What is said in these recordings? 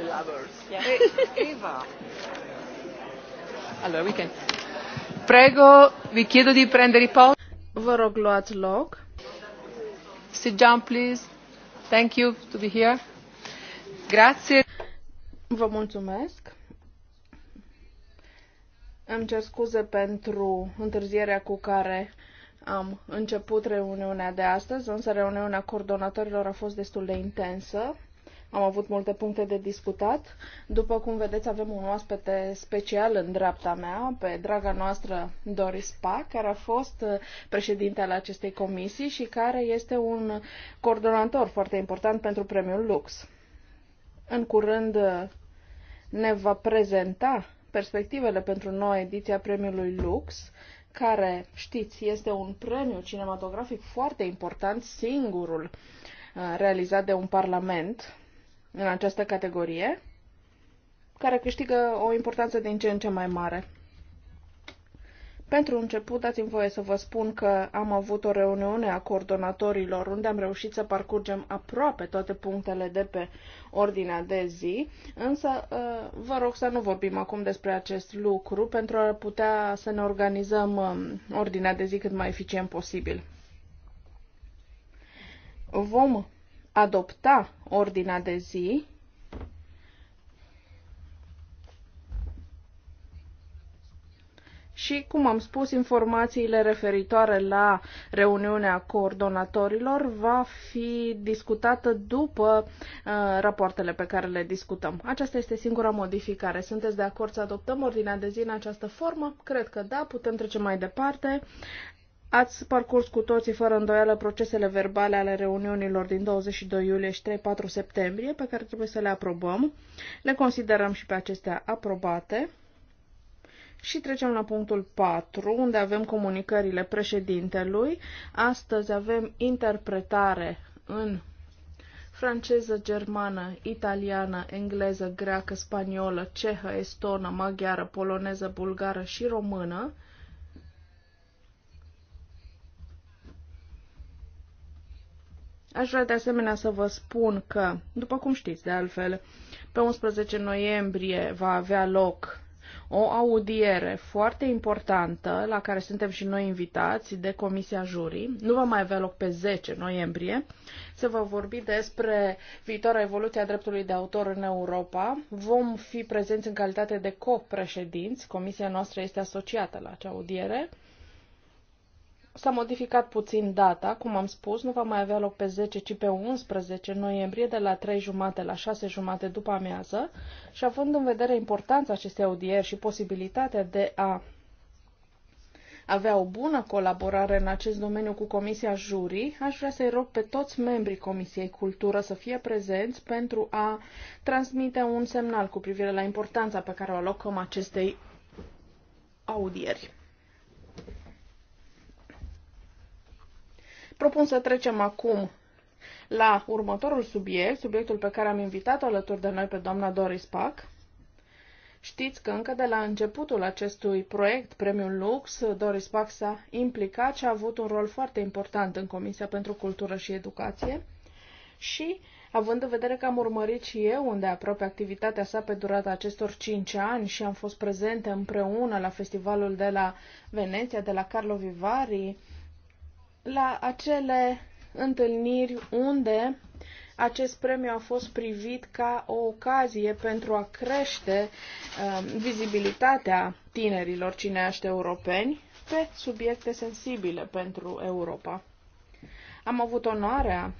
the lovers. Yeah. Allora, we can. Prego, vi chiedo di prendere posti. Vă rog, luați loc. Sit down, please. Thank you to be here. Grazie. Vă mulțumesc. Îmi cer scuze pentru întârzierea cu care am început reuniunea de astăzi, însă reuniunea coordonatorilor a fost destul de intensă. Am avut multe puncte de discutat. După cum vedeți, avem un oaspete special în dreapta mea, pe draga noastră Doris Pa, care a fost uh, președinte al acestei comisii și care este un coordonator foarte important pentru premiul Lux. În curând uh, ne va prezenta perspectivele pentru noua ediție a premiului Lux, care, știți, este un premiu cinematografic foarte important, singurul uh, realizat de un parlament în această categorie, care câștigă o importanță din ce în ce mai mare. Pentru început, dați-mi voie să vă spun că am avut o reuniune a coordonatorilor unde am reușit să parcurgem aproape toate punctele de pe ordinea de zi, însă uh, vă rog să nu vorbim acum despre acest lucru pentru a putea să ne organizăm um, ordinea de zi cât mai eficient posibil. Vom adopta ordinea de zi și, cum am spus, informațiile referitoare la reuniunea coordonatorilor va fi discutată după uh, rapoartele pe care le discutăm. Aceasta este singura modificare. Sunteți de acord să adoptăm ordinea de zi în această formă? Cred că da, putem trece mai departe. Ați parcurs cu toții, fără îndoială, procesele verbale ale reuniunilor din 22 iulie și 3-4 septembrie, pe care trebuie să le aprobăm. Le considerăm și pe acestea aprobate. Și trecem la punctul 4, unde avem comunicările președintelui. Astăzi avem interpretare în franceză, germană, italiană, engleză, greacă, spaniolă, cehă, estonă, maghiară, poloneză, bulgară și română. Aș vrea de asemenea să vă spun că, după cum știți de altfel, pe 11 noiembrie va avea loc o audiere foarte importantă la care suntem și noi invitați de Comisia Jurii. Nu va mai avea loc pe 10 noiembrie. Se va vorbi despre viitoarea evoluție a dreptului de autor în Europa. Vom fi prezenți în calitate de copreședinți. Comisia noastră este asociată la acea audiere. S-a modificat puțin data, cum am spus, nu va mai avea loc pe 10, ci pe 11 noiembrie de la 3 jumate la 6 jumate după amiază și având în vedere importanța acestei audieri și posibilitatea de a avea o bună colaborare în acest domeniu cu Comisia Jurii, aș vrea să-i rog pe toți membrii Comisiei Cultură să fie prezenți pentru a transmite un semnal cu privire la importanța pe care o alocăm acestei audieri. Propun să trecem acum la următorul subiect, subiectul pe care am invitat-o alături de noi pe doamna Doris Pac. Știți că încă de la începutul acestui proiect, Premiul Lux, Doris Pac s-a implicat și a avut un rol foarte important în Comisia pentru Cultură și Educație și Având în vedere că am urmărit și eu unde aproape activitatea sa pe durata acestor 5 ani și am fost prezente împreună la festivalul de la Veneția, de la Carlo Vivari, la acele întâlniri unde acest premiu a fost privit ca o ocazie pentru a crește uh, vizibilitatea tinerilor cineaști europeni pe subiecte sensibile pentru Europa. Am avut onoarea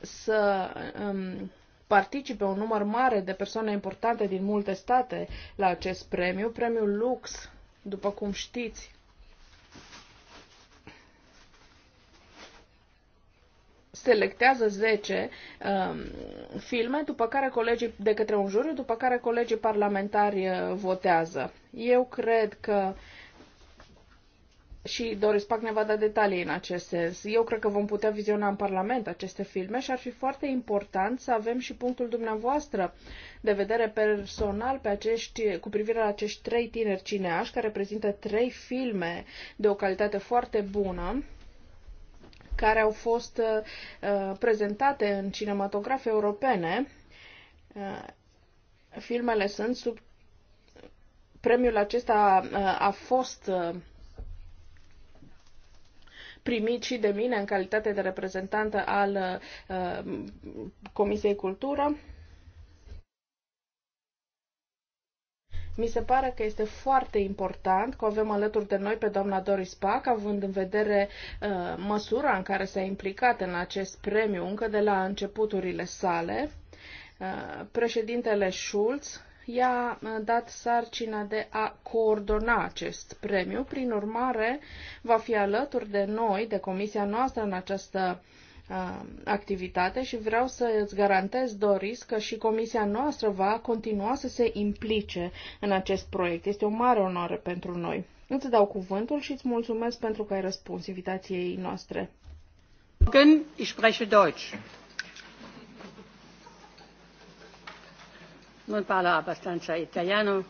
să um, participe un număr mare de persoane importante din multe state la acest premiu, premiul Lux, după cum știți, selectează 10 um, filme, după care colegii de către un juriu, după care colegii parlamentari uh, votează. Eu cred că și Doris Pac ne va da detalii în acest sens. Eu cred că vom putea viziona în Parlament aceste filme și ar fi foarte important să avem și punctul dumneavoastră de vedere personal pe acești, cu privire la acești trei tineri cineași care prezintă trei filme de o calitate foarte bună care au fost uh, uh prezentate în cinematografe europene. Uh, filmele sunt sub. Premiul acesta uh, a fost uh, primit și de mine în calitate de reprezentantă al uh, Comisiei Cultură Mi se pare că este foarte important că o avem alături de noi pe doamna Doris Pac, având în vedere uh, măsura în care s-a implicat în acest premiu încă de la începuturile sale. Uh, președintele Schulz i-a uh, dat sarcina de a coordona acest premiu. Prin urmare, va fi alături de noi, de comisia noastră, în această uh, activitate și vreau să îți garantez, Doris, că și comisia noastră va continua să se implice în acest proiect. Este o mare onoare pentru noi. Îți dau cuvântul și îți mulțumesc pentru că ai răspuns invitației noastre. Morgen, ich spreche Deutsch. Non parlo abbastanza italiano.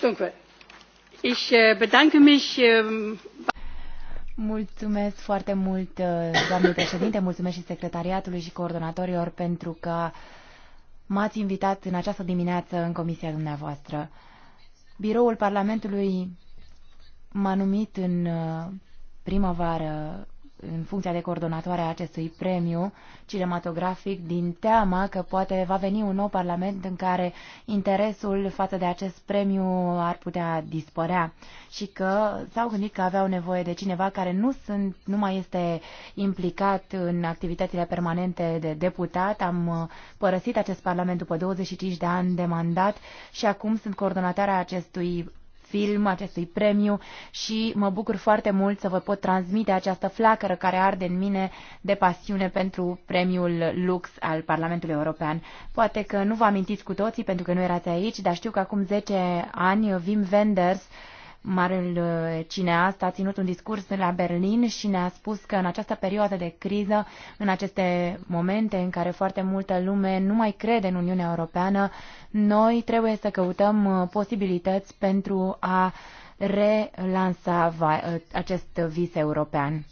Dunque, ich eh, bedanke mich eh, Mulțumesc foarte mult, uh, doamne președinte, mulțumesc și secretariatului și coordonatorilor pentru că m-ați invitat în această dimineață în comisia dumneavoastră. Biroul Parlamentului m-a numit în uh, primăvară în funcția de coordonatoare a acestui premiu cinematografic din teama că poate va veni un nou parlament în care interesul față de acest premiu ar putea dispărea și că s-au gândit că aveau nevoie de cineva care nu, sunt, nu mai este implicat în activitățile permanente de deputat. Am uh, părăsit acest parlament după 25 de ani de mandat și acum sunt coordonatoarea acestui film, acestui premiu și mă bucur foarte mult să vă pot transmite această flacără care arde în mine de pasiune pentru premiul Lux al Parlamentului European. Poate că nu vă amintiți cu toții pentru că nu erați aici, dar știu că acum 10 ani Wim Wenders marele eh, cineast, a ținut un discurs la Berlin și ne-a spus că în această perioadă de criză, în aceste momente în care foarte multă lume nu mai crede în Uniunea Europeană, noi trebuie să căutăm eh, posibilități pentru a relansa eh, acest vis european.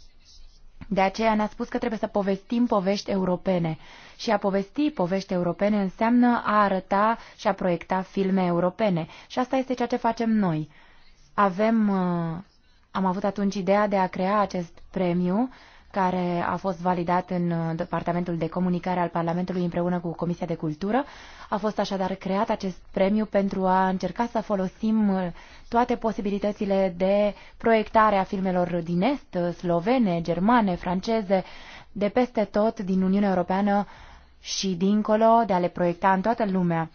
De aceea ne-a spus că trebuie să povestim povești europene. Și a povesti povești europene înseamnă a arăta și a proiecta filme europene. Și asta este ceea ce facem noi. Avem, uh, am avut atunci ideea de a crea acest premiu care a fost validat în uh, Departamentul de Comunicare al Parlamentului împreună cu Comisia de Cultură. A fost așadar creat acest premiu pentru a încerca să folosim uh, toate posibilitățile de proiectare a filmelor din Est, slovene, germane, franceze, de peste tot din Uniunea Europeană și dincolo, de a le proiecta în toată lumea.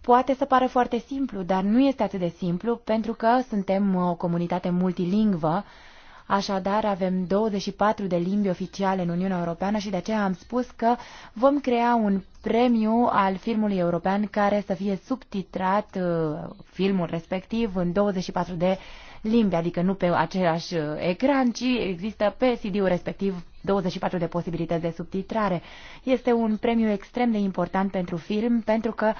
Poate să pară foarte simplu, dar nu este atât de simplu pentru că suntem uh, o comunitate multilingvă, așadar avem 24 de limbi oficiale în Uniunea Europeană și de aceea am spus că vom crea un premiu al filmului european care să fie subtitrat uh, filmul respectiv în 24 de limbi, adică nu pe același uh, ecran, ci există pe CD-ul respectiv 24 de posibilități de subtitrare. Este un premiu extrem de important pentru film pentru că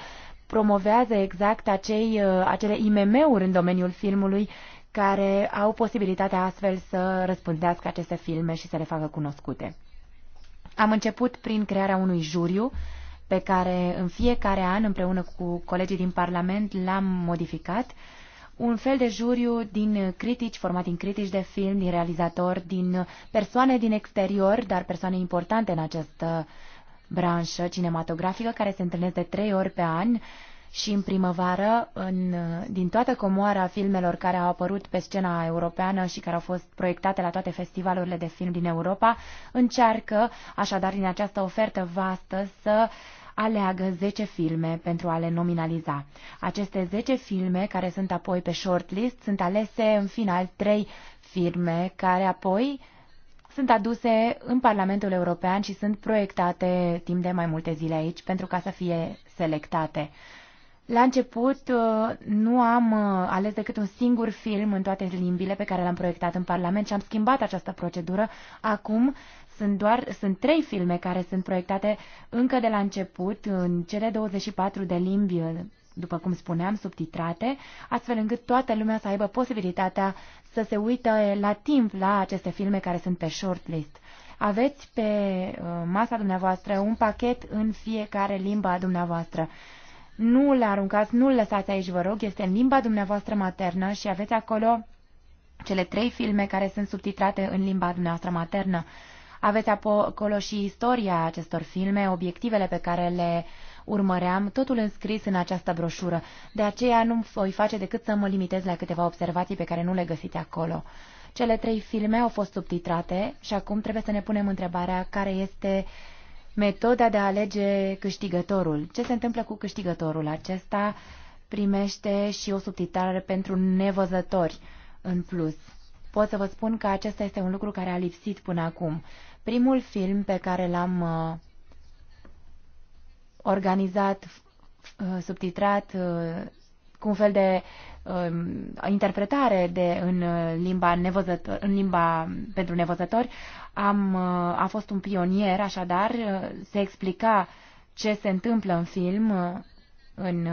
promovează exact acei, uh, acele IMM-uri în domeniul filmului care au posibilitatea astfel să răspândească aceste filme și să le facă cunoscute. Am început prin crearea unui juriu pe care în fiecare an, împreună cu colegii din Parlament, l-am modificat. Un fel de juriu din critici, format din critici de film, din realizatori, din persoane din exterior, dar persoane importante în această uh, branșă cinematografică care se întâlnesc de trei ori pe an și în primăvară, în, din toată comoara filmelor care au apărut pe scena europeană și care au fost proiectate la toate festivalurile de film din Europa, încearcă, așadar, din această ofertă vastă să aleagă 10 filme pentru a le nominaliza. Aceste 10 filme, care sunt apoi pe shortlist, sunt alese în final 3 filme care apoi sunt aduse în Parlamentul European și sunt proiectate timp de mai multe zile aici pentru ca să fie selectate. La început uh, nu am uh, ales decât un singur film în toate limbile pe care l-am proiectat în Parlament și am schimbat această procedură. Acum sunt doar sunt trei filme care sunt proiectate încă de la început în cele 24 de limbi uh, după cum spuneam, subtitrate, astfel încât toată lumea să aibă posibilitatea să se uită la timp la aceste filme care sunt pe shortlist. Aveți pe uh, masa dumneavoastră un pachet în fiecare limba dumneavoastră. Nu le aruncați, nu le lăsați aici, vă rog, este în limba dumneavoastră maternă și aveți acolo cele trei filme care sunt subtitrate în limba dumneavoastră maternă. Aveți acolo și istoria acestor filme, obiectivele pe care le uh, urmăream, totul înscris în această broșură. De aceea nu voi face decât să mă limitez la câteva observații pe care nu le găsiți acolo. Cele trei filme au fost subtitrate și acum trebuie să ne punem întrebarea care este metoda de a alege câștigătorul. Ce se întâmplă cu câștigătorul? Acesta primește și o subtitrare pentru nevăzători în plus. Pot să vă spun că acesta este un lucru care a lipsit până acum. Primul film pe care l-am uh, organizat, uh, subtitrat, uh, cu un fel de um, interpretare de în uh, limba, nevăzător, în limba pentru nevăzători. Am, a fost un pionier, așadar, se explica ce se întâmplă în film în,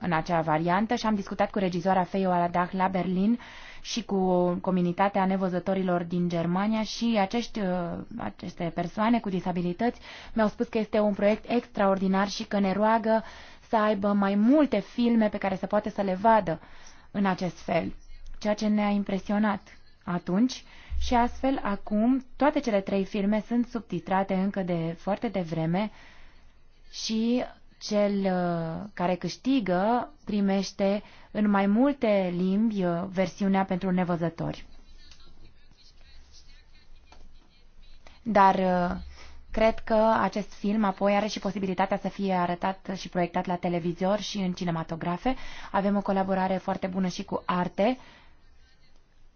în acea variantă și am discutat cu regizoara Feio Aladah la Berlin uh, și cu comunitatea nevăzătorilor din Germania și acești, uh, aceste persoane cu disabilități mi-au spus că este un proiect extraordinar și că ne roagă să aibă mai multe filme pe care să poate să le vadă în acest fel, ceea ce ne-a impresionat atunci și astfel acum toate cele trei filme sunt subtitrate încă de foarte devreme și cel uh, care câștigă primește în mai multe limbi uh, versiunea pentru nevăzători. Dar uh, cred că acest film apoi are și posibilitatea să fie arătat și proiectat la televizor și în cinematografe. Avem o colaborare foarte bună și cu Arte.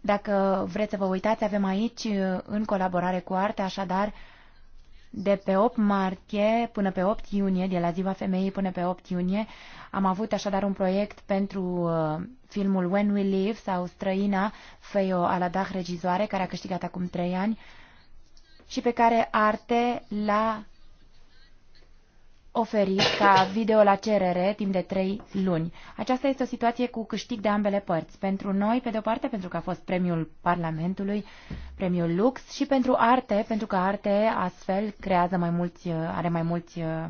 Dacă vreți să vă uitați, avem aici, în colaborare cu Arte, așadar, uh, de pe 8 martie până pe 8 iunie, de la Ziua Femeii până pe 8 iunie, am avut așadar un proiect pentru uh, filmul When We Live sau Străina, Feio Aladah, regizoare, care a câștigat acum 3 ani și pe care Arte l-a oferit ca video la cerere timp de trei luni. Aceasta este o situație cu câștig de ambele părți. Pentru noi, pe de-o parte, pentru că a fost premiul Parlamentului, premiul Lux, și pentru Arte, pentru că Arte astfel creează mai mulți, are mai mulți uh,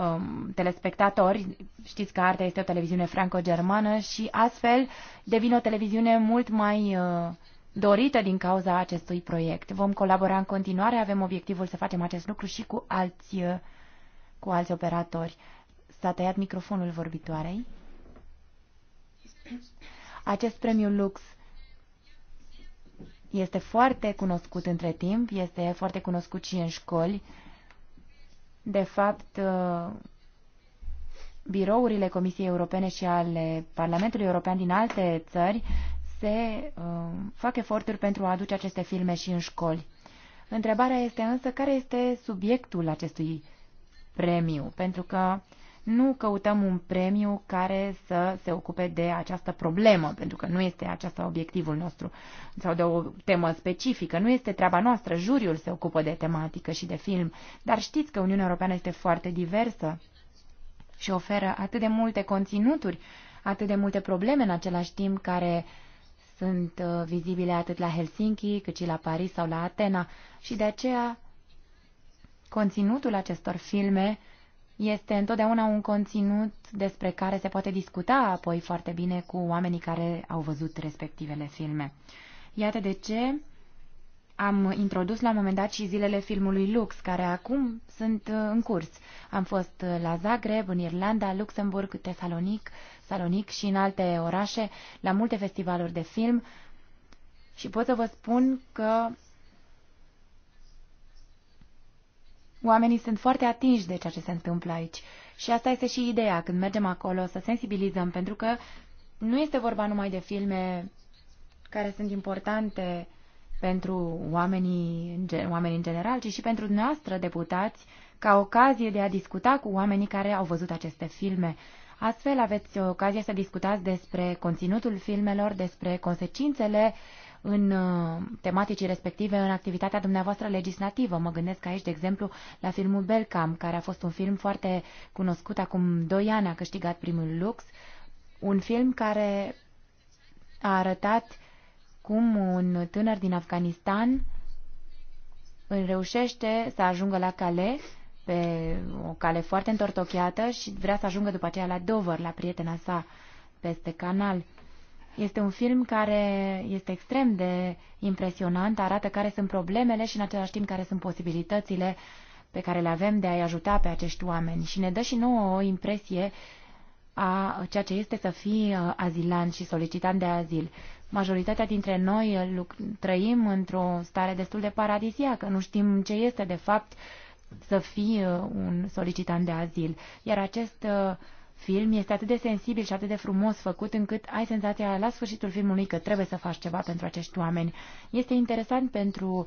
um, telespectatori. Știți că Arte este o televiziune franco-germană și astfel devine o televiziune mult mai uh, dorită din cauza acestui proiect. Vom colabora în continuare, avem obiectivul să facem acest lucru și cu alți uh, cu alți operatori. S-a tăiat microfonul vorbitoarei. Acest premiu Lux este foarte cunoscut între timp, este foarte cunoscut și în școli. De fapt, birourile Comisiei Europene și ale Parlamentului European din alte țări se uh, fac eforturi pentru a aduce aceste filme și în școli. Întrebarea este însă care este subiectul acestui premiu, pentru că nu căutăm un premiu care să se ocupe de această problemă, pentru că nu este acesta obiectivul nostru, sau de o temă specifică. Nu este treaba noastră, juriul se ocupă de tematică și de film, dar știți că Uniunea Europeană este foarte diversă și oferă atât de multe conținuturi, atât de multe probleme în același timp care sunt uh, vizibile atât la Helsinki, cât și la Paris sau la Atena și de aceea Conținutul acestor filme este întotdeauna un conținut despre care se poate discuta apoi foarte bine cu oamenii care au văzut respectivele filme. Iată de ce am introdus la un moment dat și zilele filmului Lux, care acum sunt uh, în curs. Am fost uh, la Zagreb, în Irlanda, Luxemburg, Tesalonic, Salonic și în alte orașe, la multe festivaluri de film și pot să vă spun că Oamenii sunt foarte atinși de ceea ce se întâmplă aici. Și asta este și ideea, când mergem acolo, să sensibilizăm, pentru că nu este vorba numai de filme care sunt importante pentru oamenii, oamenii în general, ci și pentru noastră, deputați, ca ocazie de a discuta cu oamenii care au văzut aceste filme. Astfel aveți ocazia să discutați despre conținutul filmelor, despre consecințele uh, în uh, tematicii respective în activitatea dumneavoastră legislativă. Mă gândesc aici, de exemplu, la filmul Belcam, care a fost un film foarte cunoscut acum doi ani, a câștigat primul Lux, un film care a arătat cum un tânăr din Afganistan îl reușește să ajungă la cale pe o cale foarte întortocheată și vrea să ajungă după aceea la Dover, la prietena sa, peste canal. Este un film care este extrem de impresionant, arată care sunt problemele și în același timp care sunt posibilitățile pe care le avem de a-i ajuta pe acești oameni și ne dă și nouă o impresie a ceea ce este să fii uh, azilant și solicitant de azil. Majoritatea dintre noi uh, trăim într-o stare destul de paradisiacă, nu știm ce este de fapt să fii uh, un solicitant de azil. Iar acest uh, film este atât de sensibil și atât de frumos făcut încât ai senzația la sfârșitul filmului că trebuie să faci ceva pentru acești oameni. Este interesant pentru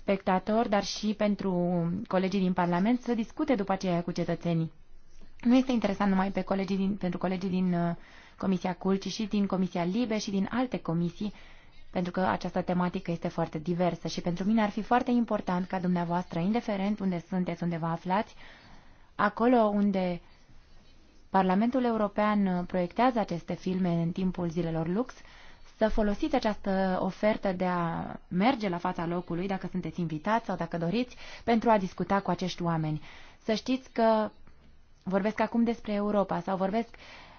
spectator, dar și pentru colegii din Parlament să discute după aceea cu cetățenii. Nu este interesant numai pe colegii din, pentru colegii din uh, Comisia Cult, ci și din Comisia Libe și din alte comisii, pentru că această tematică este foarte diversă și pentru mine ar fi foarte important ca dumneavoastră, indiferent unde sunteți, unde vă aflați, acolo unde Parlamentul European proiectează aceste filme în timpul zilelor lux. Să folosiți această ofertă de a merge la fața locului, dacă sunteți invitați sau dacă doriți, pentru a discuta cu acești oameni. Să știți că vorbesc acum despre Europa sau vorbesc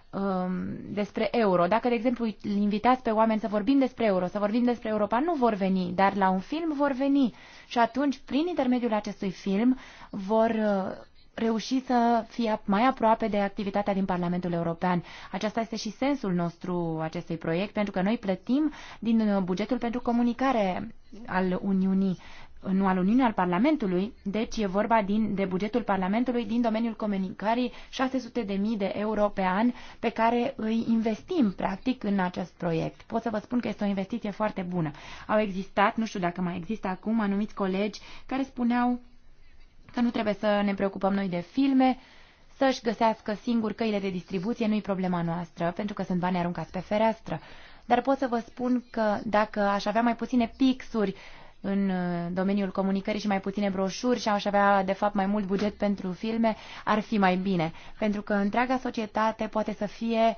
um, despre euro. Dacă, de exemplu, îl invitați pe oameni să vorbim despre euro, să vorbim despre Europa, nu vor veni, dar la un film vor veni. Și atunci, prin intermediul acestui film, vor uh, reuși să fie mai aproape de activitatea din Parlamentul European. Aceasta este și sensul nostru acestui proiect, pentru că noi plătim din uh, bugetul pentru comunicare al Uniunii uh, nu al Uniunii, al Parlamentului, deci e vorba din, de bugetul Parlamentului din domeniul comunicării 600.000 de euro pe an pe care îi investim practic în acest proiect. Pot să vă spun că este o investiție foarte bună. Au existat, nu știu dacă mai există acum, anumiți colegi care spuneau că nu trebuie să ne preocupăm noi de filme, să-și găsească singur căile de distribuție nu-i problema noastră, pentru că sunt bani aruncați pe fereastră. Dar pot să vă spun că dacă aș avea mai puține pixuri în uh, domeniul comunicării și mai puține broșuri și aș avea, de fapt, mai mult buget pentru filme, ar fi mai bine. Pentru că întreaga societate poate să fie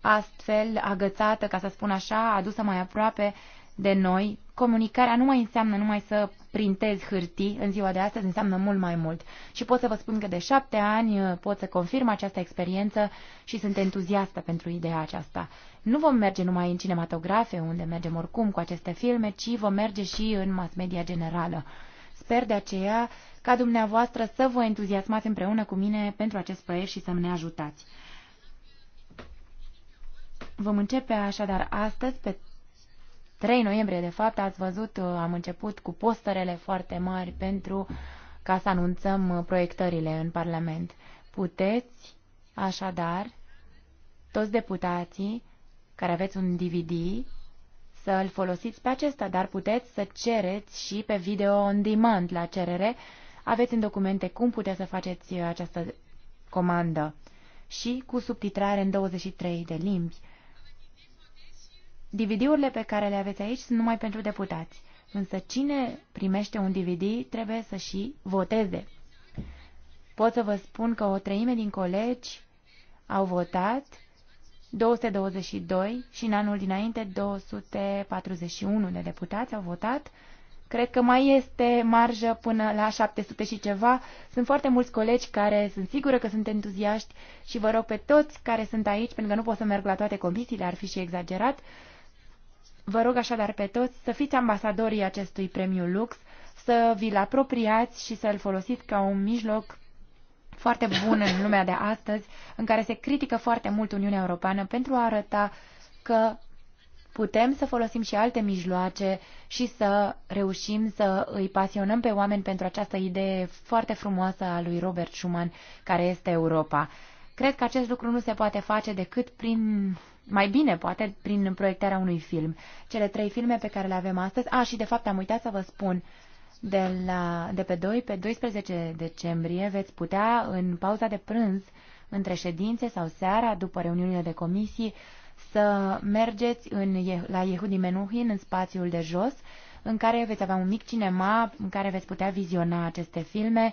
astfel agățată, ca să spun așa, adusă mai aproape de noi comunicarea nu mai înseamnă numai să printezi hârtii în ziua de astăzi, înseamnă mult mai mult. Și pot să vă spun că de șapte ani uh, pot să confirm această experiență și sunt entuziastă pentru ideea aceasta. Nu vom merge numai în cinematografe, unde mergem oricum cu aceste filme, ci vom merge și în mass media generală. Sper de aceea ca dumneavoastră să vă entuziasmați împreună cu mine pentru acest proiect și să ne ajutați. Vom începe așadar astăzi, pe 3 noiembrie, de fapt, ați văzut, uh, am început cu posterele foarte mari pentru ca să anunțăm uh, proiectările în Parlament. Puteți, așadar, toți deputații care aveți un DVD să îl folosiți pe acesta, dar puteți să cereți și pe video on demand la cerere. Aveți în documente cum puteți să faceți această comandă și cu subtitrare în 23 de limbi. DVD-urile pe care le aveți aici sunt numai pentru deputați. Însă cine primește un DVD trebuie să și voteze. Pot să vă spun că o treime din colegi au votat 222 și în anul dinainte 241 de deputați au votat. Cred că mai este marjă până la 700 și ceva. Sunt foarte mulți colegi care sunt sigură că sunt entuziaști și vă rog pe toți care sunt aici, pentru că nu pot să merg la toate comisiile, ar fi și exagerat, Vă rog așadar pe toți să fiți ambasadorii acestui premiu Lux, să vi-l apropiați și să-l folosiți ca un mijloc foarte bun în lumea de astăzi, în care se critică foarte mult Uniunea Europeană pentru a arăta că putem să folosim și alte mijloace și să reușim să îi pasionăm pe oameni pentru această idee foarte frumoasă a lui Robert Schuman, care este Europa. Cred că acest lucru nu se poate face decât prin mai bine, poate, prin proiectarea unui film. Cele trei filme pe care le avem astăzi... A, și de fapt am uitat să vă spun, de, la, de pe 2 pe 12 decembrie veți putea, în pauza de prânz, între ședințe sau seara, după reuniunile de comisii, să mergeți în, la Yehudi Menuhin, în spațiul de jos, în care veți avea un mic cinema în care veți putea viziona aceste filme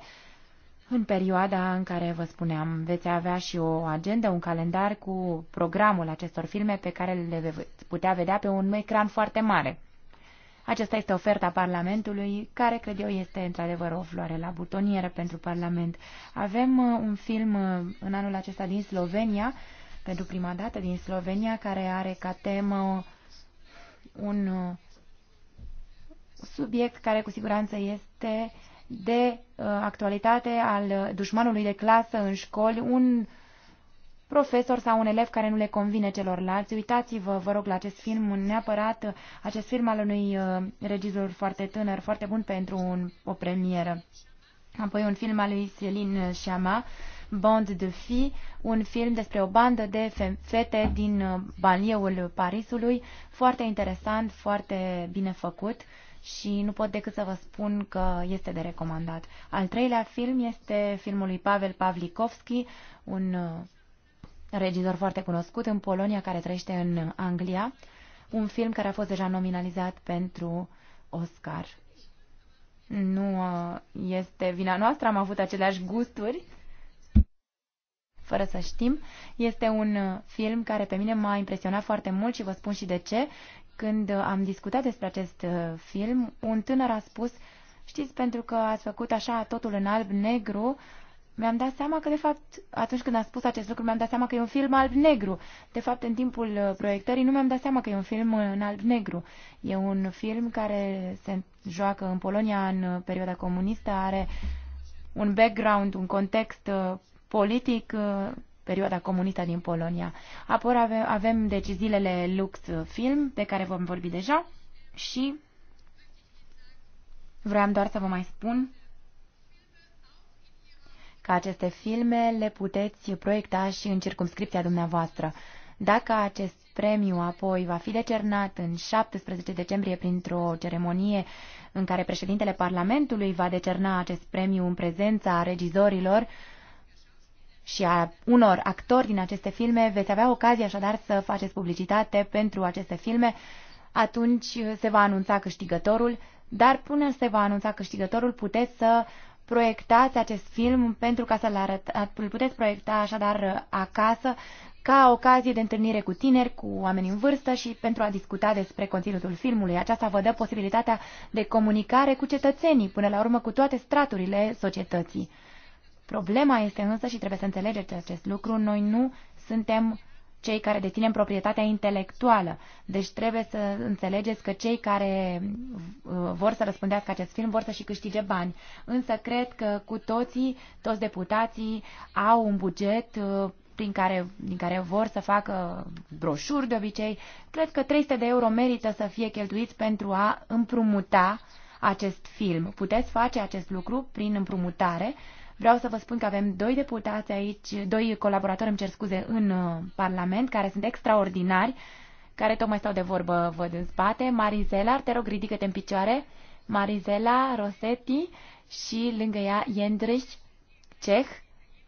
în perioada în care vă spuneam, veți avea și o agendă, un calendar cu programul acestor filme pe care le veți putea vedea pe un ecran foarte mare. Aceasta este oferta Parlamentului, care cred eu este într-adevăr o floare la butonieră pentru Parlament. Avem uh, un film uh, în anul acesta din Slovenia, pentru prima dată din Slovenia, care are ca temă uh, un subiect care cu siguranță este uh, de uh, actualitate al dușmanului de clasă în școli, un profesor sau un elev care nu le convine celorlalți. Uitați-vă, vă rog, la acest film neapărat, uh, acest film al unui uh, regizor foarte tânăr, foarte bun pentru un, o premieră. Apoi un film al lui Céline Chama, Bond de Fi, un film despre o bandă de fete din balieul Parisului, foarte interesant, foarte bine făcut și nu pot decât să vă spun că este de recomandat. Al treilea film este filmul lui Pavel Pavlikovski, un uh, regizor foarte cunoscut în Polonia care trăiește în Anglia, un film care a fost deja nominalizat pentru Oscar. Nu uh, este vina noastră, am avut aceleași gusturi, fără să știm. Este un uh, film care pe mine m-a impresionat foarte mult și vă spun și de ce. Când am discutat despre acest uh, film, un tânăr a spus, știți, pentru că ați făcut așa totul în alb-negru, mi-am dat seama că, de fapt, atunci când a spus acest lucru, mi-am dat seama că e un film alb-negru. De fapt, în timpul uh, proiectării nu mi-am dat seama că e un film uh, în alb-negru. E un film care se joacă în Polonia în perioada comunistă, are un background, un context politic perioada comunistă din Polonia. Apoi avem, avem deciziile Lux Film, de care vom vorbi deja, și vreau doar să vă mai spun că aceste filme le puteți proiecta și în circumscripția dumneavoastră. Dacă acest premiu apoi va fi decernat în 17 decembrie printr-o ceremonie în care președintele Parlamentului va decerna acest premiu în prezența regizorilor, uh, și a unor actori din aceste filme, veți avea ocazie așadar să faceți publicitate pentru aceste filme, atunci se va anunța câștigătorul, dar până se va anunța câștigătorul puteți să proiectați acest film pentru ca să-l arătați, îl puteți proiecta așadar acasă ca ocazie de întâlnire cu tineri, cu oameni în vârstă și pentru a discuta despre conținutul filmului. Aceasta vă dă posibilitatea de comunicare cu cetățenii, până la urmă cu toate straturile societății. Problema este însă, și trebuie să înțelegeți acest lucru, noi nu suntem cei care deținem proprietatea intelectuală. Deci trebuie să înțelegeți că cei care uh, vor să răspândească acest film vor să și câștige bani. Însă cred că cu toții, toți deputații au un buget uh, prin care, din care vor să facă broșuri de obicei. Cred că 300 de euro merită să fie cheltuiți pentru a împrumuta acest film. Puteți face acest lucru prin împrumutare Vreau să vă spun că avem doi deputați aici, doi colaboratori, îmi cer scuze, în uh, Parlament, care sunt extraordinari, care tocmai stau de vorbă, văd în spate. Marizela, te rog, ridică-te în picioare. Marizela Rosetti și lângă ea Jendrich, ceh.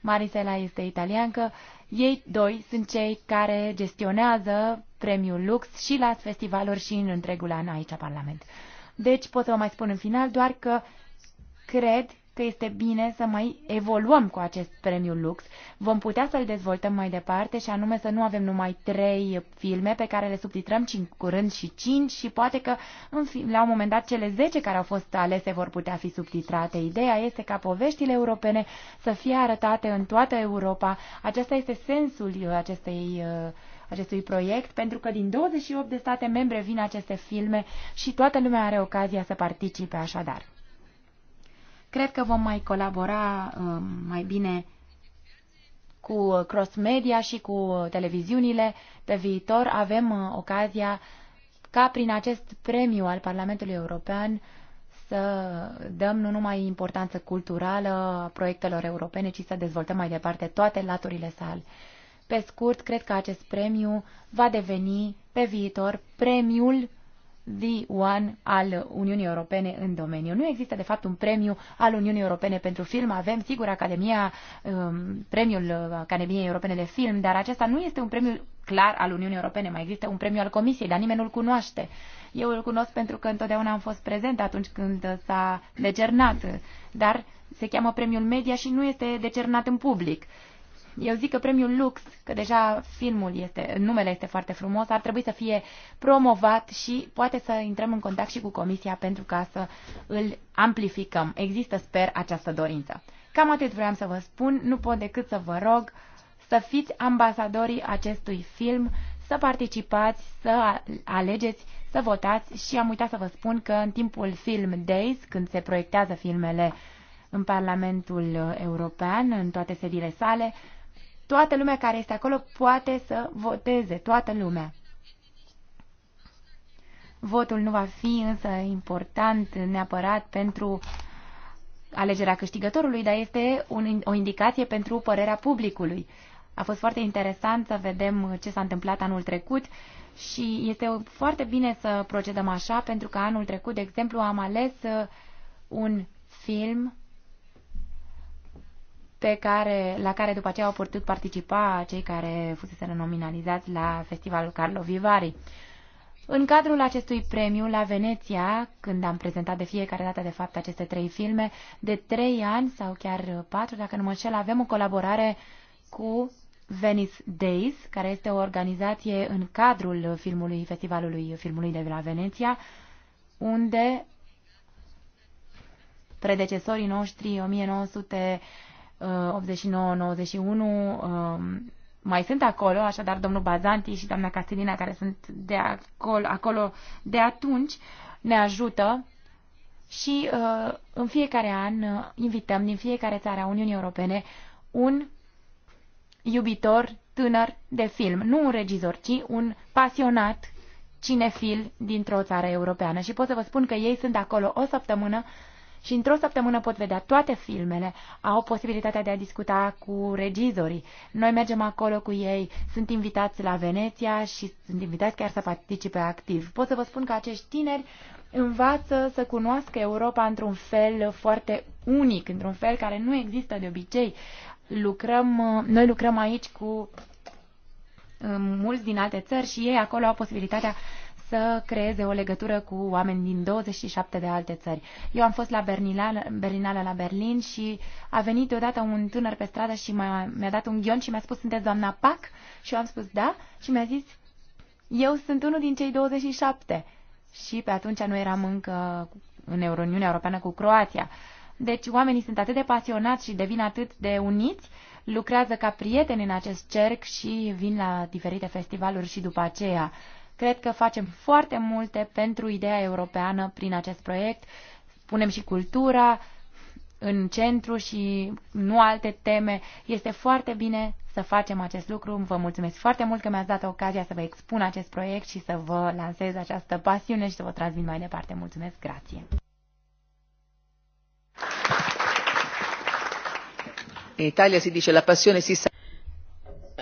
Marisela este italiancă. Ei doi sunt cei care gestionează premiul Lux și la festivaluri și în întregul an aici la Parlament. Deci pot să vă mai spun în final doar că cred că este bine să mai evoluăm cu acest premiu Lux. Vom putea să-l dezvoltăm mai departe și anume să nu avem numai trei filme pe care le subtitrăm ci curând și cinci și poate că în fi, la un moment dat cele zece care au fost alese vor putea fi subtitrate. Ideea este ca poveștile europene să fie arătate în toată Europa. Acesta este sensul uh, acestei uh, acestui proiect, pentru că din 28 de state membre vin aceste filme și toată lumea are ocazia să participe așadar. Cred că vom mai colabora um, mai bine cu cross media și cu televiziunile. Pe viitor avem uh, ocazia ca prin acest premiu al Parlamentului European să dăm nu numai importanță culturală proiectelor europene, ci să dezvoltăm mai departe toate laturile sale. Pe scurt, cred că acest premiu va deveni pe viitor premiul the one al Uniunii Europene în domeniu. Nu există, de fapt, un premiu al Uniunii Europene pentru film. Avem, sigur, Academia, um, premiul Academiei Europene de Film, dar acesta nu este un premiu clar al Uniunii Europene. Mai există un premiu al Comisiei, dar nimeni nu-l cunoaște. Eu îl cunosc pentru că întotdeauna am fost prezent atunci când s-a decernat, dar se cheamă premiul media și nu este decernat în public. Eu zic că premiul Lux, că deja filmul este, numele este foarte frumos, ar trebui să fie promovat și poate să intrăm în contact și cu comisia pentru ca să îl amplificăm. Există, sper, această dorință. Cam atât vreau să vă spun, nu pot decât să vă rog să fiți ambasadorii acestui film, să participați, să alegeți, să votați și am uitat să vă spun că în timpul Film Days, când se proiectează filmele în Parlamentul European, în toate sediile sale, Toată lumea care este acolo poate să voteze, toată lumea. Votul nu va fi însă important neapărat pentru alegerea câștigătorului, dar este un, o indicație pentru părerea publicului. A fost foarte interesant să vedem ce s-a întâmplat anul trecut și este foarte bine să procedăm așa, pentru că anul trecut, de exemplu, am ales un film pe care, la care după aceea au putut participa cei care fuseseră nominalizați la festivalul Carlo Vivari. În cadrul acestui premiu la Veneția, când am prezentat de fiecare dată de fapt aceste trei filme, de trei ani sau chiar patru, dacă nu mă înșel, avem o colaborare cu Venice Days, care este o organizație în cadrul filmului, festivalului filmului de la Veneția, unde predecesorii noștri, 1900 89-91 uh, um, mai sunt acolo, așadar domnul Bazanti și doamna Castelina care sunt de acolo, acolo de atunci ne ajută și uh, în fiecare an uh, invităm din fiecare țară a Uniunii Europene un iubitor tânăr de film, nu un regizor, ci un pasionat cinefil dintr-o țară europeană. Și pot să vă spun că ei sunt acolo o săptămână uh, și într-o săptămână pot vedea toate filmele, au posibilitatea de a discuta cu regizorii. Noi mergem acolo cu ei, sunt invitați la Veneția și sunt invitați chiar să participe activ. Pot să vă spun că acești tineri învață să cunoască Europa într-un fel foarte unic, într-un fel care nu există de obicei. Lucrăm, noi lucrăm aici cu uh, mulți din alte țări și ei acolo au posibilitatea să creeze o legătură cu oameni din 27 de alte țări. Eu am fost la Berlinala, Berlinale la Berlin și a venit deodată un tânăr pe stradă și mi-a, mi dat un ghion și mi-a spus, sunteți doamna Pac? Și eu am spus, da, și mi-a zis, eu sunt unul din cei 27. Și pe atunci nu eram încă în Uniunea Europeană cu Croația. Deci oamenii sunt atât de pasionați și devin atât de uniți, lucrează ca prieteni în acest cerc și vin la diferite festivaluri și după aceea. Cred că facem foarte multe pentru ideea europeană prin acest proiect. Punem și cultura în centru și nu alte teme. Este foarte bine să facem acest lucru. Vă mulțumesc foarte mult că mi-ați dat ocazia să vă expun acest proiect și să vă lansez această pasiune și să vă transmit mai departe. Mulțumesc, grație! In Italia si dice la passione si sa.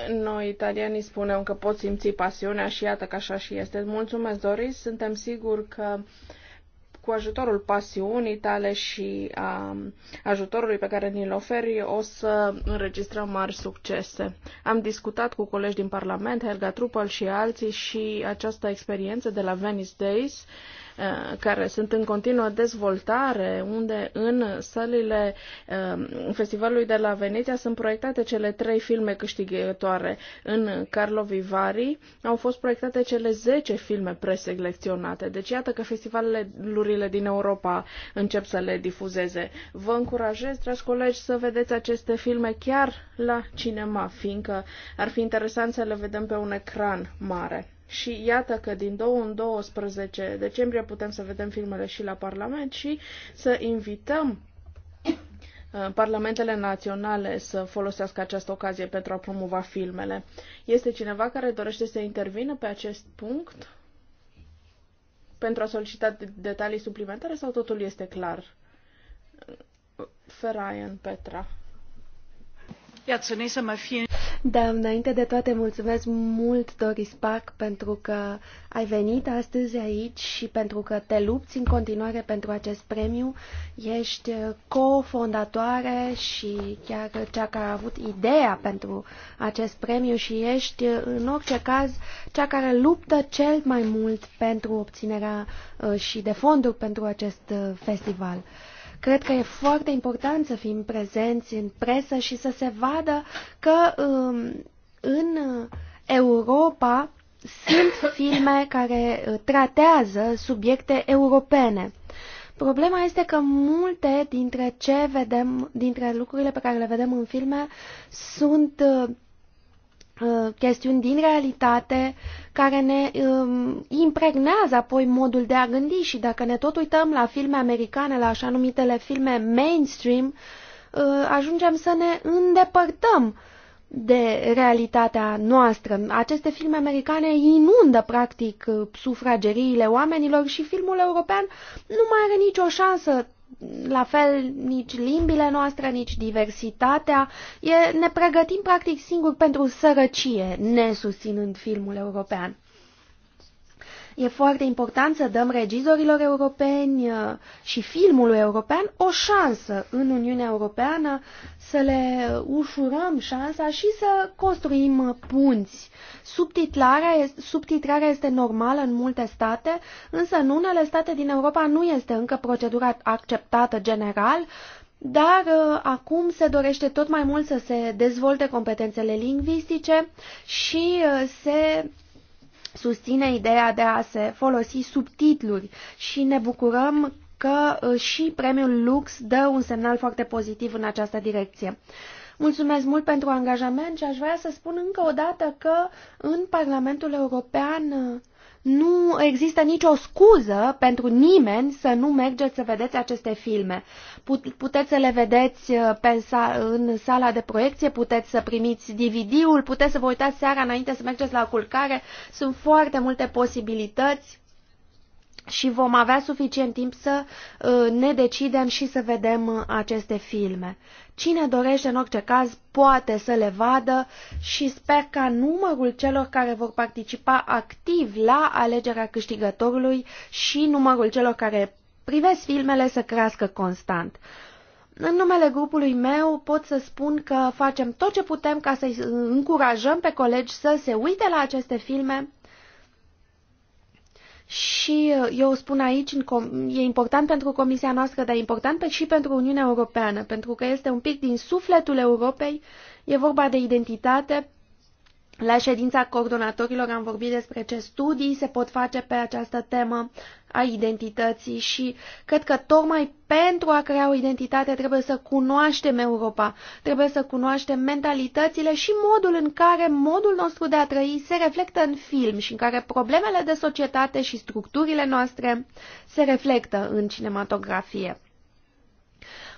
Noi, italienii, spunem că pot simți pasiunea și iată că așa și este. Mulțumesc, Doris. Suntem siguri că cu ajutorul pasiunii tale și a ajutorului pe care ni-l oferi, o să înregistrăm mari succese. Am discutat cu colegi din Parlament, Helga Trupăl și alții, și această experiență de la Venice Days Uh, care sunt în continuă dezvoltare, unde în sălile uh, festivalului de la Veneția sunt proiectate cele trei filme câștigătoare. În Carlovi Vari au fost proiectate cele 10 filme preselecționate. Deci iată că festivalurile din Europa încep să le difuzeze. Vă încurajez, dragi colegi, să vedeți aceste filme chiar la cinema, fiindcă ar fi interesant să le vedem pe un ecran mare. Și iată că din 2 în 12 decembrie putem să vedem filmele și la Parlament și să invităm uh, parlamentele naționale să folosească această ocazie pentru a promova filmele. Este cineva care dorește să intervină pe acest punct pentru a solicita detalii suplimentare sau totul este clar? Ferayan Petra. Da, înainte de toate, mulțumesc mult, Doris Pac, pentru că ai venit astăzi aici și pentru că te lupți în continuare pentru acest premiu. Ești uh, cofondatoare și chiar cea care a avut ideea pentru acest premiu și ești, uh, în orice caz, cea care luptă cel mai mult pentru obținerea uh, și de fonduri pentru acest festival. Cred că e foarte important să fim prezenți în presă și să se vadă că um, în Europa sunt filme care uh, tratează subiecte europene. Problema este că multe dintre ce vedem, dintre lucrurile pe care le vedem în filme sunt uh, Uh, chestiuni din realitate care ne um, impregnează apoi modul de a gândi și dacă ne tot uităm la filme americane, la așa numitele filme mainstream, uh, ajungem să ne îndepărtăm de realitatea noastră. Aceste filme americane inundă practic sufrageriile oamenilor și filmul european nu mai are nicio șansă la fel nici limbile noastre, nici diversitatea. E, ne pregătim practic singur pentru sărăcie, nesusținând filmul european. E foarte important să dăm regizorilor europeni uh, și filmului european o șansă în Uniunea Europeană, să le ușurăm șansa și să construim punți subtitrarea este normală în multe state, însă în unele state din Europa nu este încă procedura acceptată general, dar uh, acum se dorește tot mai mult să se dezvolte competențele lingvistice și uh, se susține ideea de a se folosi subtitluri și ne bucurăm că uh, și premiul Lux dă un semnal foarte pozitiv în această direcție. Mulțumesc mult pentru angajament și aș vrea să spun încă o dată că în Parlamentul European uh, nu există nicio scuză pentru nimeni să nu mergeți să vedeți aceste filme. Puteți să le vedeți uh, pe, în sala de proiecție, puteți să primiți DVD-ul, puteți să vă uitați seara înainte să mergeți la culcare. Sunt foarte multe posibilități și vom avea suficient timp să uh, ne decidem și să vedem uh, aceste filme. Cine dorește, în orice caz, poate să le vadă și sper ca numărul celor care vor participa activ la alegerea câștigătorului și numărul celor care privesc filmele să crească constant. În numele grupului meu pot să spun că facem tot ce putem ca să-i încurajăm pe colegi să se uite la aceste filme și uh, eu spun aici, e important pentru Comisia noastră, dar e important și pentru Uniunea Europeană, pentru că este un pic din sufletul Europei, e vorba de identitate la ședința coordonatorilor am vorbit despre ce studii se pot face pe această temă a identității și cred că tocmai pentru a crea o identitate trebuie să cunoaștem Europa, trebuie să cunoaștem mentalitățile și modul în care modul nostru de a trăi se reflectă în film și în care problemele de societate și structurile noastre se reflectă în cinematografie.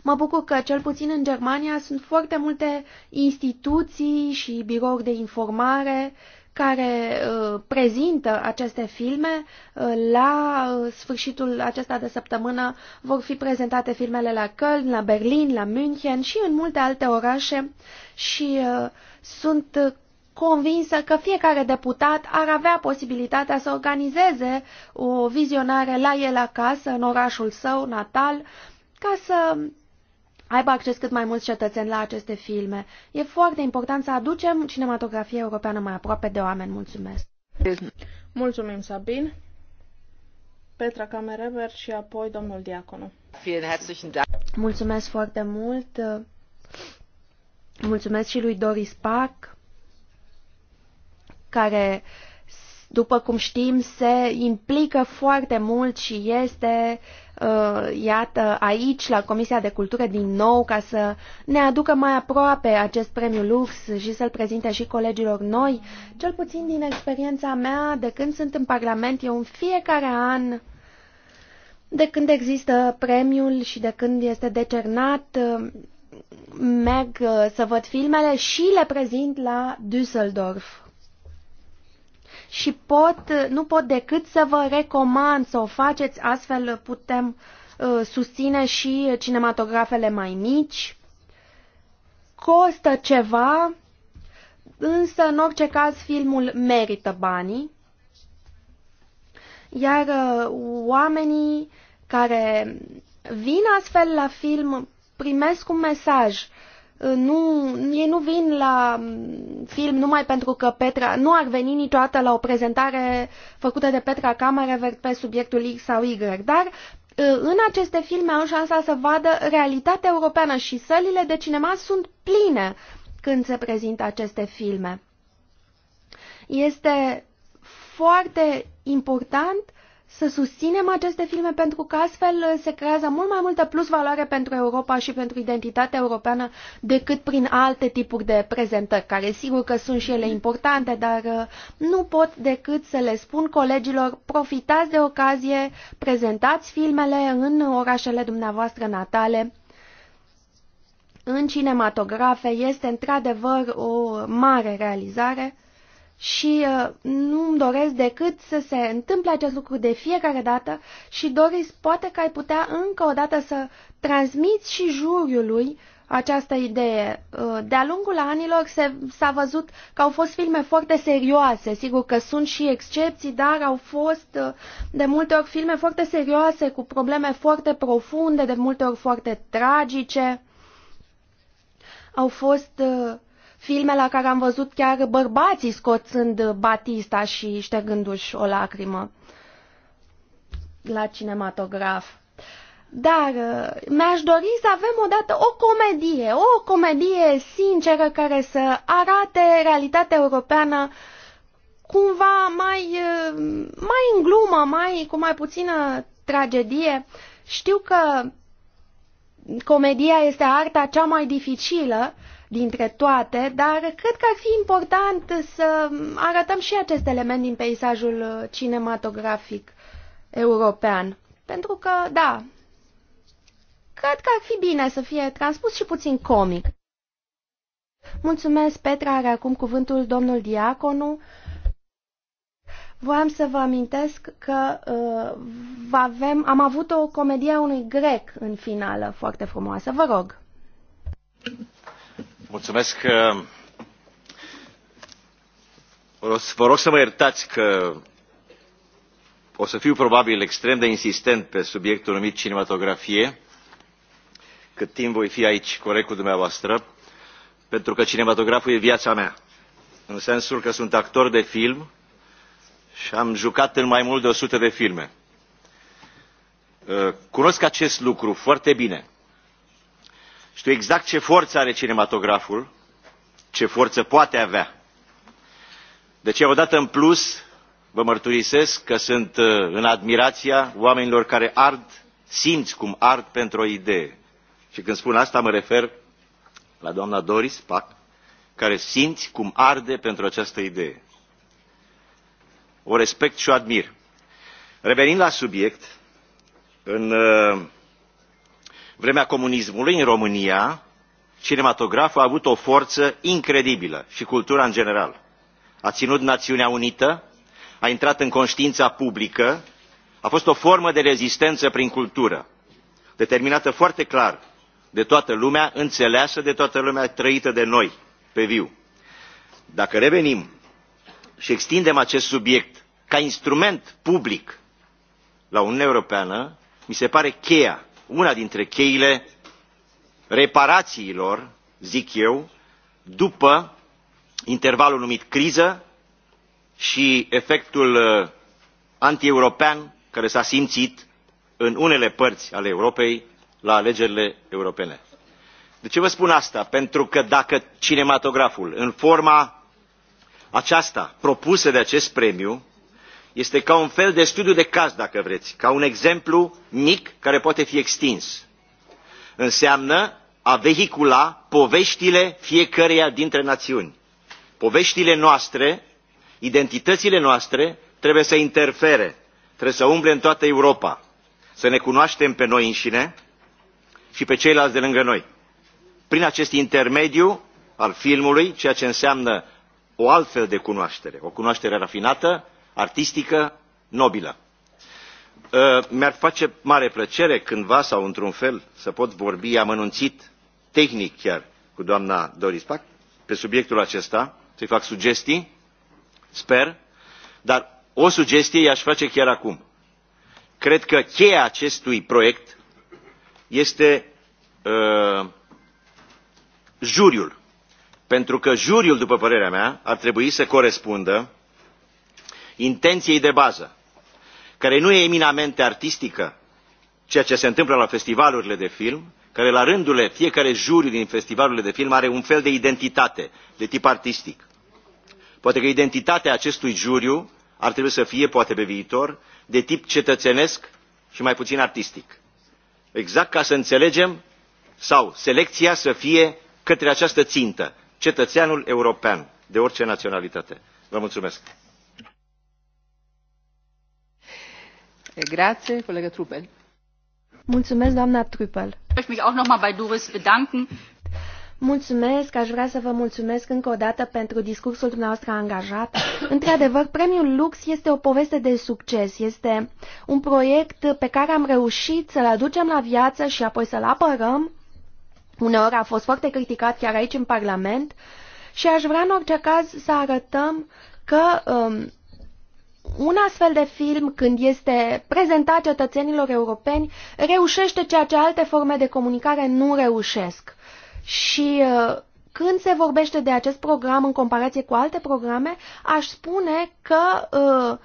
Mă bucur că, cel puțin în Germania, sunt foarte multe instituții și birouri de informare care uh, prezintă aceste filme. Uh, la uh, sfârșitul acesta de săptămână vor fi prezentate filmele la Köln, la Berlin, la München și în multe alte orașe și uh, sunt convinsă că fiecare deputat ar avea posibilitatea să organizeze o vizionare la el acasă, în orașul său natal, ca să aibă acces cât mai mulți cetățeni la aceste filme. E foarte important să aducem cinematografia europeană mai aproape de oameni. Mulțumesc! Mulțumim, Sabin! Petra Camerever și apoi domnul Diaconu. Mulțumesc foarte mult! Mulțumesc și lui Doris Park, care, după cum știm, se implică foarte mult și este uh, Uh, iată, aici, la Comisia de Cultură, din nou, ca să ne aducă mai aproape acest premiu Lux și să-l prezinte și colegilor noi. Cel puțin din experiența mea, de când sunt în Parlament, eu în fiecare an, de când există premiul și de când este decernat, uh, merg uh, să văd filmele și le prezint la Düsseldorf și pot, nu pot decât să vă recomand să o faceți, astfel putem uh, susține și cinematografele mai mici. Costă ceva, însă în orice caz filmul merită banii, iar uh, oamenii care vin astfel la film primesc un mesaj Uh, nu, ei nu vin la mm, film numai pentru că Petra nu ar veni niciodată la o prezentare făcută de Petra Camerevert pe subiectul X sau Y, dar uh, în aceste filme au șansa să vadă realitatea europeană și sălile de cinema sunt pline când se prezintă aceste filme. Este foarte important să susținem aceste filme pentru că astfel se creează mult mai multă plus valoare pentru Europa și pentru identitatea europeană decât prin alte tipuri de prezentări, care sigur că sunt și ele importante, dar uh, nu pot decât să le spun colegilor, profitați de ocazie, prezentați filmele în orașele dumneavoastră natale. În cinematografe este într-adevăr o mare realizare și uh, nu îmi doresc decât să se întâmple acest lucru de fiecare dată și Doris, poate că ai putea încă o dată să transmiți și juriului această idee. Uh, De-a lungul anilor s-a văzut că au fost filme foarte serioase, sigur că sunt și excepții, dar au fost uh, de multe ori filme foarte serioase, cu probleme foarte profunde, de multe ori foarte tragice. Au fost uh, filme la care am văzut chiar bărbații scoțând Batista și ștergându-și o lacrimă la cinematograf. Dar uh, mi-aș dori să avem odată o comedie, o comedie sinceră care să arate realitatea europeană cumva mai, uh, mai în glumă, mai, cu mai puțină tragedie. Știu că comedia este arta cea mai dificilă, dintre toate, dar cred că ar fi important să arătăm și acest element din peisajul uh, cinematografic european. Pentru că, da, cred că ar fi bine să fie transpus și puțin comic. Mulțumesc, Petra, are acum cuvântul domnul Diaconu. Voiam să vă amintesc că uh, avem, am avut o comedie a unui grec în finală, foarte frumoasă. Vă rog. Uh, vă rog să mă iertați că o să fiu probabil extrem de insistent pe subiectul numit cinematografie, cât timp voi fi aici corect cu dumneavoastră, pentru că cinematograful e viața mea, în sensul că sunt actor de film și am jucat în mai mult de 100 de filme. Uh, cunosc acest lucru foarte bine știu exact ce forță are cinematograful, ce forță poate avea. De ce odată în plus vă mărturisesc că sunt uh, în admirația oamenilor care ard, simți cum ard pentru o idee. Și când spun asta mă refer la doamna Doris Pac, care simți cum arde pentru această idee. O respect și o admir. Revenind la subiect, în uh, vremea comunismului în România, cinematograful a avut o forță incredibilă și cultura în general. A ținut Națiunea Unită, a intrat în conștiința publică, a fost o formă de rezistență prin cultură, determinată foarte clar de toată lumea, înțeleasă de toată lumea, trăită de noi, pe viu. Dacă revenim și extindem acest subiect ca instrument public la Uniunea Europeană, mi se pare cheia una dintre cheile reparațiilor, zic eu, după intervalul numit criză și efectul uh, antieuropean care s-a simțit în unele părți ale Europei la alegerile europene. De ce vă spun asta? Pentru că dacă cinematograful, în forma aceasta propusă de acest premiu, este ca un fel de studiu de caz dacă vreți ca un exemplu mic care poate fi extins înseamnă a vehicula poveștile fiecăreia dintre națiuni. Poveștile noastre, identitățile noastre trebuie să interfere, trebuie să umble în toată Europa, să ne cunoaștem pe noi înșine și pe ceilalți de lângă noi. Prin acest intermediu al filmului, ceea ce înseamnă o altfel de cunoaștere, o cunoaștere rafinată, artistică nobilă. Ă, mi ar face mare plăcere cândva sau într un fel să pot vorbi amănunțit tehnic chiar cu doamna doris pack pe subiectul acesta să i fac sugestii sper dar o sugestie i aș face chiar acum cred că cheia acestui proiect este uh, juriul pentru că juriul după părerea mea ar trebui să corespundă intenției de bază, care nu e eminamente artistică, ceea ce se întâmplă la festivalurile de film, care la rândul le, fiecare juriu din festivalurile de film are un fel de identitate, de tip artistic. Poate că identitatea acestui juriu ar trebui să fie, poate pe viitor, de tip cetățenesc și mai puțin artistic. Exact ca să înțelegem sau selecția să fie către această țintă, cetățeanul european, de orice naționalitate. Vă mulțumesc! Mulțumesc, doamna Trupel. Mulțumesc, aș vrea să vă mulțumesc încă o dată pentru discursul dumneavoastră angajat. Într-adevăr, Premiul Lux este o poveste de succes, este un proiect pe care am reușit să-l aducem la viață și apoi să-l apărăm. Uneori a fost foarte criticat chiar aici în Parlament și aș vrea în orice caz să arătăm că um, un astfel de film, când este prezentat cetățenilor europeni, reușește ceea ce alte forme de comunicare nu reușesc. Și uh, când se vorbește de acest program în comparație cu alte programe, aș spune că uh,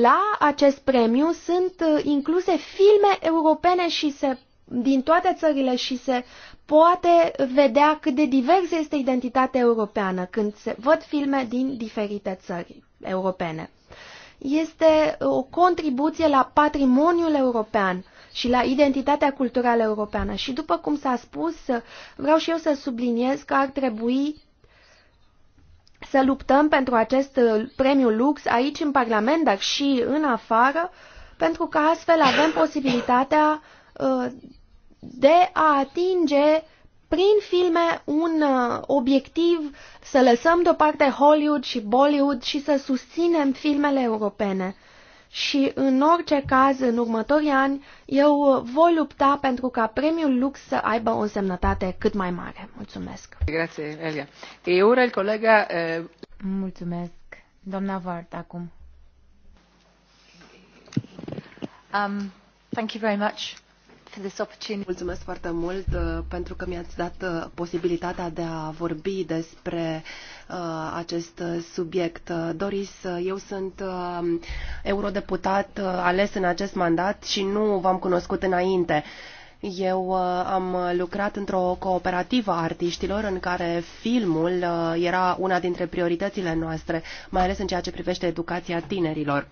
la acest premiu sunt uh, incluse filme europene și se, din toate țările și se poate vedea cât de diversă este identitatea europeană când se văd filme din diferite țări europene este o contribuție la patrimoniul european și la identitatea culturală europeană. Și după cum s-a spus, vreau și eu să subliniez că ar trebui să luptăm pentru acest premiu Lux aici în Parlament, dar și în afară, pentru că astfel avem posibilitatea uh, de a atinge prin filme un uh, obiectiv să lăsăm deoparte Hollywood și Bollywood și să susținem filmele europene. Și în orice caz, în următorii ani, eu voi lupta pentru ca premiul Lux să aibă o semnătate cât mai mare. Mulțumesc! Grazie, Elia. E ora el colega... Eh, Mulțumesc. Doamna Vart, acum. Um, thank you very much this opportunity. Mulțumesc foarte mult uh, pentru că mi-ați dat uh, posibilitatea de a vorbi despre uh, acest subiect. Doris, eu sunt eurodeputat ales în acest mandat și nu v-am cunoscut înainte. Eu am lucrat într-o cooperativă a artiștilor în care filmul era una dintre prioritățile noastre, mai ales în ceea ce privește educația tinerilor.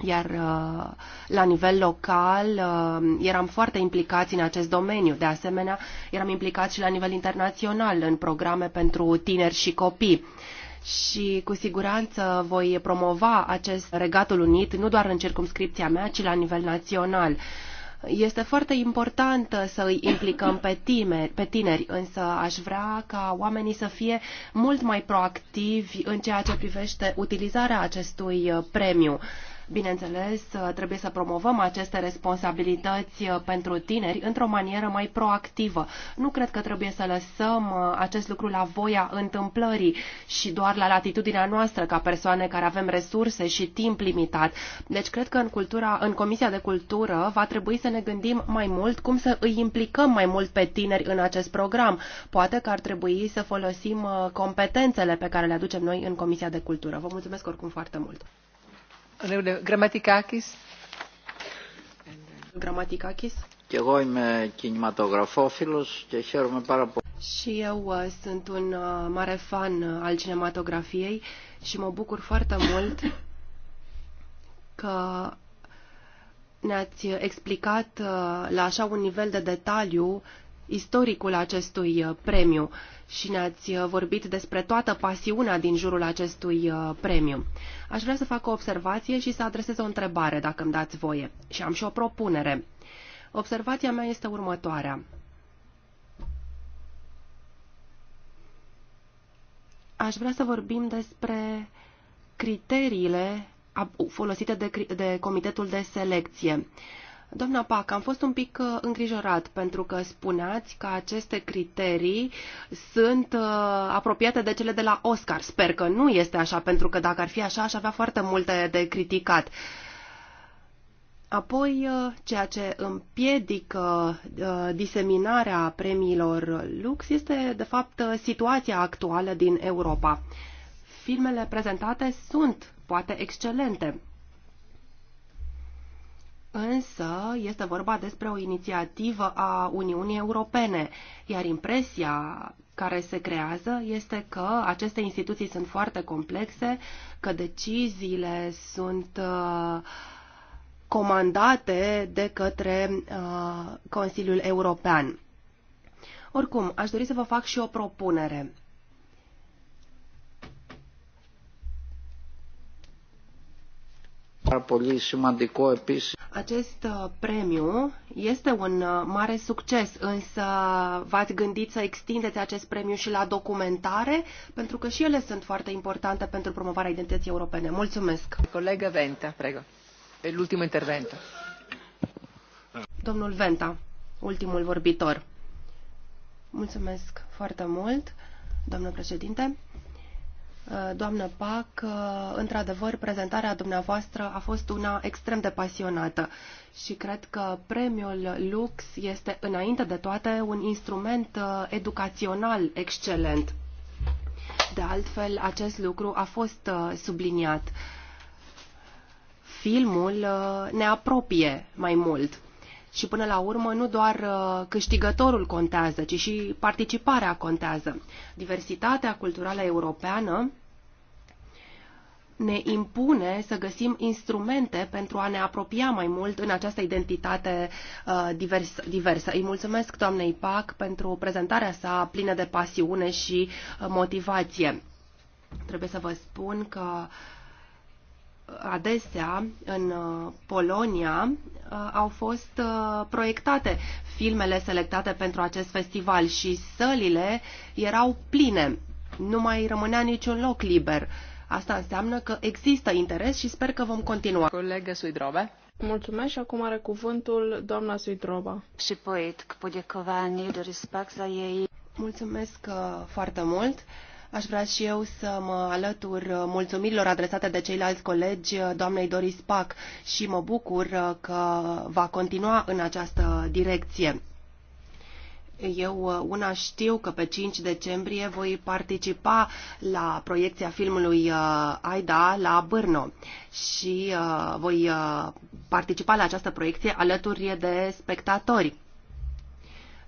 Iar uh, la nivel local uh, eram foarte implicați în acest domeniu. De asemenea, eram implicați și la nivel internațional în programe pentru tineri și copii și cu siguranță voi promova acest Regatul Unit nu doar în circumscripția mea, ci la nivel național. Este foarte important să îi implicăm pe, time, pe tineri, însă aș vrea ca oamenii să fie mult mai proactivi în ceea ce privește utilizarea acestui uh, premiu. Bineînțeles, trebuie să promovăm aceste responsabilități uh, pentru tineri într-o manieră mai proactivă. Nu cred că trebuie să lăsăm uh, acest lucru la voia întâmplării și doar la latitudinea noastră ca persoane care avem resurse și timp limitat. Deci cred că în, cultura, în Comisia de Cultură va trebui să ne gândim mai mult cum să îi implicăm mai mult pe tineri în acest program. Poate că ar trebui să folosim uh, competențele pe care le aducem noi în Comisia de Cultură. Vă mulțumesc oricum foarte mult! Γραμματικάκης. Γραμματικάκης. Και εγώ είμαι κινηματογραφόφιλος και χαίρομαι πάρα πολύ. Și eu uh, sunt un uh, mare fan al cinematografiei și mă bucur foarte mult că ne-ați explicat uh, la așa un nivel de detaliu istoricul acestui uh, premiu și ne-ați uh, vorbit despre toată pasiunea din jurul acestui uh, premiu. Aș vrea să fac o observație și să adresez o întrebare, dacă îmi dați voie. Și am și o propunere. Observația mea este următoarea. Aș vrea să vorbim despre criteriile folosite de, de Comitetul de Selecție. Uh, Doamna Pac, am fost un pic uh, îngrijorat pentru că spuneați că aceste criterii sunt uh, apropiate de cele de la Oscar. Sper că nu este așa, pentru că dacă ar fi așa, aș avea foarte multe de criticat. Apoi, uh, ceea ce împiedică diseminarea premiilor Lux este, de fapt, situația actuală din Europa. Filmele prezentate sunt, poate, excelente, Însă este vorba despre o inițiativă a Uniunii Europene, iar impresia care se creează este că aceste instituții sunt foarte complexe, că deciziile sunt uh, comandate de către uh, Consiliul European. Oricum, aș dori să vă fac și o propunere. Acest uh, premiu este un uh, mare succes, însă v-ați gândit să extindeți acest premiu și la documentare, pentru că și ele sunt foarte importante pentru promovarea identității europene. Mulțumesc! Colegă Venta, prego. E l'ultimo intervento. Domnul Venta, ultimul vorbitor. Mulțumesc foarte mult, domnul președinte. Uh, doamnă Pac, uh, într-adevăr, prezentarea dumneavoastră a fost una extrem de pasionată și cred că premiul Lux este, înainte de toate, un instrument uh, educațional excelent. De altfel, acest lucru a fost subliniat. Filmul ne apropie mai mult și până la urmă nu doar uh, câștigătorul contează, ci și participarea contează. Diversitatea culturală europeană ne impune să găsim instrumente pentru a ne apropia mai mult în această identitate uh, divers, diversă. Îi mulțumesc doamnei Pac pentru prezentarea sa plină de pasiune și uh, motivație. Trebuie să vă spun că uh, adesea în uh, Polonia uh, au fost uh, proiectate filmele selectate pentru acest festival și sălile erau pline. Nu mai rămânea niciun loc liber. Asta înseamnă că există interes și sper că vom continua. Colegă Suidrobe. Mulțumesc și acum are cuvântul doamna Suidroba. Și poet, de respect za ei. Mulțumesc foarte mult. Aș vrea și eu să mă alătur mulțumirilor adresate de ceilalți colegi doamnei Doris Pac și mă bucur că va continua în această direcție. Eu una știu că pe 5 decembrie voi participa la proiecția filmului uh, Aida la Bârno și uh, voi uh, participa la această proiecție alături de spectatori.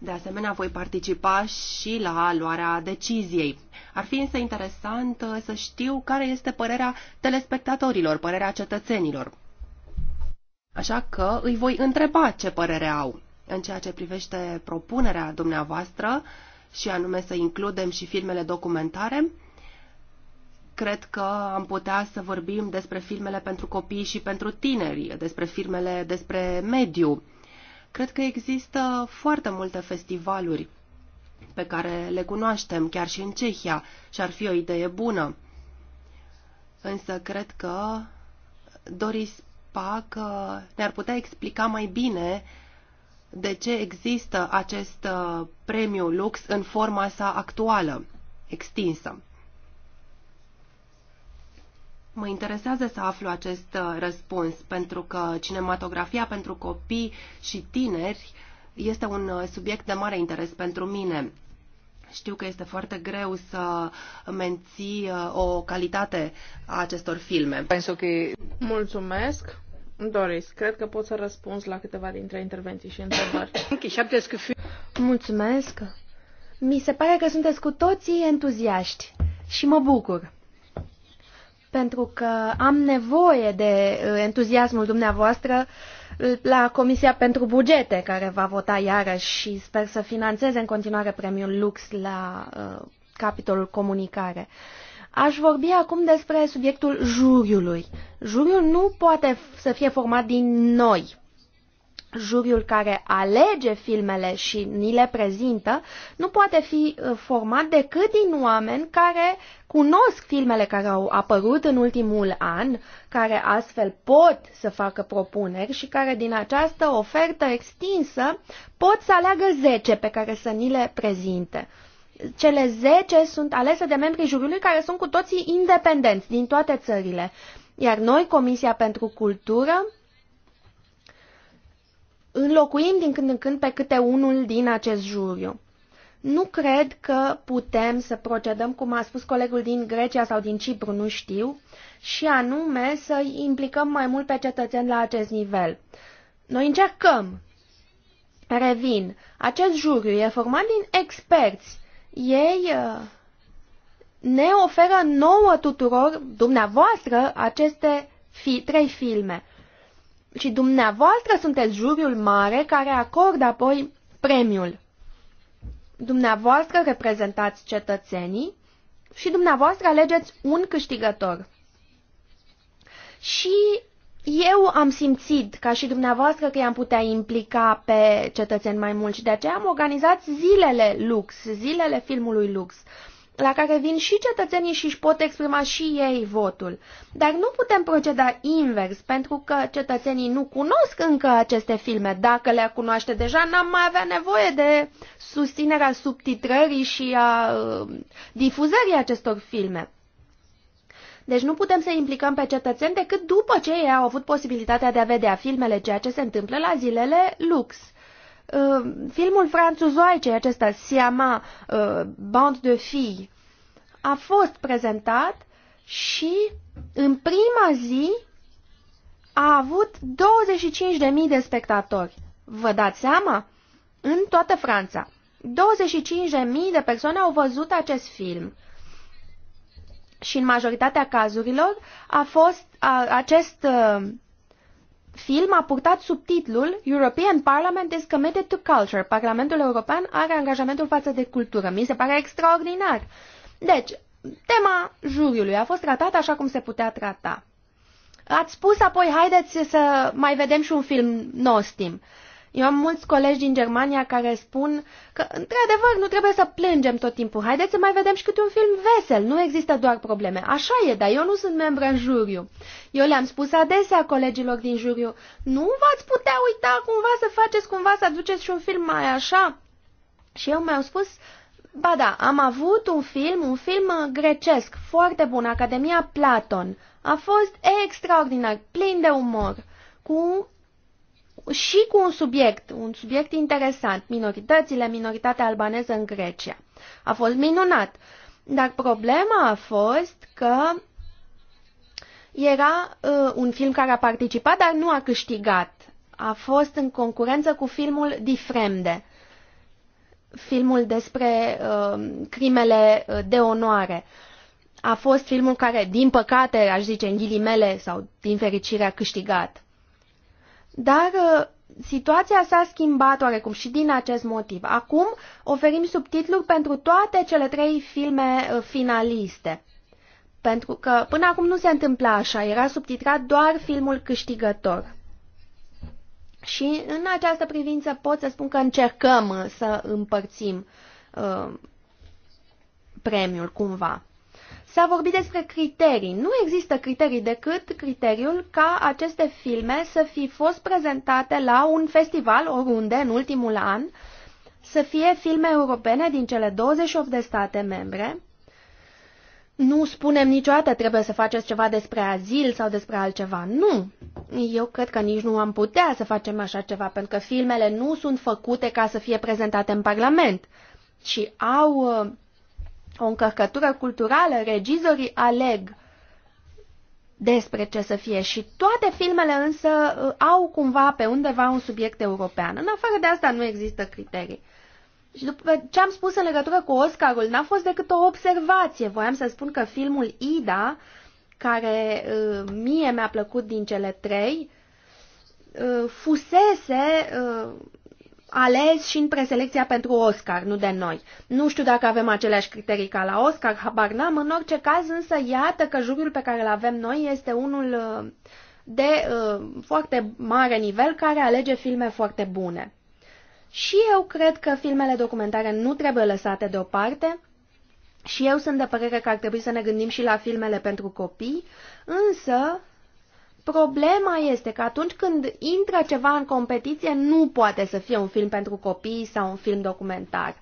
De asemenea, voi participa și la luarea deciziei. Ar fi însă interesant uh, să știu care este părerea telespectatorilor, părerea cetățenilor. Așa că îi voi întreba ce părere au în ceea ce privește propunerea dumneavoastră și anume să includem și filmele documentare. Cred că am putea să vorbim despre filmele pentru copii și pentru tineri, despre filmele despre mediu Cred că există foarte multe festivaluri pe care le cunoaștem chiar și în Cehia și ar fi o idee bună. Însă cred că Doris Pac uh, ne-ar putea explica mai bine de ce există acest uh, premiu lux în forma sa actuală, extinsă. Mă interesează să aflu acest uh, răspuns, pentru că cinematografia pentru copii și tineri este un uh, subiect de mare interes pentru mine. Știu că este foarte greu să menții uh, o calitate a acestor filme. Mulțumesc. Doris, cred că pot să răspunzi la câteva dintre intervenții și întrebări. Mulțumesc. Mi se pare că sunteți cu toții entuziaști și mă bucur pentru că am nevoie de uh, entuziasmul dumneavoastră uh, la Comisia pentru Bugete, care va vota iarăși și sper să financeze în continuare premiul Lux la uh, capitolul comunicare. Aș vorbi acum despre subiectul juriului. Juriul nu poate să fie format din noi juriul care alege filmele și ni le prezintă nu poate fi uh, format decât din oameni care cunosc filmele care au apărut în ultimul an, care astfel pot să facă propuneri și care din această ofertă extinsă pot să aleagă 10 pe care să ni le prezinte. Cele 10 sunt alese de membrii juriului care sunt cu toții independenți din toate țările. Iar noi, Comisia pentru Cultură, înlocuim din când în când pe câte unul din acest juriu. Nu cred că putem să procedăm, cum a spus colegul din Grecia sau din Cipru, nu știu, și anume să implicăm mai mult pe cetățeni la acest nivel. Noi încercăm. Revin, acest juriu e format din experți. Ei uh, ne oferă nouă tuturor, dumneavoastră, aceste fi, trei filme ci dumneavoastră sunteți juriul mare care acordă apoi premiul. Dumneavoastră reprezentați cetățenii și dumneavoastră alegeți un câștigător. Și eu am simțit, ca și dumneavoastră, că i-am putea implica pe cetățeni mai mult și de aceea am organizat zilele Lux, zilele filmului Lux. Uh, la care vin și cetățenii și își pot exprima și ei votul. Dar nu putem proceda invers, pentru că cetățenii nu cunosc încă aceste filme. Dacă le cunoaște deja, n-am mai avea nevoie de susținerea subtitrării și a uh, difuzării acestor filme. Deci nu putem să implicăm pe cetățeni decât după ce ei au avut posibilitatea de a vedea filmele, ceea ce se întâmplă la zilele lux. Uh, filmul franțuzoice acesta, Siama, uh, Band de Fii, a fost prezentat și în prima zi a avut 25.000 de spectatori. Vă dați seama? În toată Franța. 25.000 de persoane au văzut acest film. Și în majoritatea cazurilor a fost a, acest uh, film a purtat subtitlul European Parliament is committed to culture. Parlamentul European are angajamentul față de cultură. Mi se pare extraordinar. Deci, tema juriului a fost tratată așa cum se putea trata. Ați spus apoi, haideți să mai vedem și un film nostim. Uh, eu am mulți colegi din Germania care spun că, într-adevăr, nu trebuie să plângem tot timpul. Haideți să mai vedem și câte un film vesel. Nu există doar probleme. Așa e, dar eu nu sunt membru în juriu. Eu le-am spus adesea colegilor din juriu, nu v-ați putea uita cumva să faceți cumva să aduceți și un film mai așa? Și eu mi-au spus, ba da, am avut un film, un film uh, grecesc, foarte bun, Academia Platon. A fost extraordinar, plin de umor, cu și cu un subiect, un subiect interesant, minoritățile, minoritatea albaneză în Grecia. A fost minunat. Dar problema a fost că era uh, un film care a participat, dar nu a câștigat. A fost în concurență cu filmul Difremde, filmul despre uh, crimele uh, de onoare. A fost filmul care, din păcate, aș zice în ghilimele sau din fericire, a câștigat. Dar uh, situația s-a schimbat oarecum și din acest motiv. Acum oferim subtitluri pentru toate cele trei filme uh, finaliste. Pentru că până acum nu se întâmpla așa, era subtitrat doar filmul câștigător. Și în această privință pot să spun că încercăm uh, să împărțim uh, premiul cumva. S-a vorbit despre criterii. Nu există criterii decât criteriul ca aceste filme să fi fost prezentate la un festival oriunde în ultimul an, să fie filme europene din cele 28 de state membre. Nu spunem niciodată trebuie să faceți ceva despre azil sau despre altceva. Nu! Eu cred că nici nu am putea să facem așa ceva, pentru că filmele nu sunt făcute ca să fie prezentate în Parlament, ci au uh, o încărcătură culturală, regizorii aleg despre ce să fie și toate filmele însă uh, au cumva pe undeva un subiect european. În afară de asta nu există criterii. Și după ce am spus în legătură cu Oscarul, n-a fost decât o observație. Voiam să spun că filmul Ida, care uh, mie mi-a plăcut din cele trei, uh, fusese ales și în preselecția pentru Oscar, nu de noi. Nu știu dacă avem aceleași criterii ca la Oscar, habar n-am, în orice caz însă iată că juriul pe care îl avem noi este unul uh, de uh, foarte mare nivel care alege filme foarte bune. Și eu cred că filmele documentare nu trebuie lăsate deoparte și eu sunt de părere că ar trebui să ne gândim și la filmele pentru copii, însă Problema este că atunci când intră ceva în competiție, nu poate să fie un film pentru copii sau un film documentar.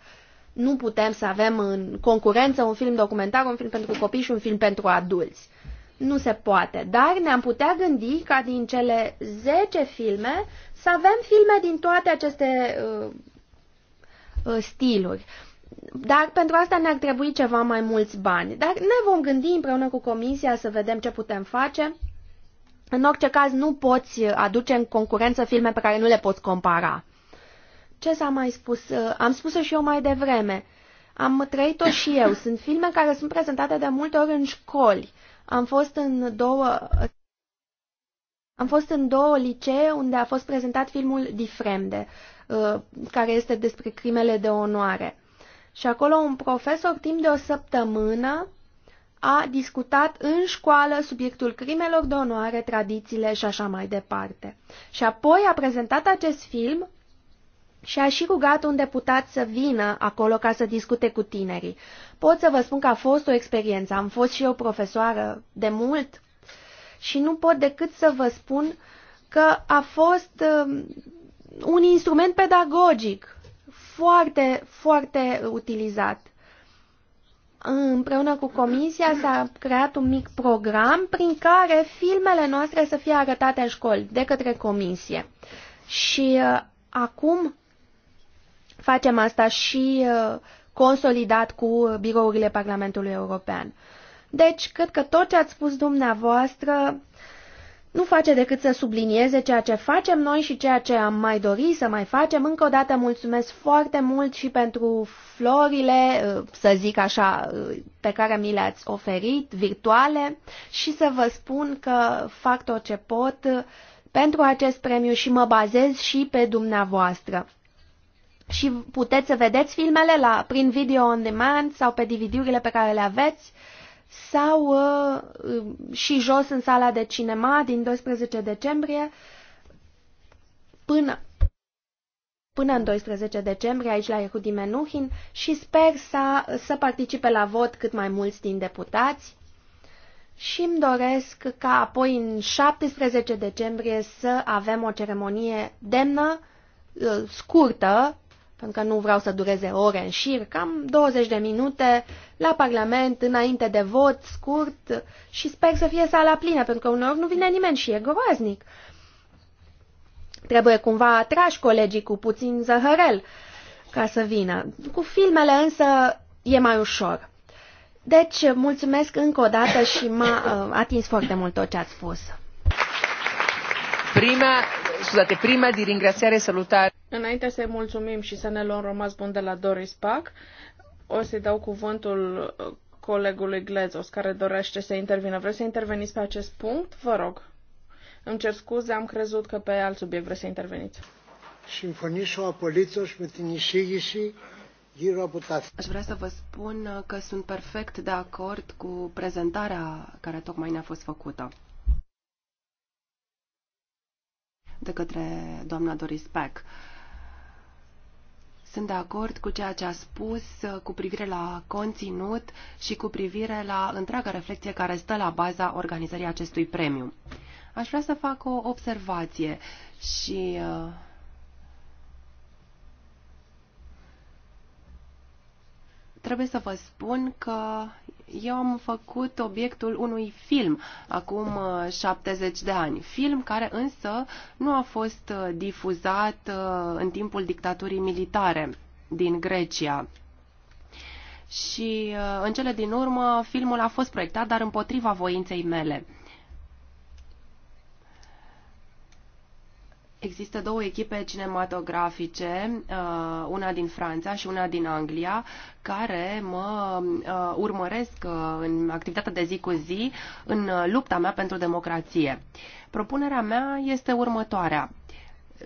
Nu putem să avem în concurență un film documentar, un film pentru copii și un film pentru adulți. Nu se poate, dar ne-am putea gândi ca din cele 10 filme să avem filme din toate aceste uh, uh, stiluri. Dar pentru asta ne-ar trebui ceva mai mulți bani. Dar ne vom gândi împreună cu comisia să vedem ce putem face în orice caz, nu poți aduce în concurență filme pe care nu le poți compara. Ce s-a mai spus? Uh, am spus-o și eu mai devreme. Am trăit-o și eu. Sunt filme care sunt prezentate de multe ori în școli. Am fost în două... Am fost în două licee unde a fost prezentat filmul Difremde, uh, care este despre crimele de onoare. Și acolo un profesor, timp de o săptămână, a discutat în școală subiectul crimelor de onoare, tradițiile și așa mai departe. Și apoi a prezentat acest film și a și rugat un deputat să vină acolo ca să discute cu tinerii. Pot să vă spun că a fost o experiență. Am fost și eu profesoară de mult și nu pot decât să vă spun că a fost um, un instrument pedagogic foarte, foarte utilizat împreună cu comisia s-a creat un mic program prin care filmele noastre să fie arătate în școli de către comisie. Și uh, acum facem asta și uh, consolidat cu birourile Parlamentului European. Deci, cred că tot ce ați spus dumneavoastră nu face decât să sublinieze ceea ce facem noi și ceea ce am mai dori să mai facem. Încă o dată mulțumesc foarte mult și pentru florile, să zic așa, pe care mi le-ați oferit, virtuale, și să vă spun că fac tot ce pot pentru acest premiu și mă bazez și pe dumneavoastră. Și puteți să vedeți filmele la, prin video on demand sau pe DVD-urile pe care le aveți sau uh, și jos în sala de cinema din 12 decembrie până până în 12 decembrie aici la Ehudi Menuhin și sper să, să participe la vot cât mai mulți din deputați și îmi doresc ca apoi în 17 decembrie să avem o ceremonie demnă, uh, scurtă, pentru că nu vreau să dureze ore în șir, cam 20 de minute la Parlament, înainte de vot, scurt, și sper să fie sala plină, pentru că uneori nu vine nimeni și e groaznic. Trebuie cumva atrași colegii cu puțin zăhărel ca să vină. Cu filmele însă e mai ușor. Deci, mulțumesc încă o dată și m-a uh, atins foarte mult tot ce ați spus. Prima, scuzate, prima di ringraziare salutare. Înainte să-i mulțumim și să ne luăm rămas bun de la Doris Pac, o să-i dau cuvântul uh, colegului Glezos care dorește să intervină. Vreți să interveniți pe acest punct? Vă rog. Îmi cer scuze, am crezut că pe alt subiect vreți să interveniți. Συμφωνήσω απολύτως με Aș vrea să vă spun că sunt perfect de acord cu prezentarea care tocmai ne-a fost făcută. de către doamna Doris Peck. Sunt de acord cu ceea ce a spus cu privire la conținut și cu privire la întreaga reflexie care stă la baza organizării acestui premiu. Aș vrea să fac o observație și uh, trebuie să vă spun că eu am făcut obiectul unui film acum 70 uh, de ani, film care însă nu a fost uh, difuzat uh, în timpul dictaturii militare din Grecia. Și în cele din urmă filmul a fost proiectat, dar împotriva voinței mele. Există două echipe cinematografice, uh, una din Franța și una din Anglia, care mă uh, urmăresc uh, în activitatea de zi cu zi în lupta mea pentru democrație. Propunerea mea este următoarea.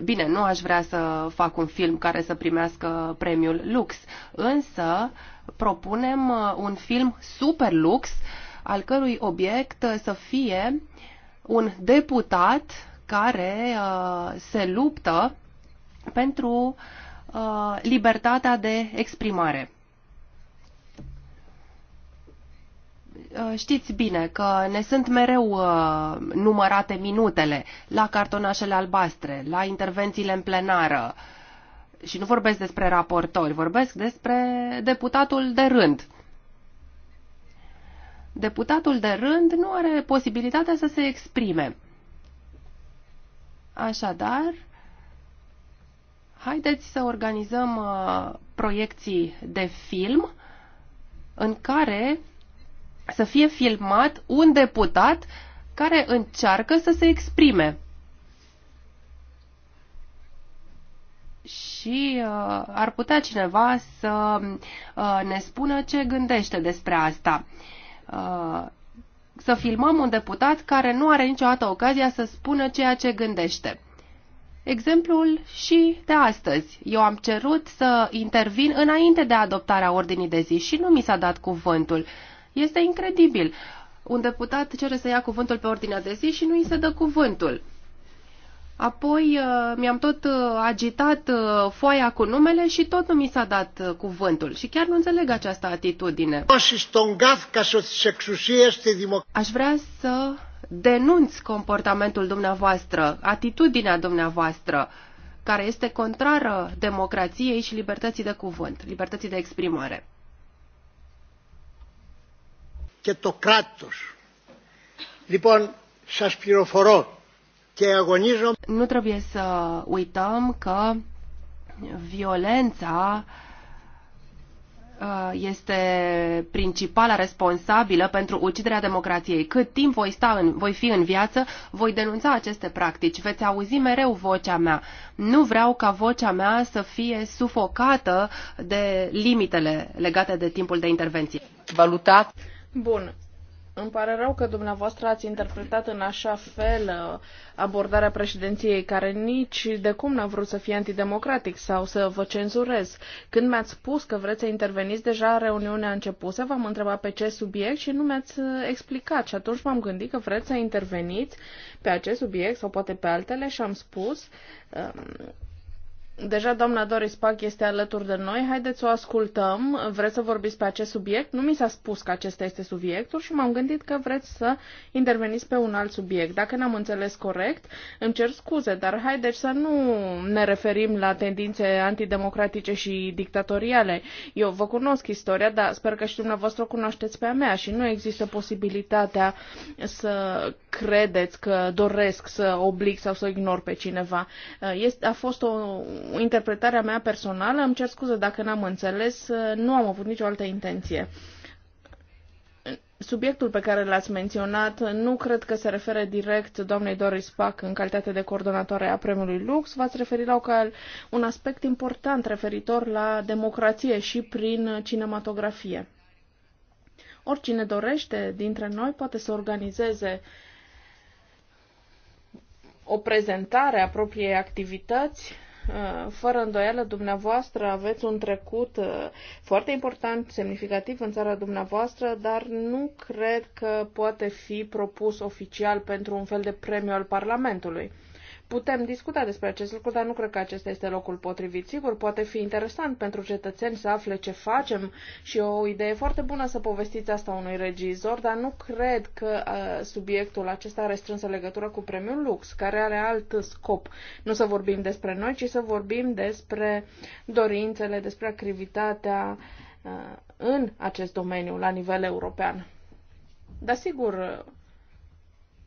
Bine, nu aș vrea să fac un film care să primească premiul Lux, însă propunem un film super lux, al cărui obiect să fie un deputat care uh, se luptă pentru uh, libertatea de exprimare. Uh, știți bine că ne sunt mereu numărate minutele la cartonașele albastre, la intervențiile în plenară. Și nu vorbesc despre raportori, vorbesc despre deputatul de rând. Deputatul de rând nu are posibilitatea să se exprime. Așadar, haideți să organizăm uh, proiecții de film în care să fie filmat un deputat care încearcă să se exprime. Și uh, ar putea cineva să uh, ne spună ce gândește despre asta. Uh, să filmăm un deputat care nu are niciodată ocazia să spună ceea ce gândește. Exemplul și de astăzi. Eu am cerut să intervin înainte de adoptarea ordinii de zi și nu mi s-a dat cuvântul. Este incredibil. Un deputat cere să ia cuvântul pe ordinea de zi și nu îi se dă cuvântul. Apoi uh, mi-am tot uh, agitat uh, foaia cu numele și tot nu mi s-a dat cuvântul. Și chiar nu înțeleg această atitudine. Aș vrea să denunț comportamentul dumneavoastră, atitudinea dumneavoastră, care este contrară democrației și libertății de cuvânt, libertății de exprimare. Και το κράτος. Λοιπόν, σας πληροφορώ nu trebuie să uităm că violența uh, este principala responsabilă pentru uciderea democrației. Cât timp voi, sta în, voi fi în viață, voi denunța aceste practici. Veți auzi mereu vocea mea. Nu vreau ca vocea mea să fie sufocată de limitele legate de timpul de intervenție. Valutat. Bun. Îmi pare rău că dumneavoastră ați interpretat în așa fel uh, abordarea președinției, care nici de cum n-a vrut să fie antidemocratic sau să vă cenzurez. Când mi-ați spus că vreți să interveniți deja reuniunea a început, să v-am întrebat pe ce subiect și nu mi-ați uh, explicat și atunci m-am gândit că vreți să interveniți pe acest subiect sau poate pe altele și am spus um, Deja doamna Doris Pac este alături de noi, haideți să o ascultăm. Vreți să vorbiți pe acest subiect? Nu mi s-a spus că acesta este subiectul și m-am gândit că vreți să interveniți pe un alt subiect. Dacă n-am înțeles corect, îmi cer scuze, dar haideți să nu ne referim la tendințe antidemocratice și dictatoriale. Eu vă cunosc istoria, dar sper că și dumneavoastră o cunoașteți pe a mea și nu există posibilitatea să credeți că doresc să oblig sau să ignor pe cineva. Este, a fost o interpretarea mea personală, îmi cer scuze dacă n-am înțeles, uh, nu am avut nicio altă intenție. Subiectul pe care l-ați menționat uh, nu cred că se referă direct doamnei Doris Pac în calitate de coordonatoare a premiului Lux. V-ați referit la un aspect important referitor la democrație și prin cinematografie. Oricine dorește dintre noi poate să organizeze o prezentare a propriei activități Uh, fără îndoială, dumneavoastră aveți un trecut uh, foarte important, semnificativ în țara dumneavoastră, dar nu cred că poate fi propus oficial pentru un fel de premiu al Parlamentului putem discuta despre acest lucru, dar nu cred că acesta este locul potrivit. Sigur, poate fi interesant pentru cetățeni să afle ce facem și o idee foarte bună să povestiți asta unui regizor, dar nu cred că uh, subiectul acesta are strânsă legătură cu premiul Lux, care are alt scop. Nu să vorbim despre noi, ci să vorbim despre dorințele, despre activitatea uh, în acest domeniu la nivel european. Dar sigur,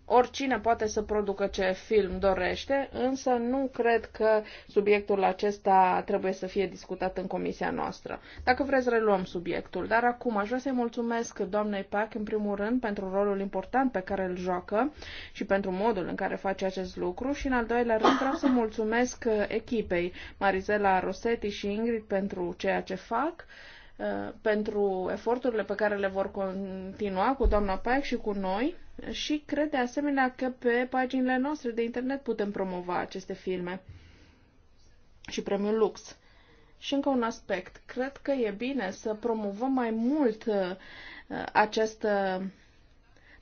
oricine poate să producă ce film dorește, însă nu cred că subiectul acesta trebuie să fie discutat în comisia noastră. Dacă vreți, reluăm subiectul. Dar acum aș vrea să-i mulțumesc doamnei Pac, în primul rând, pentru rolul important pe care îl joacă și pentru modul în care face acest lucru și, în al doilea rând, vreau să mulțumesc echipei Marizela Rosetti și Ingrid pentru ceea ce fac Uh, pentru eforturile pe care le vor continua cu doamna Paec și cu noi și cred de asemenea că pe paginile noastre de internet putem promova aceste filme și premiul Lux. Și încă un aspect. Cred că e bine să promovăm mai mult uh, această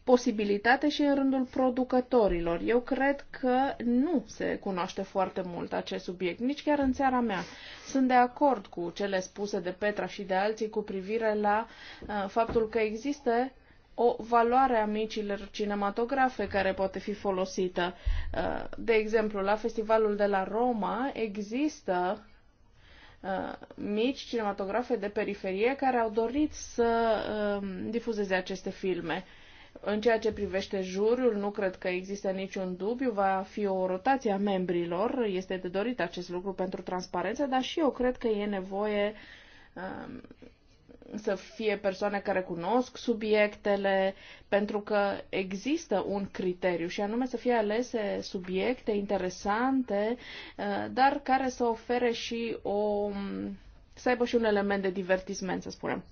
posibilitate și în rândul producătorilor. Eu cred că nu se cunoaște foarte mult acest subiect, nici chiar în țara mea. Sunt de acord cu cele spuse de Petra și de alții cu privire la uh, faptul că există o valoare a micilor cinematografe care poate fi folosită. Uh, de exemplu, la festivalul de la Roma există uh, mici cinematografe de periferie care au dorit să uh, difuzeze aceste filme. În ceea ce privește juriul, nu cred că există niciun dubiu, va fi o rotație a membrilor, este de dorit acest lucru pentru transparență, dar și eu cred că e nevoie um, să fie persoane care cunosc subiectele, pentru că există un criteriu și anume să fie alese subiecte interesante, uh, dar care să ofere și o um, să aibă și un element de divertisment, să spunem.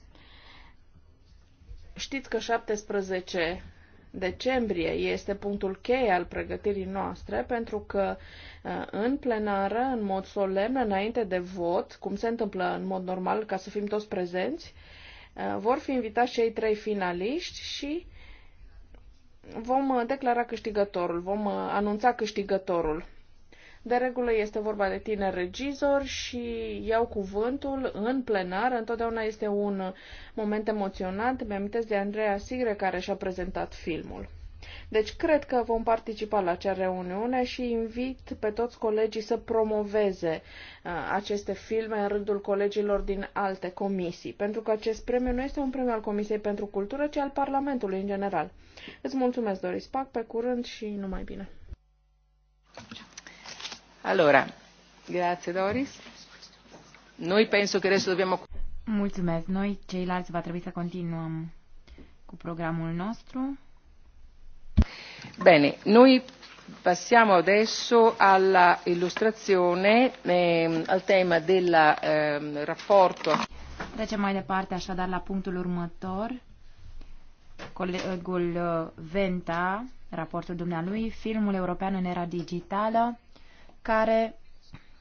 Știți că 17 decembrie este punctul cheie al pregătirii noastre, pentru că uh, în plenară, în mod solemn, înainte de vot, cum se întâmplă în mod normal, ca să fim toți prezenți, uh, vor fi invitați cei trei finaliști și vom uh, declara câștigătorul, vom anunța câștigătorul. De regulă este vorba de tineri regizori și iau cuvântul în plenar. Întotdeauna este un moment emoționant. Mi-amintesc de Andreea Sigre care și-a prezentat filmul. Deci cred că vom participa la acea reuniune și invit pe toți colegii să promoveze uh, aceste filme în rândul colegilor din alte comisii, pentru că acest premiu nu este un premiu al Comisiei pentru Cultură, ci al Parlamentului în general. Îți mulțumesc, Doris Pac, pe curând și numai bine! Ciao. Allora, grazie Doris. Noi penso che adesso dobbiamo... Mulțumesc. Noi, ceilalți, va trebui să continuăm cu programul nostru. Bene, noi passiamo adesso alla illustrazione eh, al tema del eh, rapporto. Trecem mai departe așadar la punctul următor. Colegul Venta, raportul dumnealui, filmul european în era digitală, care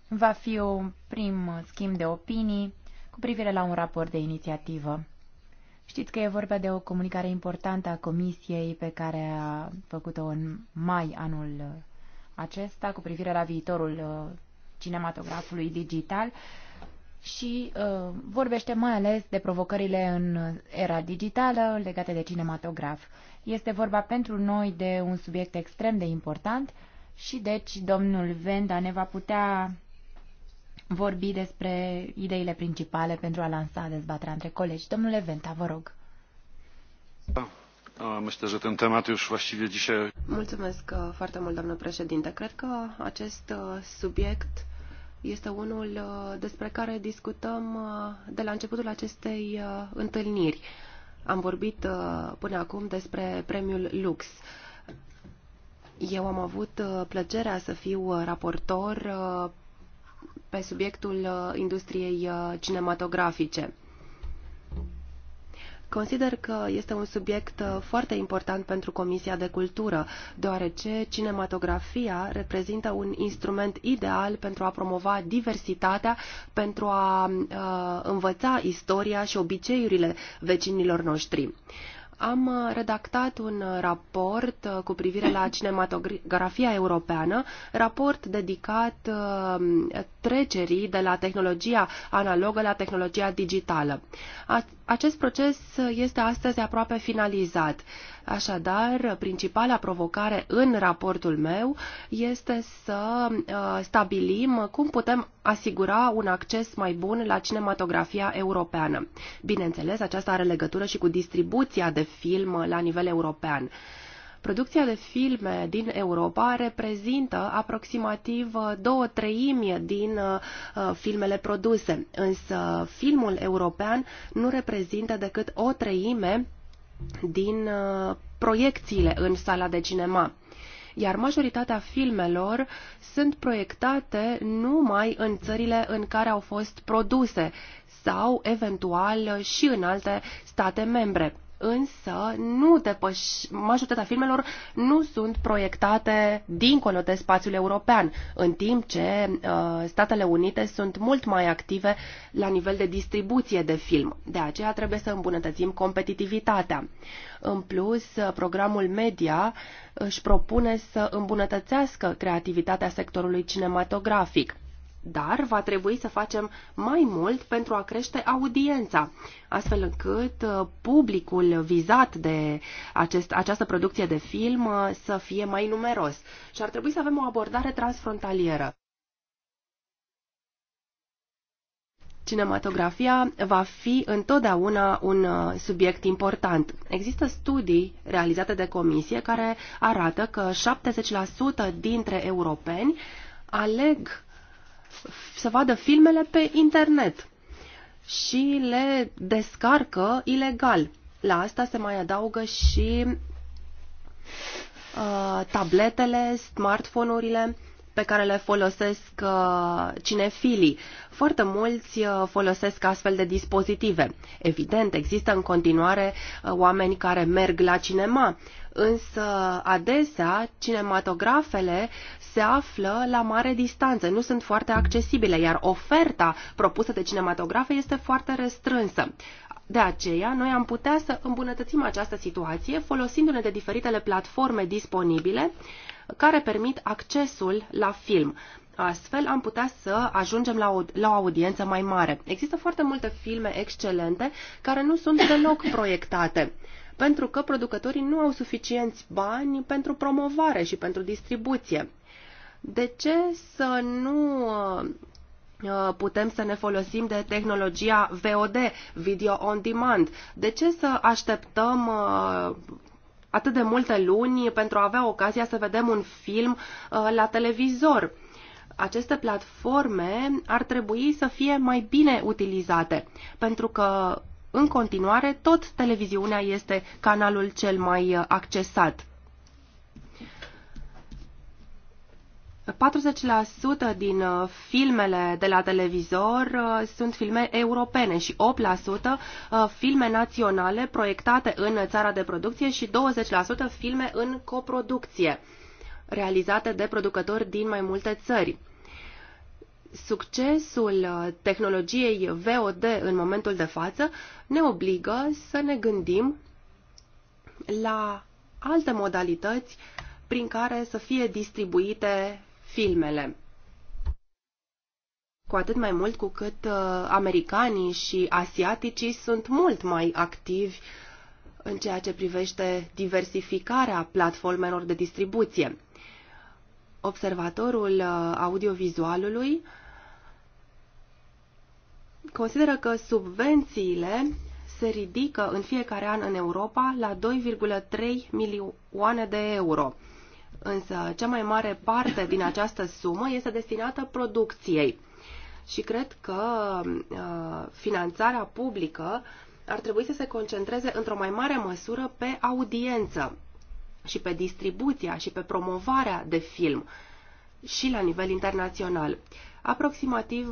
va fi un prim schimb de opinii cu privire la un raport de inițiativă. Știți că e vorba de o comunicare importantă a Comisiei pe care a făcut-o în mai anul acesta cu privire la viitorul uh, cinematografului digital și uh, vorbește mai ales de provocările în era digitală legate de cinematograf. Este vorba pentru noi de un subiect extrem de important și deci domnul Venda ne va putea vorbi despre ideile principale pentru a lansa dezbaterea între colegi. Domnule Venta, vă rog. Myślę, że ten temat już właściwie dzisiaj... Mulțumesc uh, foarte mult, doamnă președinte. Cred că acest uh, subiect este unul uh, despre care discutăm de la începutul acestei întâlniri. Am vorbit până acum despre premiul Lux. Eu am avut uh, plăcerea să fiu uh, raportor uh, pe subiectul industriei cinematografice. Consider că este un subiect foarte important pentru Comisia de Cultură, deoarece cinematografia reprezintă un instrument ideal pentru a promova diversitatea, pentru a uh, învăța istoria și obiceiurile vecinilor noștri am uh, redactat un uh, raport uh, cu privire la cinematografia europeană, raport dedicat trecerii de la tehnologia analogă la tehnologia digitală. Acest proces este astăzi aproape finalizat. Așadar, principala provocare în raportul meu este să uh, stabilim cum putem asigura un acces mai bun la cinematografia europeană. Bineînțeles, aceasta are legătură și cu distribuția de film la nivel european. Producția de filme din Europa reprezintă aproximativ uh, două treimi din uh, uh, filmele produse, însă filmul european nu reprezintă decât o treime din proiecțiile în sala de cinema iar majoritatea filmelor sunt proiectate numai în țările în care au fost produse sau, eventual, și în alte state membre însă nu depăș... majoritatea filmelor nu sunt proiectate dincolo de spațiul european, în timp ce uh, Statele Unite sunt mult mai active la nivel de distribuție de film. De aceea trebuie să îmbunătățim competitivitatea. În plus, uh, programul media își propune să îmbunătățească creativitatea sectorului cinematografic dar va trebui să facem mai mult pentru a crește audiența, astfel încât uh, publicul vizat de acest, această producție de film uh, să fie mai numeros și ar trebui să avem o abordare transfrontalieră. cinematografia va fi întotdeauna un uh, subiect important. Există studii realizate de comisie care arată că 70% dintre europeni aleg să vadă filmele pe internet și le descarcă ilegal. La asta se mai adaugă și uh, tabletele, smartphone-urile pe care le folosesc uh, cinefilii. Foarte mulți uh, folosesc astfel de dispozitive. Evident, există în continuare uh, oameni care merg la cinema însă adesea cinematografele se află la mare distanță, nu sunt foarte accesibile, iar oferta propusă de cinematografe este foarte restrânsă. De aceea, noi am putea să îmbunătățim această situație folosindu-ne de diferitele platforme disponibile care permit accesul la film. Astfel am putea să ajungem la o, la o audiență mai mare. Există foarte multe filme excelente care nu sunt deloc proiectate pentru că producătorii nu au suficienți bani pentru promovare și pentru distribuție. De ce să nu uh, uh, putem să ne folosim de tehnologia VOD, Video On Demand? De ce să așteptăm uh, atât de multe luni pentru a avea ocazia să vedem un film la televizor? aceste platforme ar trebui să fie mai bine utilizate, pentru că în continuare, tot televiziunea este canalul cel mai uh, accesat. 40% din uh, filmele de la televizor uh, sunt filme europene și 8% filme naționale proiectate în țara de producție și 20% filme în coproducție realizate de producători din mai multe țări succesul uh, tehnologiei VOD în momentul de față ne obligă să ne gândim la alte modalități prin care să fie distribuite filmele. Cu atât mai mult cu cât uh, americanii și asiaticii sunt mult mai activi în ceea ce privește diversificarea platformelor de distribuție. Observatorul uh, audiovizualului consideră că subvențiile se ridică în fiecare an în Europa la 2,3 milioane de euro. Însă cea mai mare parte din această sumă este destinată producției. Și cred că uh, finanțarea publică ar trebui să se concentreze într-o mai mare măsură pe audiență și pe distribuția și pe promovarea de film și la nivel internațional. Uh, Aproximativ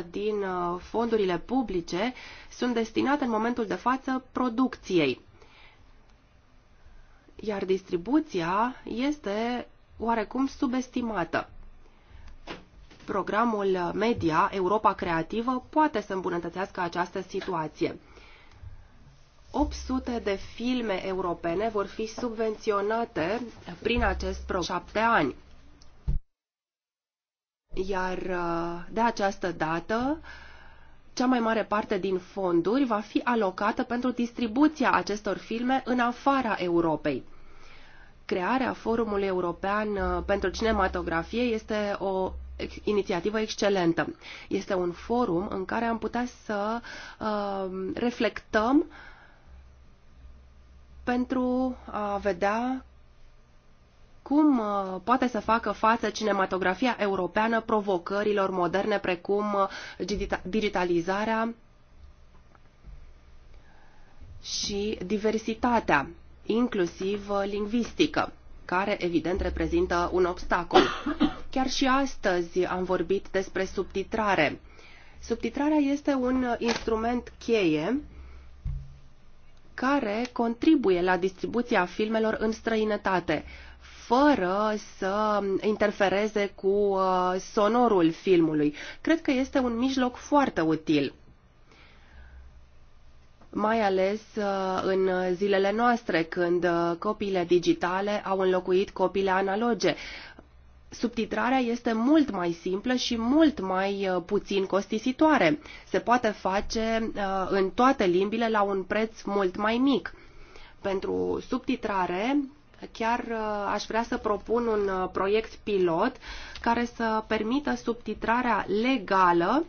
60% din uh, fondurile publice sunt destinate în momentul de față producției, iar distribuția este oarecum subestimată. Programul Media Europa Creativă poate să îmbunătățească această situație. 800 de filme europene vor fi subvenționate prin acest program 7 ani. Iar uh, de această dată, cea mai mare parte din fonduri va fi alocată pentru distribuția acestor filme în afara Europei. Crearea Forumului European uh, pentru Cinematografie este o inițiativă excelentă. Este un forum în care am putea să uh, reflectăm pentru a vedea cum uh, poate să facă față cinematografia europeană provocărilor moderne precum uh, digitalizarea și diversitatea, inclusiv uh, lingvistică, care evident reprezintă un obstacol. Chiar și astăzi am vorbit despre subtitrare. Subtitrarea este un instrument cheie care contribuie la distribuția filmelor în străinătate fără să interfereze cu uh, sonorul filmului. Cred că este un mijloc foarte util mai ales uh, în zilele noastre, când uh, copiile digitale au înlocuit copiile analoge. Subtitrarea este mult mai simplă și mult mai puțin costisitoare. Se poate face în toate limbile la un preț mult mai mic. Pentru subtitrare Chiar uh, aș vrea să propun un uh, proiect pilot care să permită subtitrarea legală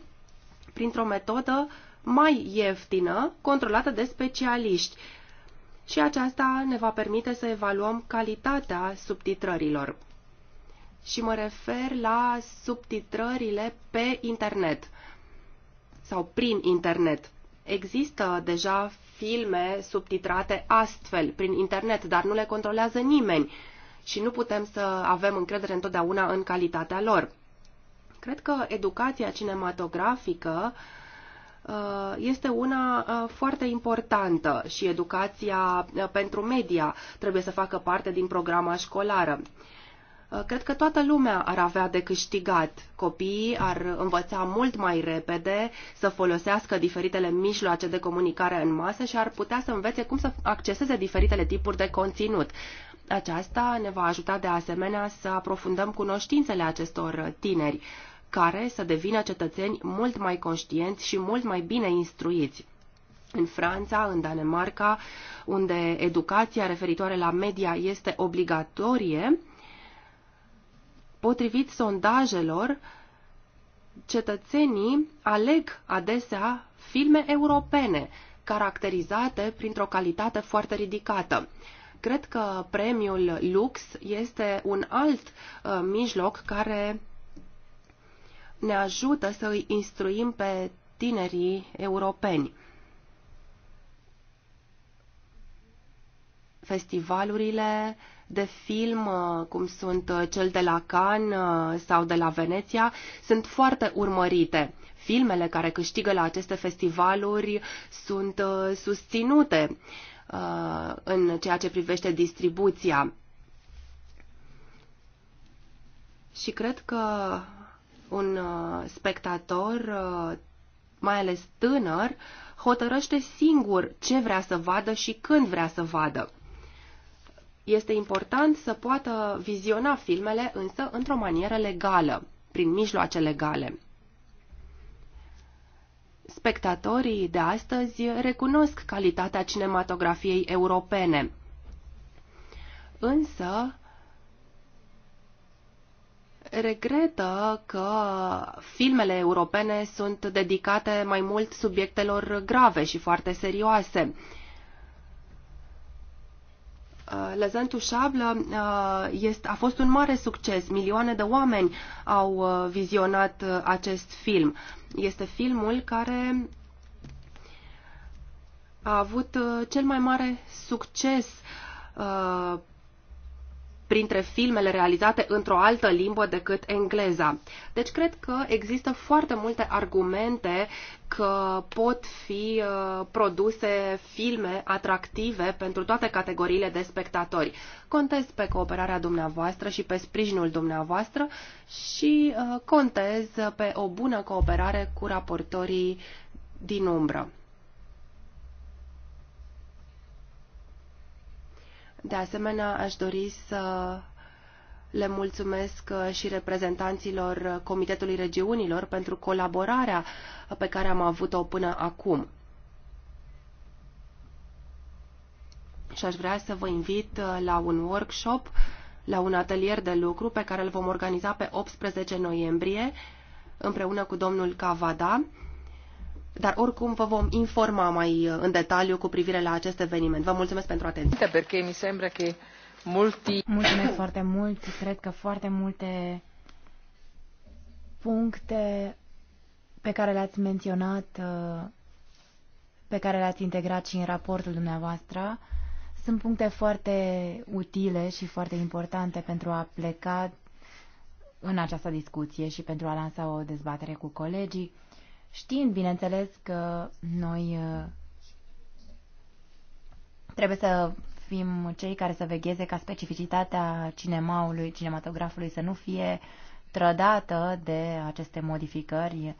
printr-o metodă mai ieftină, controlată de specialiști. Și aceasta ne va permite să evaluăm calitatea subtitrărilor. Și mă refer la subtitrările pe internet sau prin internet. Există deja filme subtitrate astfel prin internet, dar nu le controlează nimeni și nu putem să avem încredere întotdeauna în calitatea lor. Cred că educația cinematografică uh, este una uh, foarte importantă și educația uh, pentru media trebuie să facă parte din programa școlară. Uh, cred că toată lumea ar avea de câștigat. Copiii ar învăța mult mai repede să folosească diferitele mijloace de comunicare în masă și ar putea să învețe cum să acceseze diferitele tipuri de conținut. Aceasta ne va ajuta de asemenea să aprofundăm cunoștințele acestor tineri, care să devină cetățeni mult mai conștienți și mult mai bine instruiți în Franța, în Danemarca, unde educația referitoare la media este obligatorie, Potrivit sondajelor, cetățenii aleg adesea filme europene, caracterizate printr-o calitate foarte ridicată. Cred că premiul Lux este un alt uh, mijloc care ne ajută să îi instruim pe tinerii europeni. Festivalurile, uh, de film, uh, cum sunt uh, cel de la Cannes uh, sau de la Veneția, sunt foarte urmărite. Filmele care câștigă la aceste festivaluri sunt susținute în ceea ce privește distribuția. Și cred că un spectator, mai ales tânăr, hotărăște singur ce vrea să vadă și când vrea să vadă. Este important să poată viziona filmele, însă, într-o manieră legală, prin mijloace legale. Spectatorii de astăzi recunosc calitatea cinematografiei europene. Însă, regretă că filmele europene sunt dedicate mai mult subiectelor grave și foarte serioase. Uh, Lăzăntul Șablă uh, a fost un mare succes. Milioane de oameni au uh, vizionat acest film. Este filmul care a avut cel mai mare succes printre filmele realizate într-o altă limbă decât engleza. Deci cred că există foarte multe argumente că pot fi uh, produse filme atractive pentru toate categoriile de spectatori. Contez pe cooperarea dumneavoastră și pe sprijinul dumneavoastră și uh, contez pe o bună cooperare cu raportorii din umbră. De asemenea, aș dori să le mulțumesc uh, și reprezentanților uh, Comitetului Regiunilor pentru colaborarea uh, pe care am avut-o până acum. Și aș vrea să vă invit la un workshop, la un atelier de lucru pe care îl vom organiza pe 18 noiembrie împreună cu domnul Cavada dar oricum vă vom informa mai uh, în detaliu cu privire la acest eveniment. Vă mulțumesc pentru atenție. Perché mi sembra che multi... Mulțumesc foarte mult. Cred că foarte multe puncte pe care le-ați menționat, uh, pe care le-ați integrat și în raportul dumneavoastră, sunt puncte foarte utile și foarte importante pentru a pleca în această discuție și pentru a lansa o dezbatere cu colegii știind, bineînțeles, că noi uh, trebuie să fim cei care să vegheze ca specificitatea cinemaului, cinematografului să nu fie trădată de aceste modificări.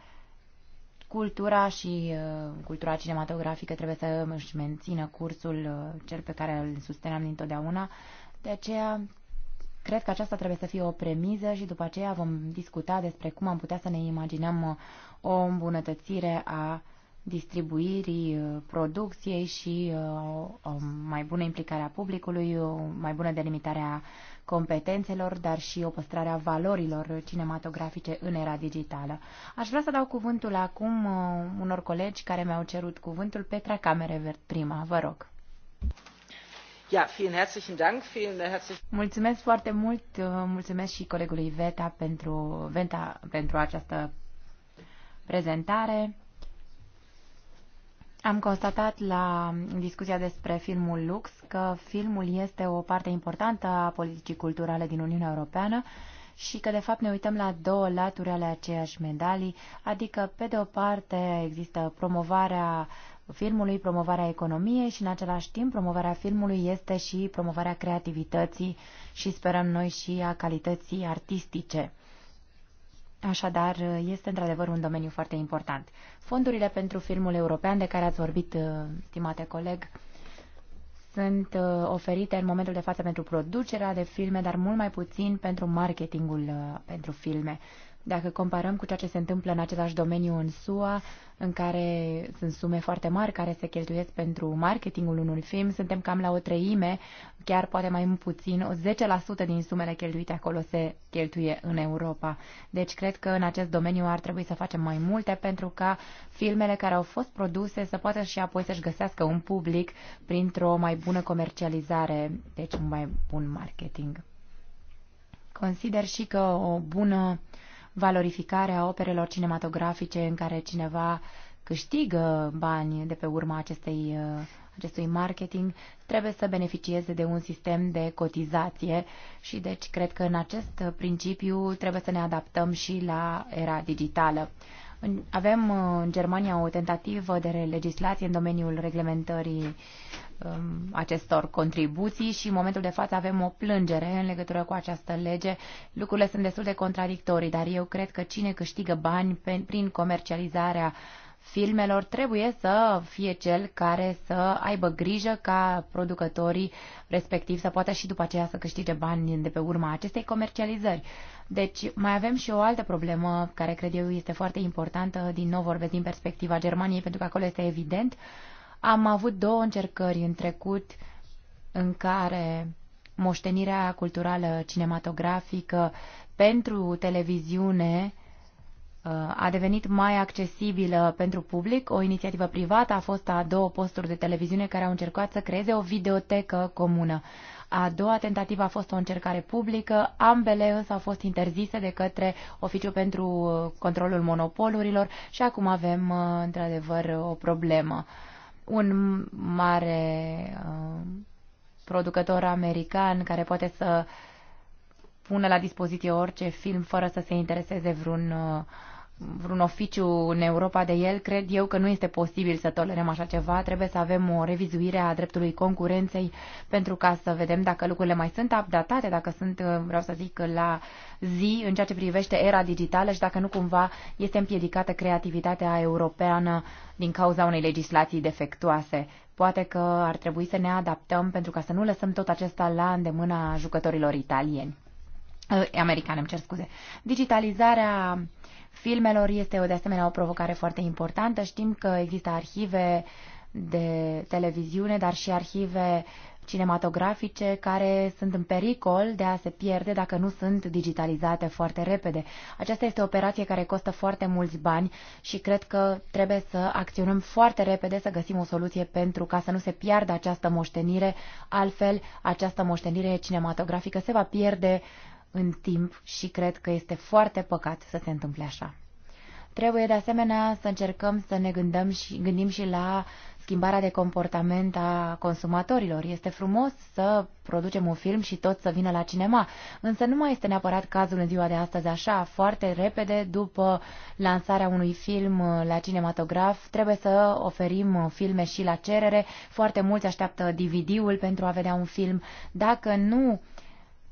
Cultura și uh, cultura cinematografică trebuie să își mențină cursul uh, cel pe care îl susținem dintotdeauna. De aceea, cred că aceasta trebuie să fie o premiză și după aceea vom discuta despre cum am putea să ne imaginăm o îmbunătățire a distribuirii uh, producției și uh, o, o mai bună implicare a publicului, o mai bună delimitare a competențelor, dar și o păstrare a valorilor cinematografice în era digitală. Aș vrea să dau cuvântul acum uh, unor colegi care mi-au cerut cuvântul. Petra Camerevert, prima, vă rog. Ja, vielen herzlichen Dank, vielen herzlichen Mulțumesc foarte mult, mulțumesc și colegului Veta pentru, Venta pentru această prezentare. Am constatat la discuția despre filmul Lux că filmul este o parte importantă a politicii culturale din Uniunea Europeană și că de fapt ne uităm la două laturi ale aceeași medalii, adică pe de o parte există promovarea filmului, promovarea economiei și în același timp promovarea filmului este și promovarea creativității și sperăm noi și a calității artistice. Așadar, este într-adevăr un domeniu foarte important. Fondurile pentru filmul european de care ați vorbit, uh, stimate coleg, sunt uh, oferite în momentul de față pentru producerea de filme, dar mult mai puțin pentru marketingul uh, pentru filme. Dacă comparăm cu ceea ce se întâmplă în același domeniu în SUA, în care sunt sume foarte mari care se cheltuiesc pentru marketingul unui film, suntem cam la o treime, chiar poate mai puțin, o 10% din sumele cheltuite acolo se cheltuie în Europa. Deci cred că în acest domeniu ar trebui să facem mai multe pentru ca filmele care au fost produse să poată și apoi să-și găsească un public printr-o mai bună comercializare, deci un mai bun marketing. Consider și că o bună uh, valorificarea operelor cinematografice în care cineva câștigă bani de pe urma acestei, uh, acestui marketing, trebuie să beneficieze de un sistem de cotizație și deci cred că în acest principiu trebuie să ne adaptăm și la era digitală. Avem uh, în Germania o tentativă de legislație în domeniul reglementării Um, acestor contribuții și în momentul de față avem o plângere în legătură cu această lege. Lucrurile sunt destul de contradictorii, dar eu cred că cine câștigă bani prin comercializarea filmelor trebuie să fie cel care să aibă grijă ca producătorii respectiv să poată și după aceea să câștige bani de pe urma acestei comercializări. Deci mai avem și o altă problemă care cred eu este foarte importantă, din nou vorbesc din perspectiva Germaniei pentru că acolo este evident, uh, am avut două încercări în trecut în care moștenirea culturală cinematografică pentru televiziune uh, a devenit mai accesibilă pentru public. O inițiativă privată a fost a două posturi de televiziune care au încercat să creeze o videotecă comună. A doua tentativă a fost o încercare publică, ambele însă au fost interzise de către Oficiul pentru Controlul Monopolurilor și acum avem uh, într-adevăr o problemă un mare uh, producător american care poate să pună la dispoziție orice film fără să se intereseze vreun uh, vreun oficiu în Europa de el, cred eu că nu este posibil să tolerăm așa ceva. Trebuie să avem o revizuire a dreptului concurenței pentru ca să vedem dacă lucrurile mai sunt updatate, dacă sunt, uh, vreau să zic, la zi în ceea ce privește era digitală și dacă nu cumva este împiedicată creativitatea europeană din cauza unei legislații defectuoase. Poate că ar trebui să ne adaptăm pentru ca să nu lăsăm tot acesta la îndemâna jucătorilor italieni uh, americane, îmi cer scuze. Digitalizarea filmelor este de asemenea o provocare foarte importantă. Știm că există arhive de televiziune, dar și arhive cinematografice care sunt în pericol de a se pierde dacă nu sunt digitalizate foarte repede. Aceasta este o operație care costă foarte mulți bani și cred că trebuie să acționăm foarte repede să găsim o soluție pentru ca să nu se piardă această moștenire, altfel această moștenire cinematografică se va pierde uh, în timp și cred că este foarte păcat să se întâmple așa. Trebuie de asemenea să încercăm să ne gândăm și, gândim și la schimbarea de comportament a consumatorilor. Este frumos să producem un film și tot să vină la cinema, însă nu mai este neapărat cazul în ziua de astăzi așa. Foarte repede, după lansarea unui film la cinematograf, trebuie să oferim filme și la cerere. Foarte mulți așteaptă DVD-ul pentru a vedea un film. Dacă nu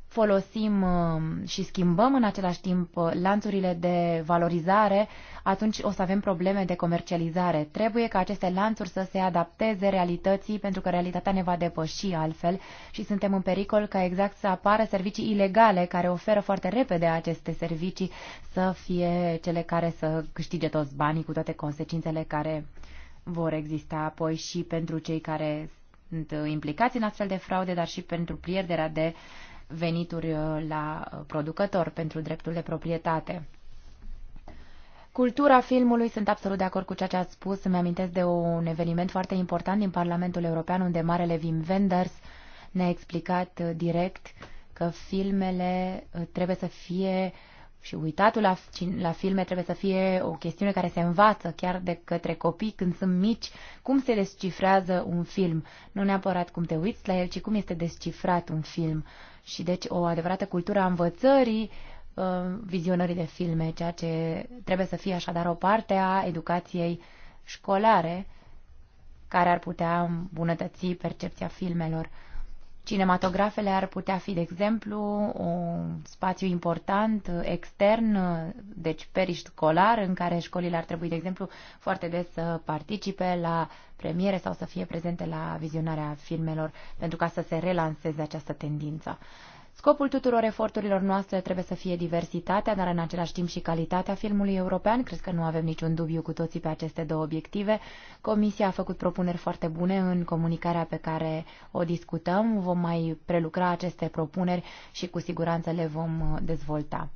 folosim uh, și schimbăm în același timp uh, lanțurile de valorizare, atunci o să avem probleme de comercializare. Trebuie ca aceste lanțuri să se adapteze realității, pentru că realitatea ne va depăși altfel și suntem în pericol ca exact să apară servicii ilegale care oferă foarte repede aceste servicii să fie cele care să câștige toți banii cu toate consecințele care vor exista apoi și pentru cei care sunt implicați în astfel de fraude, dar și pentru pierderea de uh, venituri uh, la uh, producător pentru dreptul de proprietate. Cultura filmului, sunt absolut de acord cu ceea ce ați spus. Îmi amintesc de un eveniment foarte important din Parlamentul European, unde marele Wim Wenders ne-a explicat uh, direct că filmele trebuie să fie și uitatul la, la filme trebuie să fie o chestiune care se învață chiar de către copii când sunt mici, cum se descifrează un film. Nu neapărat cum te uiți la el, ci cum este descifrat un film. Uh, și deci o adevărată cultură a învățării uh, vizionării de filme, ceea ce trebuie să fie așadar o parte a educației școlare care ar putea îmbunătăți percepția filmelor. Cinematografele ar putea fi, de exemplu, un spațiu important extern, deci perișcolar, în care școlile ar trebui, de exemplu, foarte des să participe la premiere sau să fie prezente la vizionarea filmelor pentru ca să se relanseze această tendință. Scopul tuturor eforturilor noastre trebuie să fie diversitatea, dar în același timp și calitatea filmului european. Cred că nu avem niciun dubiu cu toții pe aceste două obiective. Comisia a făcut propuneri foarte bune în comunicarea pe care o discutăm. Vom mai prelucra aceste propuneri și cu siguranță le vom dezvolta.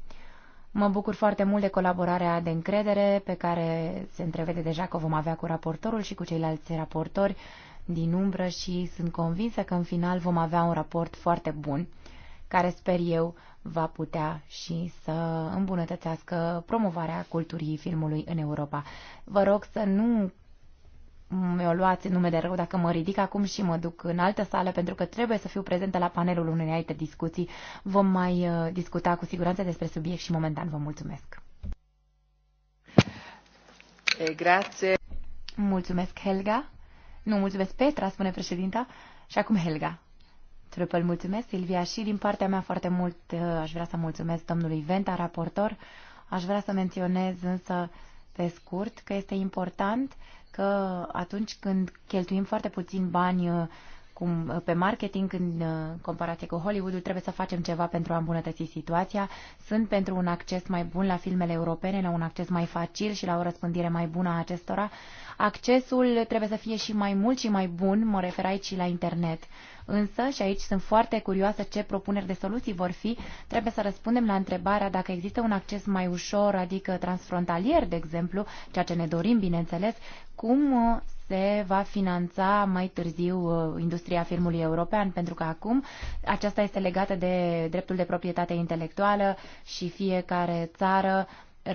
Mă bucur foarte mult de colaborarea de încredere pe care se întrevede deja că o vom avea cu raportorul și cu ceilalți raportori din umbră și sunt convinsă că în final vom avea un raport foarte bun care sper eu va putea și să îmbunătățească promovarea culturii filmului în Europa. Vă rog să nu mi-o luați nume de rău dacă mă ridic acum și mă duc în altă sală, pentru că trebuie să fiu prezentă la panelul unei alte discuții. Vom mai uh, discuta cu siguranță despre subiect și momentan vă mulțumesc. E, grație. Mulțumesc, Helga. Nu, mulțumesc, Petra, spune președinta. Și acum Helga. Trupel, mulțumesc, Silvia. Și din partea mea foarte mult uh, aș vrea să mulțumesc domnului Venta, raportor. Aș vrea să menționez însă pe scurt că este important că atunci când cheltuim foarte puțin bani uh, cum, uh, pe marketing în comparație cu Hollywoodul trebuie să facem ceva pentru a îmbunătăți situația. Sunt pentru un acces mai bun la filmele europene, la un acces mai facil și la o răspândire mai bună a acestora. Accesul trebuie să fie și mai mult și mai bun, mă refer aici și la internet. Însă, și aici sunt foarte curioasă ce propuneri de soluții vor fi, trebuie să răspundem la întrebarea dacă există un acces mai ușor, adică transfrontalier, de exemplu, ceea ce ne dorim, bineînțeles, cum uh, se va finanța mai târziu uh, industria filmului european, pentru că acum aceasta este legată de dreptul de proprietate intelectuală și fiecare țară uh,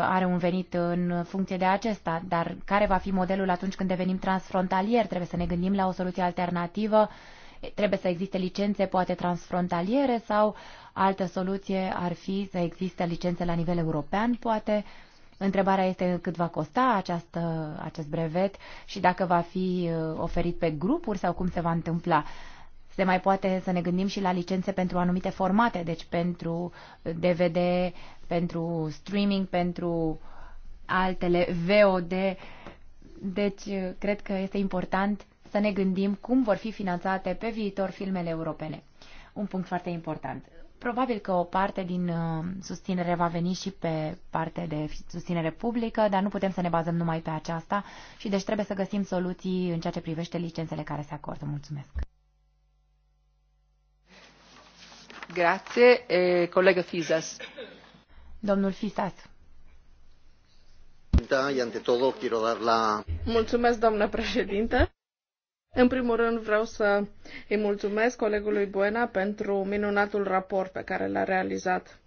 are un venit în funcție de acesta, dar care va fi modelul atunci când devenim transfrontalier? Trebuie să ne gândim la o soluție alternativă Trebuie să existe licențe, poate transfrontaliere, sau altă soluție ar fi să existe licențe la nivel european, poate. Întrebarea este cât va costa această, acest brevet și dacă va fi uh, oferit pe grupuri sau cum se va întâmpla. Se mai poate să ne gândim și la licențe pentru anumite formate, deci pentru DVD, uh, pentru streaming, pentru altele VOD. Deci, uh, cred că este important să ne gândim cum vor fi finanțate pe viitor filmele europene. Un punct foarte important. Probabil că o parte din uh, susținere va veni și pe parte de susținere publică, dar nu putem să ne bazăm numai pe aceasta și deci trebuie să găsim soluții în ceea ce privește licențele care se acordă. Mulțumesc! Grazie, e, colegă Fisas. Domnul Fisas. Da, Mulțumesc, doamnă președinte în primul rând vreau să îi mulțumesc colegului Buena pentru minunatul raport pe care l-a realizat.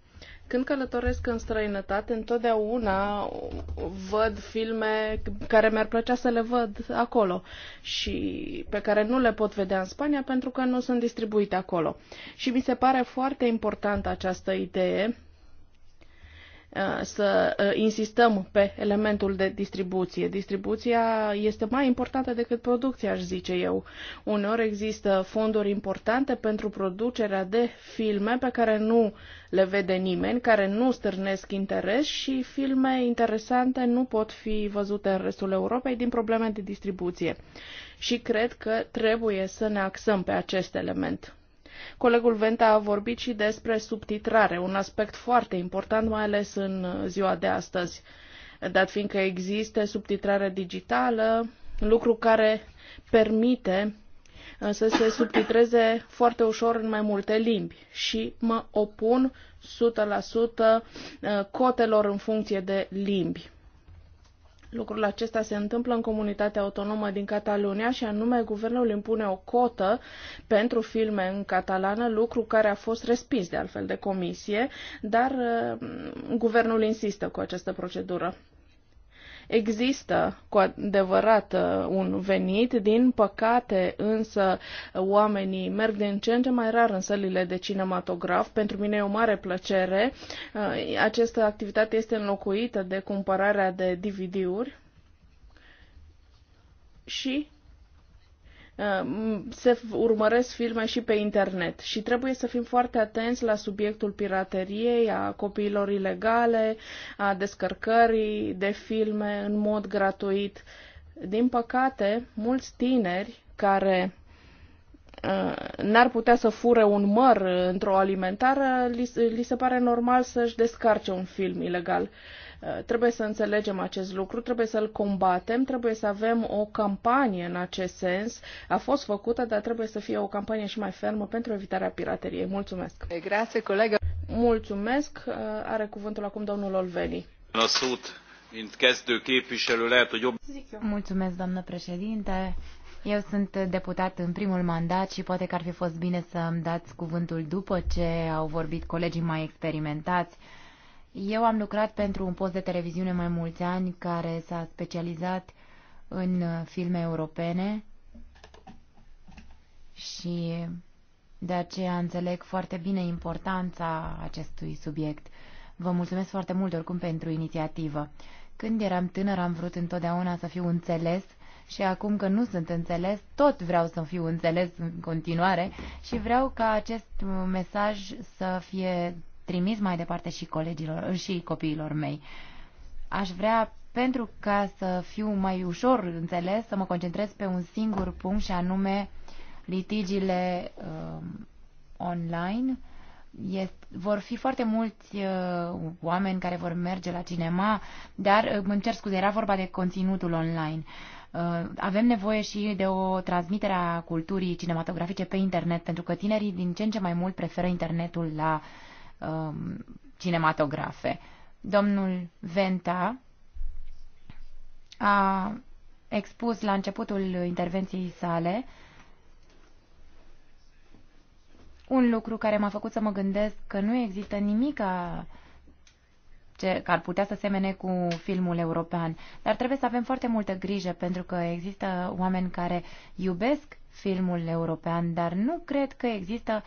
Când călătoresc în străinătate, întotdeauna văd filme care mi-ar plăcea să le văd acolo și pe care nu le pot vedea în Spania pentru că nu sunt distribuite acolo. Și mi se pare foarte importantă această idee Uh, să uh, insistăm pe elementul de distribuție. Distribuția este mai importantă decât producția, aș zice eu. Uneori există fonduri importante pentru producerea de filme pe care nu le vede nimeni, care nu stârnesc interes și filme interesante nu pot fi văzute în restul Europei din probleme de distribuție. Și cred că trebuie să ne axăm pe acest element. Colegul Venta a vorbit și despre subtitrare, un aspect foarte important, mai ales în ziua de astăzi, dat fiindcă există subtitrare digitală, lucru care permite uh, să se subtitreze foarte ușor în mai multe limbi și mă opun 100% uh, cotelor în funcție de limbi. Lucrul acesta se întâmplă în comunitatea autonomă din Catalunia și anume guvernul impune o cotă pentru filme în catalană, lucru care a fost respins de altfel de comisie, dar uh, guvernul insistă cu această procedură. Există cu adevărat uh, un venit, din păcate însă oamenii merg din ce în ce mai rar în sălile de cinematograf. Pentru mine e o mare plăcere. Uh, această activitate este înlocuită de cumpărarea de DVD-uri și Uh, se urmăresc filme și pe internet și trebuie să fim foarte atenți la subiectul pirateriei, a copiilor ilegale, a descărcării de filme în mod gratuit. Din păcate, mulți tineri care uh, n-ar putea să fure un măr într-o alimentară, li, se pare normal să-și descarce un film ilegal. Uh, Eh, trebuie să înțelegem acest lucru, trebuie să-l combatem, trebuie să avem o campanie în acest sens. A fost făcută, dar trebuie să fie o campanie și mai fermă pentru evitarea pirateriei. Mulțumesc! Eh, grazie, colegă! Mulțumesc! Eh, are cuvântul acum domnul Olveni. Mulțumesc, doamnă președinte! Eu sunt deputat în primul mandat și poate că ar fi fost bine să îmi dați cuvântul după ce au vorbit colegii mai experimentați. Eu am lucrat pentru un post de televiziune mai mulți ani care s-a specializat în uh, filme europene și de aceea înțeleg foarte bine importanța acestui subiect. Vă mulțumesc foarte mult oricum pentru inițiativă. Când eram tânăr am vrut întotdeauna să fiu înțeles și acum că nu sunt înțeles, tot vreau să fiu înțeles în continuare și vreau ca acest uh, mesaj să fie trimis mai departe și colegilor și copiilor mei. Aș vrea pentru ca să fiu mai ușor înțeles, să mă concentrez pe un singur punct și anume litigiile uh, online. Este, vor fi foarte mulți uh, oameni care vor merge la cinema, dar uh, îmi cer scuze, era vorba de conținutul online. Uh, avem nevoie și de o transmitere a culturii cinematografice pe internet, pentru că tinerii din ce în ce mai mult preferă internetul la uh, um, cinematografe. Domnul Venta a expus la începutul intervenției sale un lucru care m-a făcut să mă gândesc că nu există nimic a ce ar putea să semene cu filmul european. Dar trebuie să avem foarte multă grijă, pentru că există oameni care iubesc filmul european, dar nu cred că există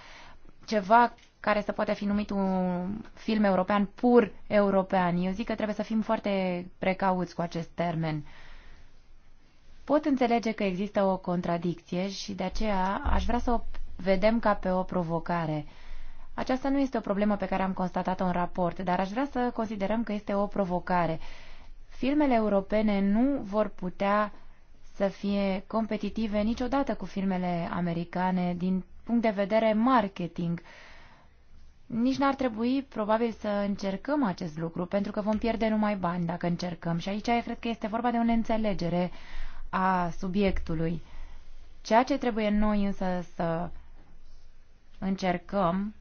ceva care să poate fi numit un film european pur european. Eu zic că trebuie să fim foarte precauți cu acest termen. Pot înțelege că există o contradicție și de aceea aș vrea să o vedem ca pe o provocare. Aceasta nu este o problemă pe care am constatat-o în raport, dar aș vrea să considerăm că este o provocare. Filmele europene nu vor putea să fie competitive niciodată cu filmele americane din punct de vedere marketing. Uh, nici n-ar trebui, probabil, să încercăm acest lucru, pentru că vom pierde numai bani dacă încercăm. Și aici cred că este vorba de o neînțelegere a subiectului. Ceea ce trebuie noi însă să încercăm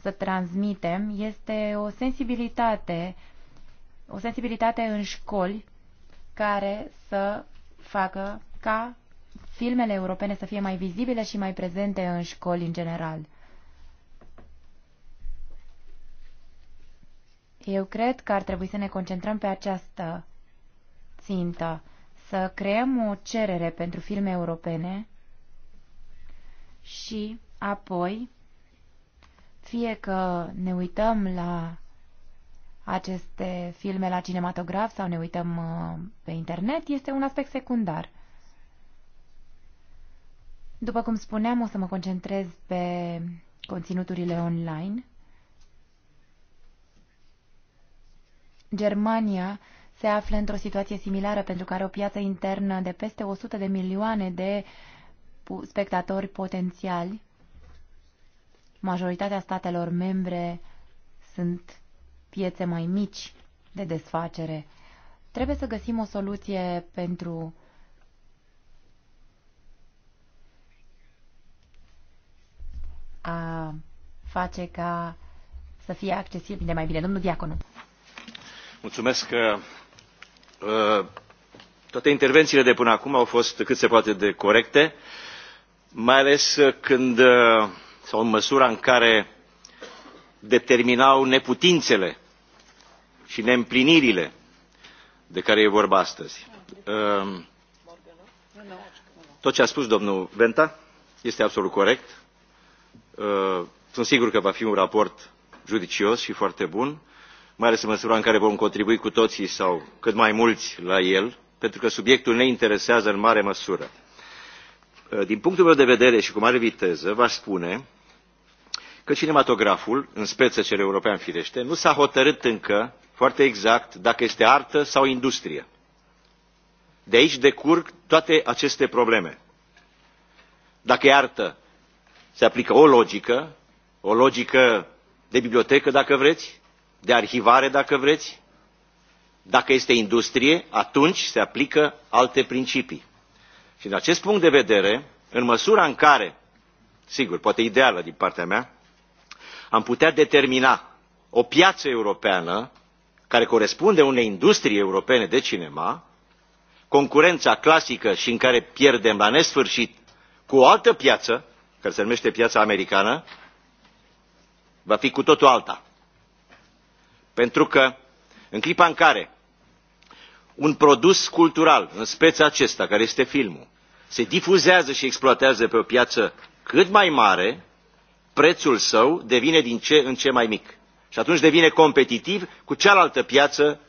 să transmitem este o sensibilitate, o sensibilitate în școli care să facă ca filmele europene să fie mai vizibile și mai prezente în școli în general. Eu cred că ar trebui să ne concentrăm pe această țintă, să creăm o cerere pentru filme europene și apoi, fie că ne uităm la aceste filme la cinematograf sau ne uităm uh, pe internet, este un aspect secundar. După cum spuneam, o să mă concentrez pe conținuturile online Germania se află într-o situație similară pentru că are o piață internă de peste 100 de milioane de spectatori potențiali. Majoritatea statelor membre sunt piețe mai mici de desfacere. Trebuie să găsim o soluție pentru a face ca să fie accesibil de mai bine. Domnul Diaconu. Mulțumesc. Uh, uh, toate intervențiile de până acum au fost cât se poate de corecte, mai ales uh, când sau în măsura în care determinau neputințele și neîmplinirile de care e vorba astăzi. Tot ce a spus domnul Venta este absolut corect. Sunt sigur că va fi un raport judicios și foarte bun mai ales în măsura în care vom contribui cu toții sau cât mai mulți la el, pentru că subiectul ne interesează în mare măsură. Uh, din punctul meu de vedere și cu mare viteză, v spune că cinematograful, în speță cel european firește, nu s-a hotărât încă foarte exact dacă este artă sau industrie. De aici decurg toate aceste probleme. Dacă e artă, se aplică o logică, o logică de bibliotecă, dacă vreți, de arhivare, dacă vreți. Dacă este industrie, atunci se aplică alte principii. Și din acest punct de vedere, în măsura în care, sigur, poate ideală din partea mea, am putea determina o piață europeană care corespunde unei industrii europene de cinema, concurența clasică și în care pierdem la nesfârșit cu o altă piață, care se numește piața americană, va fi cu totul alta pentru că în clipa în care un produs cultural în speța acesta care este filmul se difuzează și exploatează pe o piață cât mai mare prețul său devine din ce în ce mai mic și atunci devine competitiv cu cealaltă piață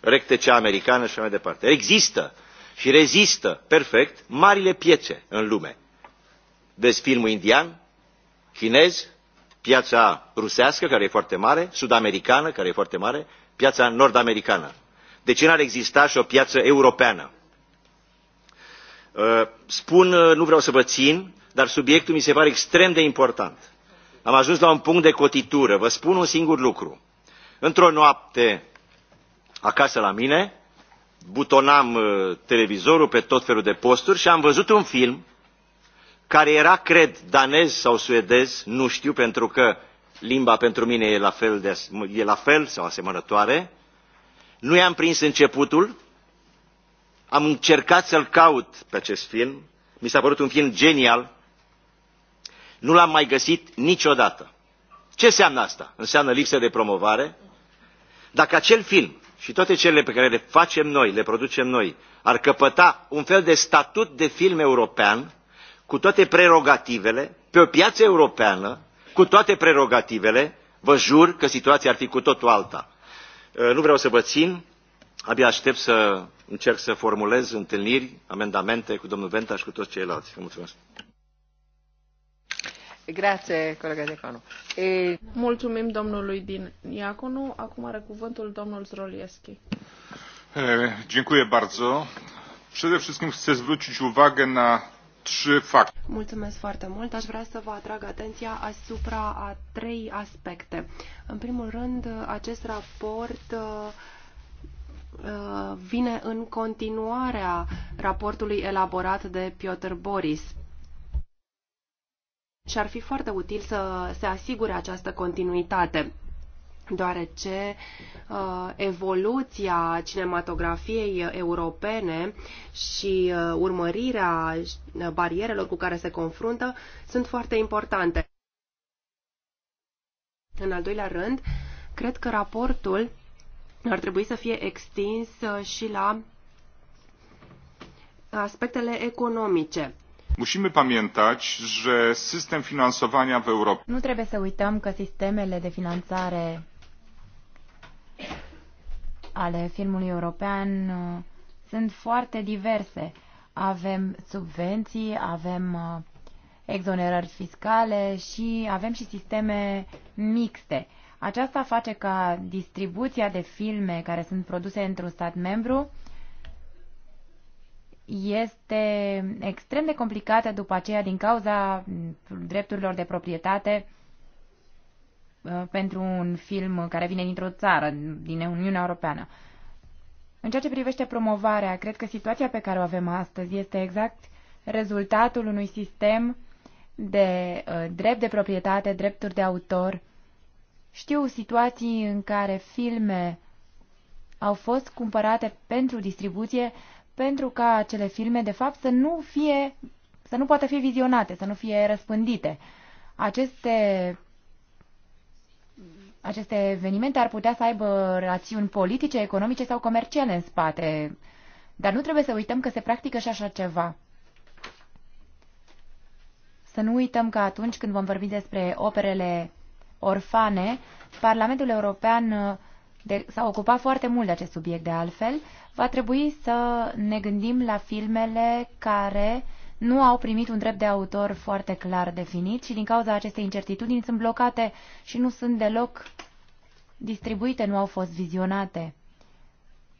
recte cea americană și mai departe. Există și rezistă perfect marile piețe în lume. Vezi filmul indian, chinez, piața rusească, care e foarte mare, sud-americană, care e foarte mare, piața nord-americană. De deci ce n-ar exista și o piață europeană? Uh, spun, uh, nu vreau să vă țin, dar subiectul mi se pare extrem de important. Am ajuns la un punct de cotitură. Vă spun un singur lucru. Într-o noapte, acasă la mine, butonam uh, televizorul pe tot felul de posturi și am văzut un film care era, cred, danez sau suedez, nu știu, pentru că limba pentru mine e la fel, de, e la fel sau asemănătoare. Nu i-am prins începutul, am încercat să-l caut pe acest film, mi s-a părut un film genial, nu l-am mai găsit niciodată. Ce înseamnă asta? Înseamnă lipsă de promovare? Dacă acel film și toate cele pe care le facem noi, le producem noi, ar căpăta un fel de statut de film european, cu toate prerogativele, pe o piață europeană, cu toate prerogativele, vă jur că situația ar fi cu totul alta. Uh, nu vreau să vă țin, abia aștept să încerc să formulez întâlniri, amendamente cu domnul Venta și cu toți ceilalți. Vă mulțumesc. Grație, colega Diaconu. E... Mulțumim domnului din Iaconu. Acum are cuvântul domnul Zrolieschi. E, dziękuję bardzo. Przede wszystkim chcę zwrócić uwagę na Mulțumesc foarte mult. Aș vrea să vă atrag atenția asupra a trei aspecte. În primul rând, acest raport uh, uh, vine în continuarea raportului elaborat de Piotr Boris. Și ar fi foarte util să se asigure această continuitate deoarece uh, evoluția cinematografiei europene și uh, urmărirea uh, barierelor cu care se confruntă sunt foarte importante. În al doilea rând, cred că raportul ar trebui să fie extins uh, și la aspectele economice. Musimy pamiętać, że system finansowania w Europie. Nu trebuie să uităm că sistemele de finanțare ale filmului european uh, sunt foarte diverse. Avem subvenții, avem uh, exonerări fiscale și avem și sisteme mixte. Aceasta face ca distribuția de filme care sunt produse într-un stat membru este extrem de complicată după aceea din cauza drepturilor de proprietate Uh, pentru un film care vine dintr-o țară, din Uniunea Europeană. În ceea ce privește promovarea, cred că situația pe care o avem astăzi este exact rezultatul unui sistem de uh, drept de proprietate, drepturi de autor. Știu situații în care filme au fost cumpărate pentru distribuție pentru ca acele filme, de fapt, să nu fie, să nu poată fi vizionate, să nu fie răspândite. Aceste aceste evenimente ar putea să aibă rațiuni politice, economice sau comerciale în spate, dar nu trebuie să uităm că se practică și așa ceva. Să nu uităm că atunci când vom vorbi despre operele orfane, Parlamentul European uh, s-a ocupat foarte mult de acest subiect, de altfel, va trebui să ne gândim la filmele care uh, nu au primit un drept de autor foarte clar definit și din cauza acestei incertitudini sunt blocate și nu sunt deloc distribuite, nu au fost vizionate.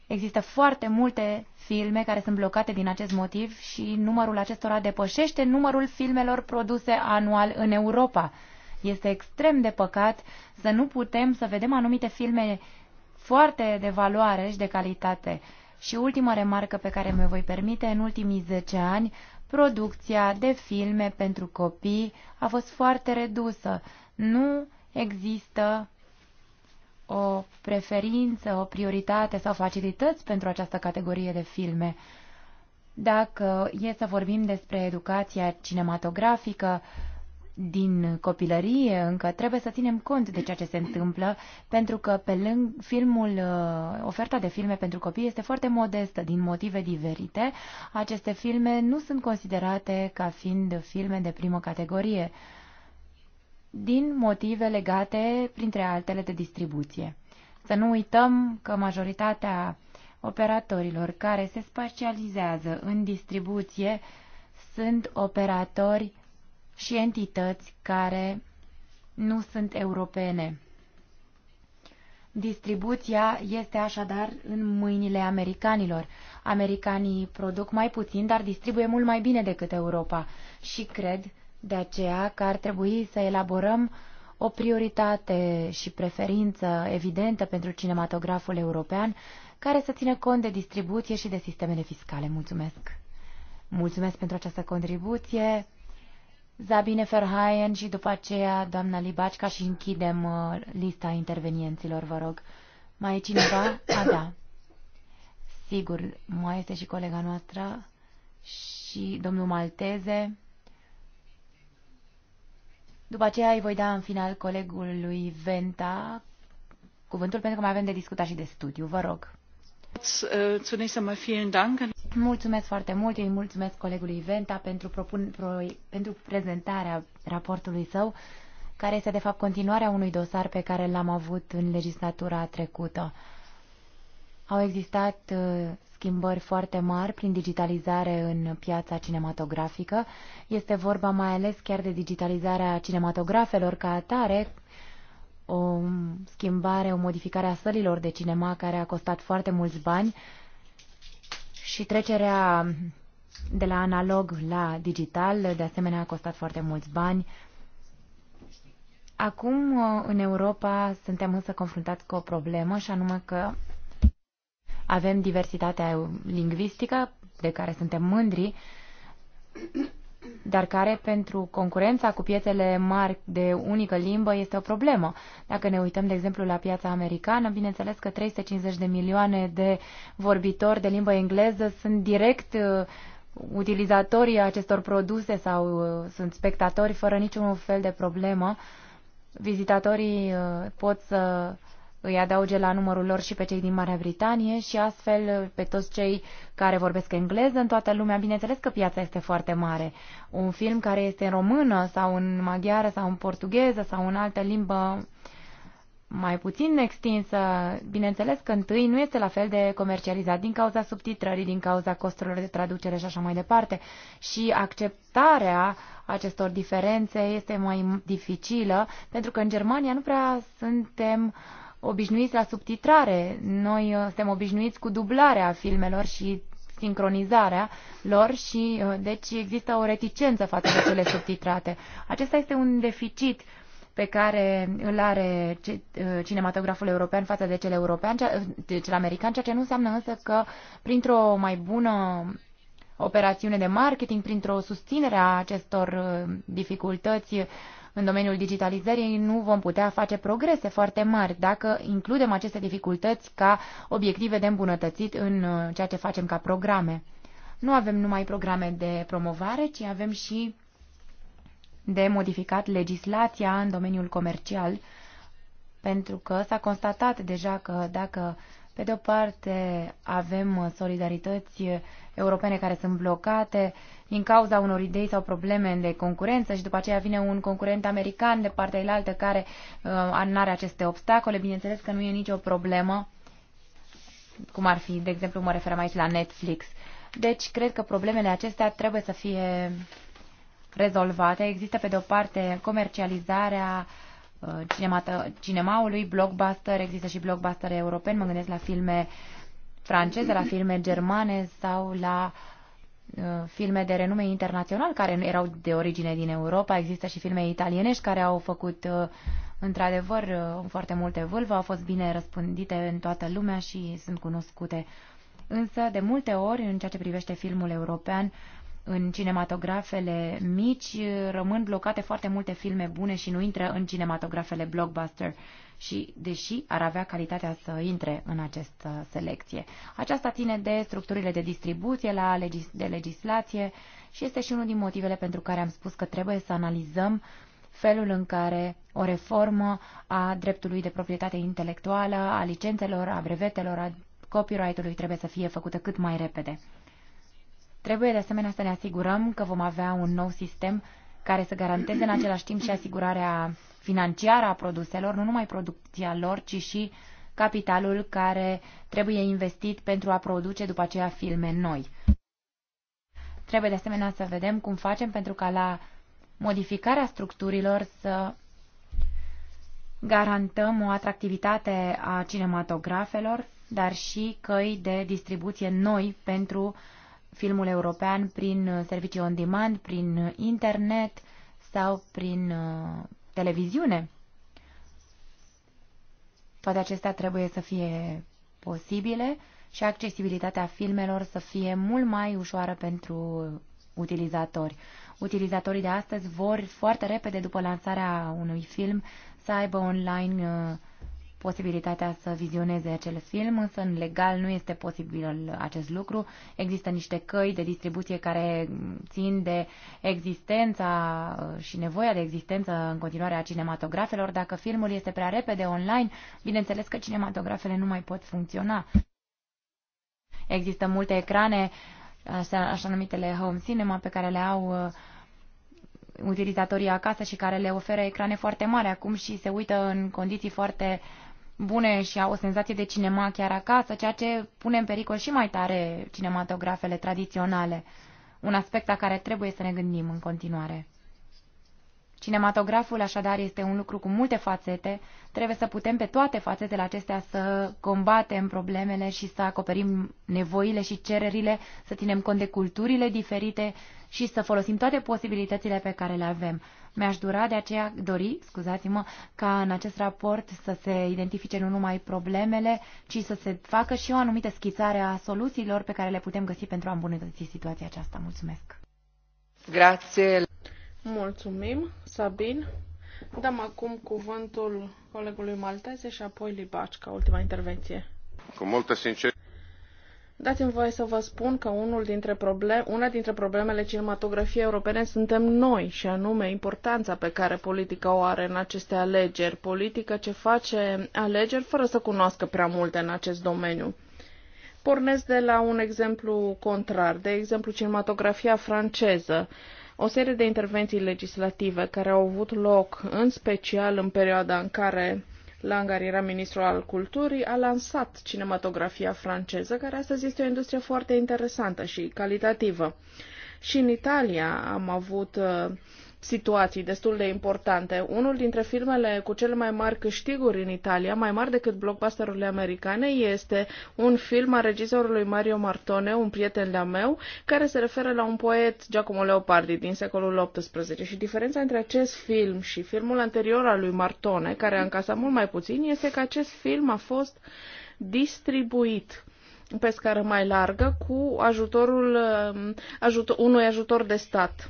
Există foarte multe filme care sunt blocate din acest motiv și numărul acestora depășește numărul filmelor produse anual în Europa. Este extrem de păcat să nu putem să vedem anumite filme foarte de valoare și de calitate. Și ultima remarcă pe care mi-o voi permite, în ultimii 10 ani producția de filme pentru copii a fost foarte redusă. Nu există o preferință, o prioritate sau facilități pentru această categorie de filme. Dacă e să vorbim despre educația cinematografică, din copilărie încă, trebuie să ținem cont de ceea ce se întâmplă, pentru că pe lâng, filmul, uh, oferta de filme pentru copii este foarte modestă din motive diferite. Aceste filme nu sunt considerate ca fiind filme de primă categorie, din motive legate, printre altele, de distribuție. Să nu uităm că majoritatea operatorilor care se specializează în distribuție sunt operatori și entități care nu sunt europene. Distribuția este așadar în mâinile americanilor. Americanii produc mai puțin, dar distribuie mult mai bine decât Europa și cred de aceea că ar trebui să elaborăm o prioritate și preferință evidentă pentru cinematograful european care să țină cont de distribuție și de sistemele fiscale. Mulțumesc! Mulțumesc pentru această contribuție. Zabine Ferhaien și după aceea doamna Libacica și închidem uh, lista intervenienților, vă rog. Mai e cineva? A, da. Sigur, mai este și colega noastră și domnul Malteze. După aceea îi voi da în final colegului Venta cuvântul pentru că mai avem de discutat și de studiu. Vă rog. Zunächst einmal fie în Mulțumesc foarte mult, îi mulțumesc colegului Venta pentru, propun, pro, pentru prezentarea raportului său, care este de fapt continuarea unui dosar pe care l-am avut în legislatura trecută. Au existat uh, schimbări foarte mari prin digitalizare în piața cinematografică. Este vorba mai ales chiar de digitalizarea cinematografelor ca atare, o schimbare, o modificare a sălilor de cinema care a costat foarte mulți bani, și trecerea de la analog la digital, de asemenea, a costat foarte mulți bani. Acum, uh, în Europa, suntem însă confruntați cu o problemă, și anume că avem diversitatea lingvistică, de care suntem mândri, dar care pentru concurența cu piețele mari de unică limbă este o problemă. Dacă ne uităm, de exemplu, la piața americană, bineînțeles că 350 de milioane de vorbitori de limbă engleză sunt direct uh, utilizatorii acestor produse sau uh, sunt spectatori fără niciun fel de problemă. Vizitatorii uh, pot să îi adauge la numărul lor și pe cei din Marea Britanie și astfel pe toți cei care vorbesc engleză în toată lumea. Bineînțeles că piața este foarte mare. Un film care este în română sau în maghiară sau în portugheză sau în altă limbă mai puțin extinsă, bineînțeles că întâi nu este la fel de comercializat din cauza subtitrării, din cauza costurilor de traducere și așa mai departe. Și acceptarea acestor diferențe este mai dificilă, pentru că în Germania nu prea suntem uh, obișnuiți la subtitrare, noi uh, suntem obișnuiți cu dublarea filmelor și sincronizarea lor și uh, deci există o reticență față de cele subtitrate. Acesta este un deficit pe care îl are uh, cinematograful european față de cel, european, de cel american, ceea ce nu înseamnă însă că printr-o mai bună operațiune de marketing, printr-o susținere a acestor dificultăți în domeniul digitalizării nu vom putea face progrese foarte mari dacă includem aceste dificultăți ca obiective de îmbunătățit în uh, ceea ce facem ca programe. Nu avem numai programe de promovare, ci avem și de modificat legislația în domeniul comercial, pentru că s-a constatat deja că dacă pe de-o parte, avem uh, solidarități uh, europene care sunt blocate din cauza unor idei sau probleme de concurență și după aceea vine un concurent american de partea ilaltă care uh, nu are aceste obstacole. Bineînțeles că nu e nicio problemă, cum ar fi, de exemplu, mă referam aici la Netflix. Deci, cred că problemele acestea trebuie să fie rezolvate. Există, pe de-o parte, comercializarea uh, Uh, cinemaului, blockbuster, există și blockbuster europeni, mă gândesc la filme franceze, la filme germane sau la uh, filme de renume internațional care erau de origine din Europa. Există și filme italienești care au făcut uh, într-adevăr foarte multe vâlvă, au fost bine răspândite în toată lumea și sunt cunoscute. Însă, de multe ori, în ceea ce privește filmul european, în cinematografele mici rămân blocate foarte multe filme bune și nu intră în cinematografele blockbuster și deși ar avea calitatea să intre în această selecție. Aceasta ține de structurile de distribuție, la legis de legislație și este și unul din motivele pentru care am spus că trebuie să analizăm felul în care o reformă a dreptului de proprietate intelectuală, a licențelor, a brevetelor, a copyright-ului trebuie să fie făcută cât mai repede. Trebuie de asemenea să ne asigurăm că vom avea un nou sistem care să garanteze în același timp și asigurarea financiară a produselor, nu numai producția lor, ci și capitalul care trebuie investit pentru a produce după aceea filme noi. Trebuie de asemenea să vedem cum facem pentru ca la modificarea structurilor să garantăm o atractivitate a cinematografelor, dar și căi de distribuție noi pentru uh, filmul european prin uh, servicii on demand, prin uh, internet sau prin uh, televiziune. Toate acestea trebuie să fie posibile și accesibilitatea filmelor să fie mult mai ușoară pentru utilizatori. Utilizatorii de astăzi vor foarte repede după lansarea unui film să aibă online uh, posibilitatea să vizioneze acel film, însă în legal nu este posibil acest lucru. Există niște căi de distribuție care țin de existența uh, și nevoia de existență în continuare a cinematografelor. Dacă filmul este prea repede online, bineînțeles că cinematografele nu mai pot funcționa. Există multe ecrane, așa, așa numitele home cinema, pe care le au uh, utilizatorii acasă și care le oferă ecrane foarte mari acum și se uită în condiții foarte uh, bune și au o senzație de cinema chiar acasă, ceea ce pune în pericol și mai tare cinematografele tradiționale, un aspect la care trebuie să ne gândim în continuare. Cinematograful așadar este un lucru cu multe fațete, trebuie să putem pe toate fațetele acestea să combatem problemele și să acoperim nevoile și cererile, să ținem cont de culturile diferite și să folosim toate posibilitățile pe care le avem. Mi-aș dura de aceea dori, scuzați-mă, ca în acest raport să se identifice nu numai problemele, ci să se facă și o anumită schițare a soluțiilor pe care le putem găsi pentru a îmbunătăți situația aceasta. Mulțumesc! Grazie! Mulțumim, Sabin. Dăm acum cuvântul colegului Malteze și apoi Libaci ca ultima intervenție. Cu multă sincer. Dați-mi voie să vă spun că unul dintre probleme, una dintre problemele cinematografiei europene suntem noi, și anume importanța pe care politica o are în aceste alegeri. Politica ce face alegeri fără să cunoască prea multe în acest domeniu. Pornesc de la un exemplu contrar, de exemplu cinematografia franceză. Uh, o serie de intervenții legislative care au avut loc în special în perioada în care Langar era ministru al culturii, a lansat cinematografia franceză, care astăzi este o industrie foarte interesantă și calitativă. Și în Italia am avut uh, situații destul de importante. Unul dintre filmele cu cele mai mari câștiguri în Italia, mai mari decât blockbusterurile americane, este un film a regizorului Mario Martone, un prieten de-a meu, care se referă la un poet Giacomo Leopardi din secolul XVIII. Și diferența între acest film și filmul anterior al lui Martone, care a încasat mult mai puțin, este că acest film a fost distribuit pe scară mai largă cu ajutorul um, ajutor, unui ajutor de stat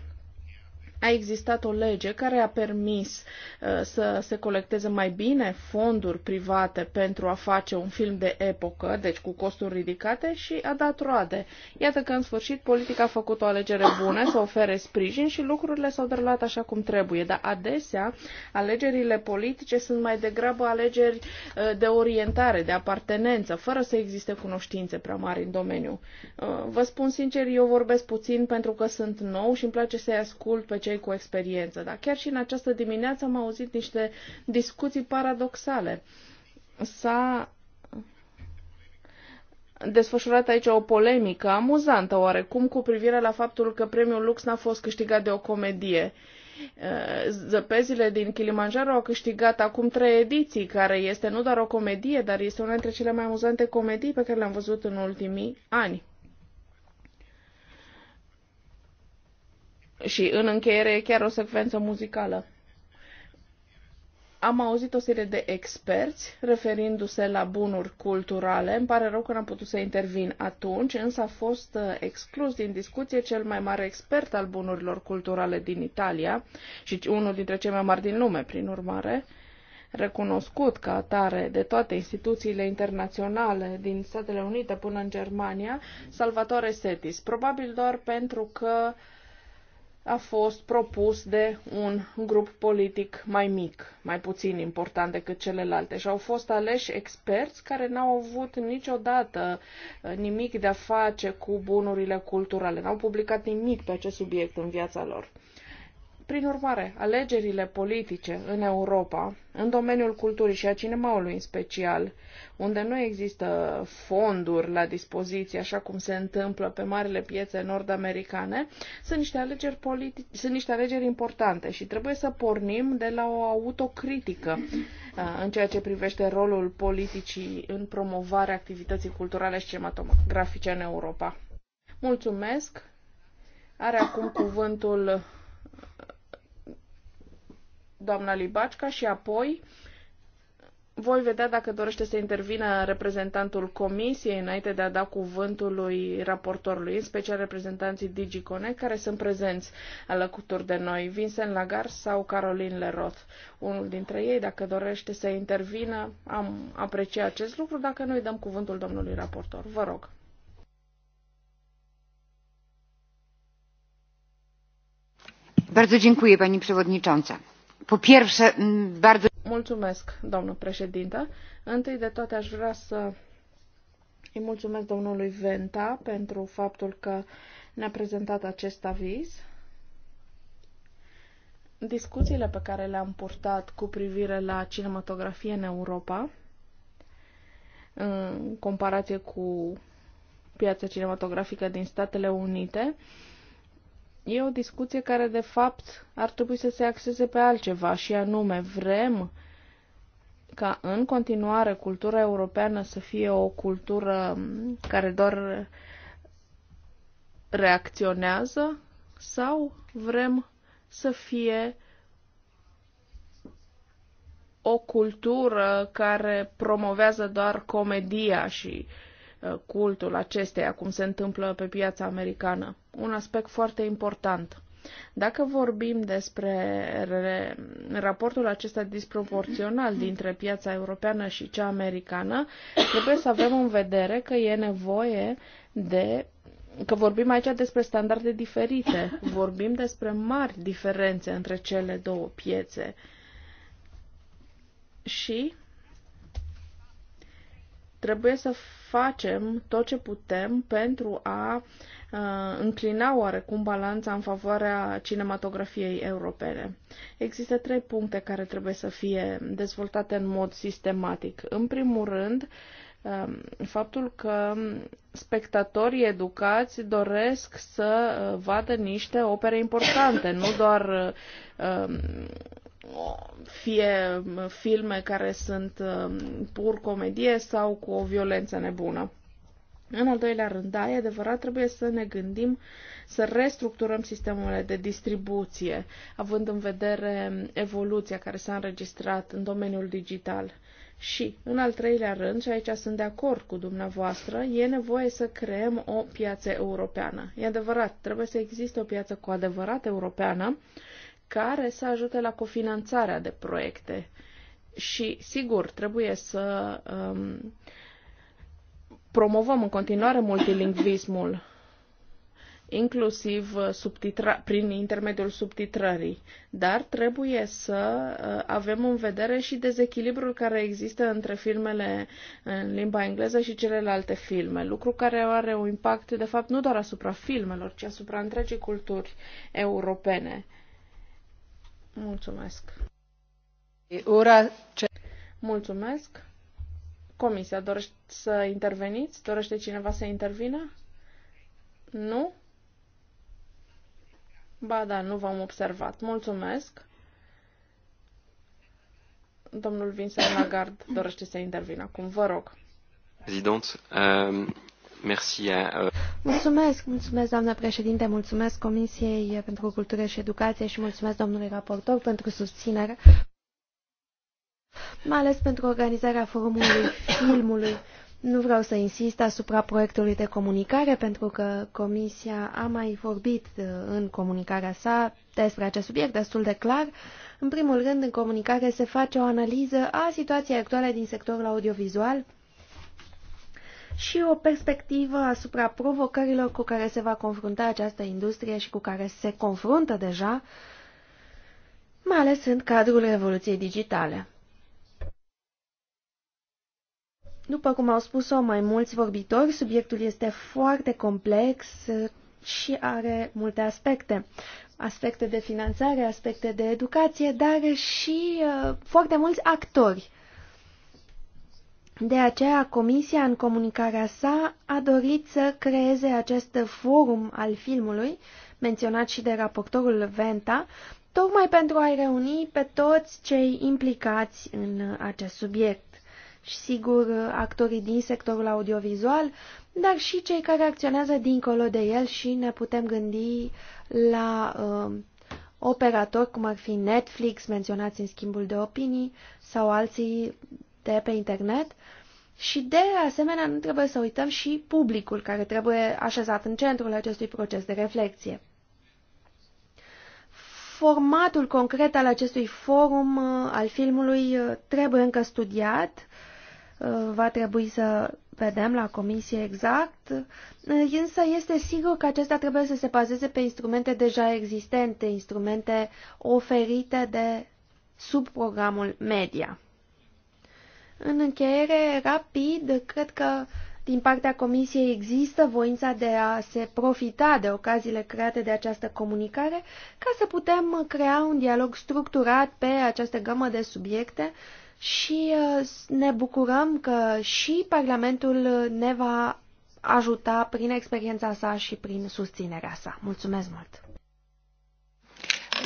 a existat o lege care a permis uh, să se colecteze mai bine fonduri private pentru a face un film de epocă, deci cu costuri ridicate, și a dat roade. Iată că, în sfârșit, politica a făcut o alegere bună să ofere sprijin și lucrurile s-au derulat așa cum trebuie. Dar adesea, alegerile politice sunt mai degrabă alegeri uh, de orientare, de apartenență, fără să existe cunoștințe prea mari în domeniu. Uh, vă spun sincer, eu vorbesc puțin pentru că sunt nou și îmi place să-i ascult pe cei cei cu experiență. Dar chiar și în această dimineață am auzit niște discuții paradoxale. S-a desfășurat aici o polemică amuzantă oarecum cu privire la faptul că premiul Lux n-a fost câștigat de o comedie. Uh, zăpezile din Kilimanjaro au câștigat acum trei ediții, care este nu doar o comedie, dar este una dintre cele mai amuzante comedii pe care le-am văzut în ultimii ani. și în încheiere chiar o secvență muzicală. Am auzit o serie de experți referindu-se la bunuri culturale. Îmi pare rău că n-am putut să intervin atunci, însă a fost uh, exclus din discuție cel mai mare expert al bunurilor culturale din Italia și unul dintre cei mai mari din lume, prin urmare, recunoscut ca atare de toate instituțiile internaționale din Statele Unite până în Germania, Salvatore Setis. Probabil doar pentru că uh, a fost propus de un grup politic mai mic, mai puțin important decât celelalte și au fost aleși experți care n-au avut niciodată uh, nimic de a face cu bunurile culturale, n-au publicat nimic pe acest subiect în viața lor. Prin urmare, alegerile politice în Europa, în domeniul culturii și a cinemaului în special, unde nu există fonduri la dispoziție, așa cum se întâmplă pe marile piețe nord-americane, sunt niște alegeri, sunt niște alegeri importante și trebuie să pornim de la o autocritică uh, în ceea ce privește rolul politicii în promovarea activității culturale și cinematografice în Europa. Mulțumesc! Are acum cuvântul doamna Libacca și apoi voi vedea dacă dorește să intervină reprezentantul comisiei înainte de a da cuvântul lui raportorului, în special reprezentanții Digicone, care sunt prezenți alături de noi, Vincent Lagar sau Caroline Leroth. Unul dintre ei, dacă dorește să intervină, am aprecia acest lucru, dacă noi dăm cuvântul domnului raportor. Vă rog. Bardzo dziękuję Pani Przewodnicząca Mulțumesc, doamnă președintă. Întâi de toate aș vrea să îi mulțumesc domnului Venta pentru faptul că ne-a prezentat acest aviz. Discuțiile pe care le-am purtat cu privire la cinematografie în Europa, în comparație cu piața cinematografică din Statele Unite, E o discuție care, de fapt, ar trebui să se axeze pe altceva și anume vrem ca în continuare cultura europeană să fie o cultură care doar reacționează sau vrem să fie o cultură care promovează doar comedia și uh, Uh, cultul acesteia, cum se întâmplă pe piața americană. Un aspect foarte important. Dacă vorbim despre raportul acesta disproporțional dintre piața europeană și cea americană, trebuie să avem în vedere că e nevoie de că vorbim aici despre standarde diferite, vorbim despre mari diferențe între cele două piețe. Și Trebuie să facem tot ce putem pentru a uh, înclina oarecum balanța în favoarea cinematografiei europene. Există trei puncte care trebuie să fie dezvoltate în mod sistematic. În primul rând, faptul că spectatorii educați doresc să vadă niște opere importante, nu doar fie filme care sunt um, pur comedie sau cu o violență nebună. În al doilea rând, da, e adevărat, trebuie să ne gândim să restructurăm sistemele de distribuție, având în vedere evoluția care s-a înregistrat în domeniul digital. Și, în al treilea rând, și aici sunt de acord cu dumneavoastră, e nevoie să creăm o piață europeană. E adevărat, trebuie să existe o piață cu adevărat europeană, care să ajute la cofinanțarea de proiecte. Și, sigur, trebuie să um, promovăm în continuare multilingvismul, inclusiv uh, subtitra- prin intermediul subtitrării, dar trebuie să uh, avem în vedere și dezechilibrul care există între filmele în limba engleză și celelalte filme, lucru care are un impact, de fapt, nu doar asupra filmelor, ci asupra întregii culturi europene. Mulțumesc. Ura ce... Mulțumesc. Comisia, dorește să interveniți? Dorește cineva să intervină? Nu? Ba da, nu v-am observat. Mulțumesc. Domnul Vincent Lagarde dorește să intervină acum. Vă rog. Prezident, um, Euh. Mulțumesc, mulțumesc doamnă președinte, mulțumesc Comisiei pentru Cultură și Educație și mulțumesc domnului raportor pentru susținere, mai ales pentru organizarea forumului filmului. Nu vreau să insist asupra proiectului de comunicare, pentru că Comisia a mai vorbit uh, în comunicarea sa despre acest subiect destul de clar. În primul rând, în comunicare se face o analiză a situației actuale din sectorul audiovizual, și o perspectivă asupra provocărilor cu care se va confrunta această industrie și cu care se confruntă deja, mai ales în cadrul revoluției digitale. După cum au spus-o mai mulți vorbitori, subiectul este foarte complex și are multe aspecte. Aspecte de finanțare, aspecte de educație, dar și uh, foarte mulți actori de aceea, Comisia, în comunicarea sa, a dorit să creeze acest forum al filmului, menționat și de raportorul Venta, tocmai pentru a-i reuni pe toți cei implicați în acest subiect. Și sigur, actorii din sectorul audiovizual, dar și cei care acționează dincolo de el și ne putem gândi la uh, operatori cum ar fi Netflix, menționați în schimbul de opinii, sau alții de pe internet și de asemenea nu trebuie să uităm și publicul care trebuie așezat în centrul acestui proces de reflexie. Formatul concret al acestui forum uh, al filmului uh, trebuie încă studiat, uh, va trebui să vedem la comisie exact, însă este sigur că acesta trebuie să se bazeze pe instrumente deja existente, instrumente oferite de subprogramul media. În încheiere, rapid, cred că din partea Comisiei există voința de a se profita de ocaziile create de această comunicare ca să putem crea un dialog structurat pe această gamă de subiecte și uh, ne bucurăm că și Parlamentul ne va ajuta prin experiența sa și prin susținerea sa. Mulțumesc mult!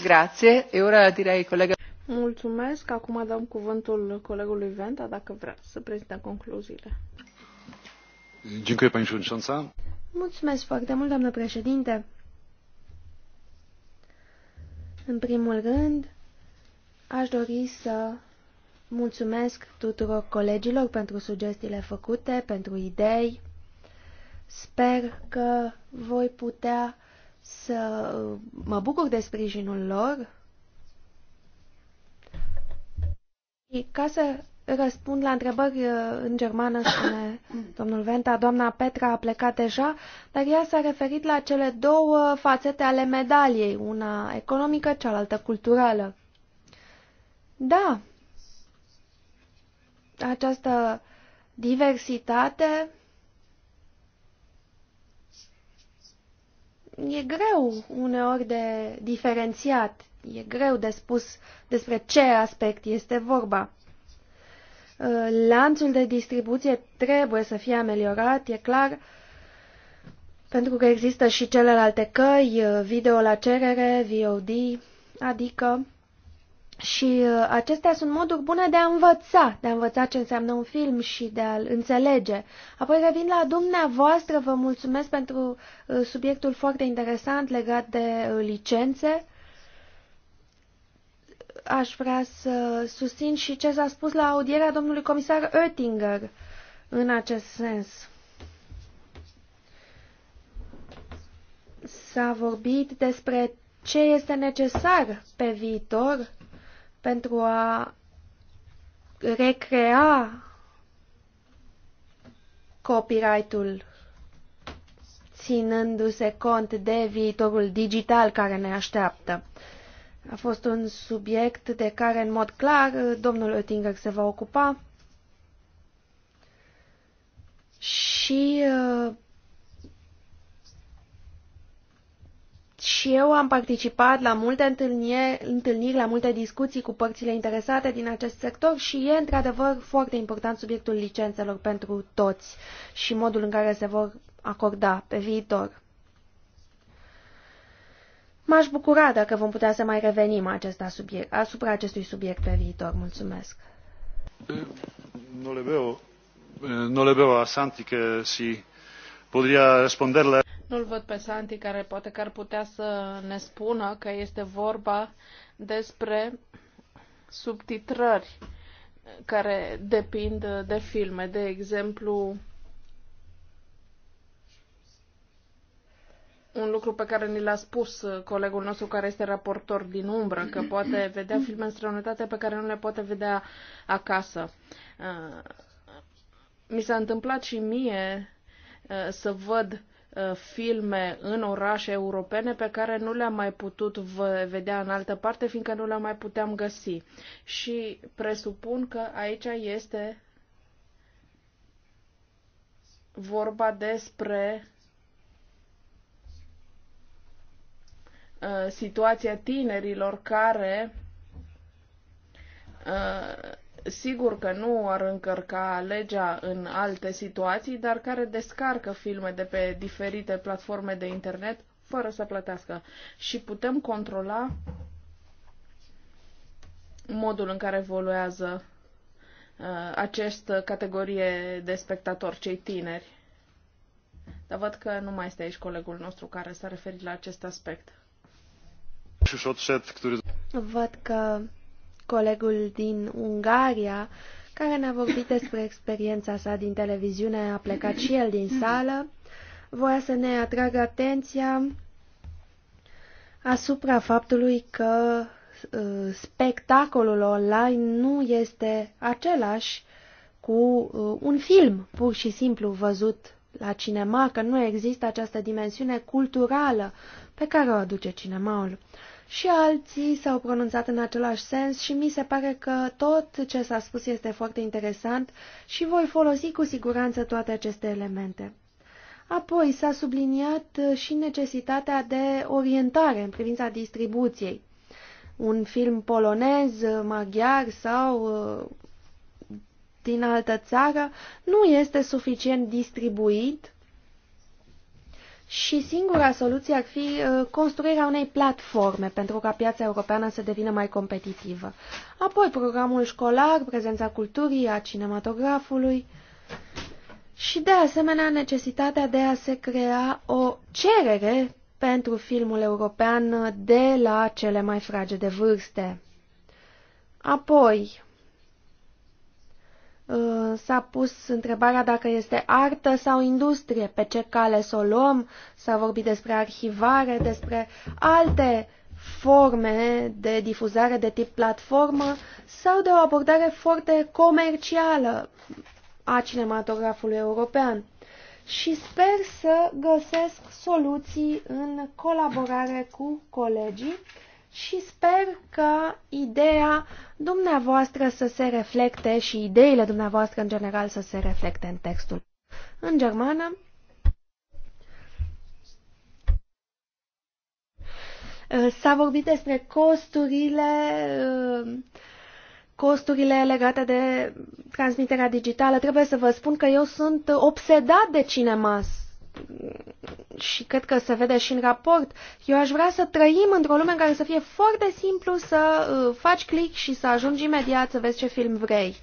Grazie. E ora direi colega Mulțumesc. Acum dăm cuvântul colegului Venta dacă vrea să prezinte concluziile. Mulțumesc foarte mult, doamnă președinte. În primul rând, aș dori să mulțumesc tuturor colegilor pentru sugestiile făcute, pentru idei. Sper că voi putea să mă bucur de sprijinul lor Ca să răspund la întrebări uh, în germană, spune domnul Venta, doamna Petra a plecat deja, dar ea s-a referit la cele două fațete ale medaliei, una economică, cealaltă culturală. Da, această diversitate e greu uneori de diferențiat, e greu de spus despre ce aspect este vorba. Lanțul de distribuție trebuie să fie ameliorat, e clar, pentru că există și celelalte căi, video la cerere, VOD, adică și uh, acestea sunt moduri bune de a învăța, de a învăța ce înseamnă un film și de a-l înțelege. Apoi revin la dumneavoastră, vă mulțumesc pentru uh, subiectul foarte interesant legat de uh, licențe. Aș vrea să susțin și ce s-a spus la audierea domnului comisar Oettinger în acest sens. S-a vorbit despre ce este necesar pe viitor pentru a recrea copyright-ul ținându-se cont de viitorul digital care ne așteaptă. A fost un subiect de care, în mod clar, domnul Oettinger se va ocupa și uh, Și eu am participat la multe întâlniri, întâlniri, la multe discuții cu părțile interesate din acest sector și e într-adevăr foarte important subiectul licențelor pentru toți și modul în care se vor acorda pe viitor. M-aș bucura dacă vom putea să mai revenim acest subiect, asupra acestui subiect pe viitor. Mulțumesc. No le veo, no le veo a Santi că si podría responderle. Nu-l văd pe Santi, care poate că ar putea să ne spună că este vorba despre subtitrări care depind de filme. De exemplu, un lucru pe care ni l-a spus colegul nostru care este raportor din umbră, că poate vedea filme în străinătate pe care nu le poate vedea acasă. Uh, Mi s-a întâmplat și mie uh, să văd Uh, filme în orașe europene pe care nu le-am mai putut vedea în altă parte, fiindcă nu le-am mai puteam găsi. Și presupun că aici este vorba despre uh, situația tinerilor care uh, sigur că nu ar încărca legea în alte situații, dar care descarcă filme de pe diferite platforme de internet fără să plătească. Și putem controla modul în care evoluează uh, această categorie de spectatori, cei tineri. Dar văd că nu mai este aici colegul nostru care s-a referit la acest aspect. Văd că colegul din Ungaria, care ne-a vorbit despre experiența sa din televiziune, a plecat și el din sală, voia să ne atragă atenția asupra faptului că uh, spectacolul online nu este același cu uh, un film pur și simplu văzut la cinema, că nu există această dimensiune culturală pe care o aduce cinemaul și alții s-au pronunțat în același sens și mi se pare că tot ce s-a spus este foarte interesant și voi folosi cu siguranță toate aceste elemente. Apoi s-a subliniat și necesitatea de orientare în privința distribuției. Un film polonez, maghiar sau uh, din altă țară nu este suficient distribuit și singura soluție ar fi uh, construirea unei platforme pentru ca piața europeană să devină mai competitivă. Apoi programul școlar, prezența culturii, a cinematografului și de asemenea necesitatea de a se crea o cerere pentru filmul european de la cele mai frage de vârste. Apoi, Uh, s-a pus întrebarea dacă este artă sau industrie, pe ce cale să o luăm, s-a vorbit despre arhivare, despre alte forme de difuzare de tip platformă sau de o abordare foarte comercială a cinematografului european. Și sper să găsesc soluții în colaborare cu colegii și sper că ideea dumneavoastră să se reflecte și ideile dumneavoastră în general să se reflecte în textul. În germană, uh, s-a vorbit despre costurile uh, costurile legate de transmiterea digitală. Trebuie să vă spun că eu sunt obsedat de Cinemas și cred că se vede și în raport, eu aș vrea să trăim într-o lume în care să fie foarte simplu să uh, faci click și să ajungi imediat să vezi ce film vrei.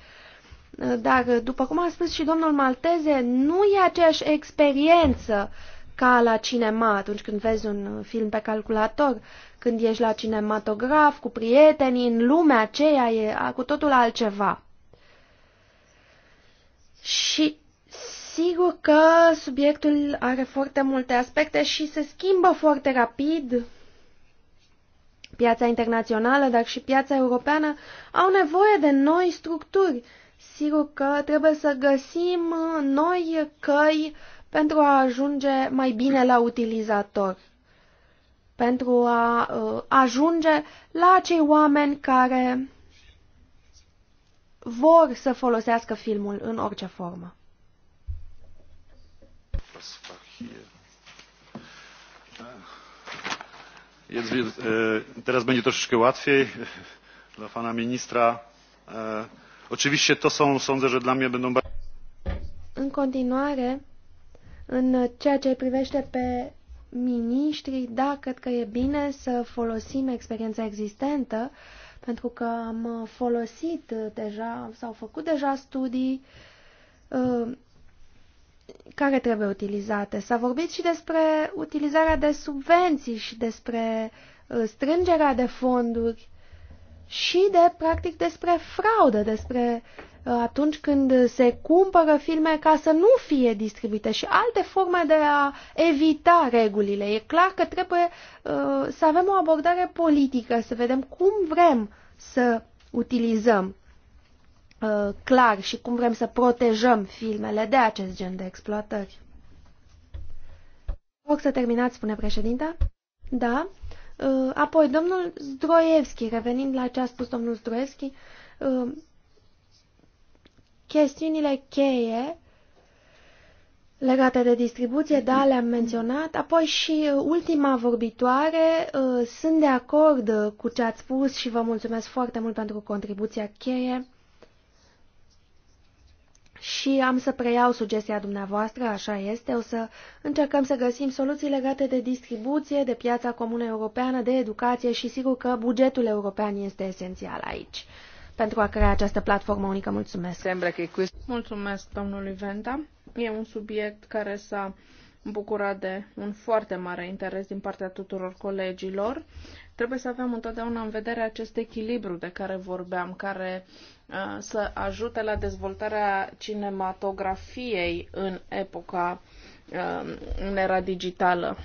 Uh, dar, uh, după cum a spus și domnul Malteze, nu e aceeași experiență ca la cinema atunci când vezi un film pe calculator, când ești la cinematograf, cu prietenii, în lumea aceea, e cu totul altceva. Și Sigur că subiectul are foarte multe aspecte și se schimbă foarte rapid. Piața internațională, dar și piața europeană au nevoie de noi structuri. Sigur că trebuie să găsim noi căi pentru a ajunge mai bine la utilizator, pentru a uh, ajunge la cei oameni care vor să folosească filmul în orice formă was war hier? Ah. Jetzt wird, teraz będzie troszeczkę łatwiej dla pana ministra. Oczywiście to są, sądzę, że dla mnie będą... bardzo... În continuare, în ceea ce privește pe miniștri, da, cred că e bine să folosim experiența existentă, pentru că am folosit deja, s-au făcut deja studii care trebuie utilizate. S-a vorbit și despre utilizarea de subvenții și despre uh, strângerea de fonduri și de, practic, despre fraudă, despre uh, atunci când se cumpără filme ca să nu fie distribuite și alte forme de a evita regulile. E clar că trebuie uh, să avem o abordare politică, să vedem cum vrem să utilizăm Uh, clar și cum vrem să protejăm filmele de acest gen de exploatări. Vă rog să terminați, spune președinta. Da. Uh, apoi, domnul Zdroievski, revenind la ce a spus domnul Zdroievski, uh, chestiunile cheie legate de distribuție, da, le-am menționat. Apoi și ultima vorbitoare, sunt de acord cu ce ați spus și vă mulțumesc foarte mult pentru contribuția cheie și am să preiau sugestia dumneavoastră, așa este, o să încercăm să găsim soluții legate de distribuție, de piața comună europeană, de educație și sigur că bugetul european este esențial aici pentru a crea această platformă unică. Mulțumesc! Mulțumesc, domnului Venta. E un subiect care s-a bucurat de un foarte mare interes din partea tuturor colegilor. Trebuie să avem întotdeauna în vedere acest echilibru de care vorbeam, care Uh, să ajute la dezvoltarea cinematografiei în epoca, um, în era digitală.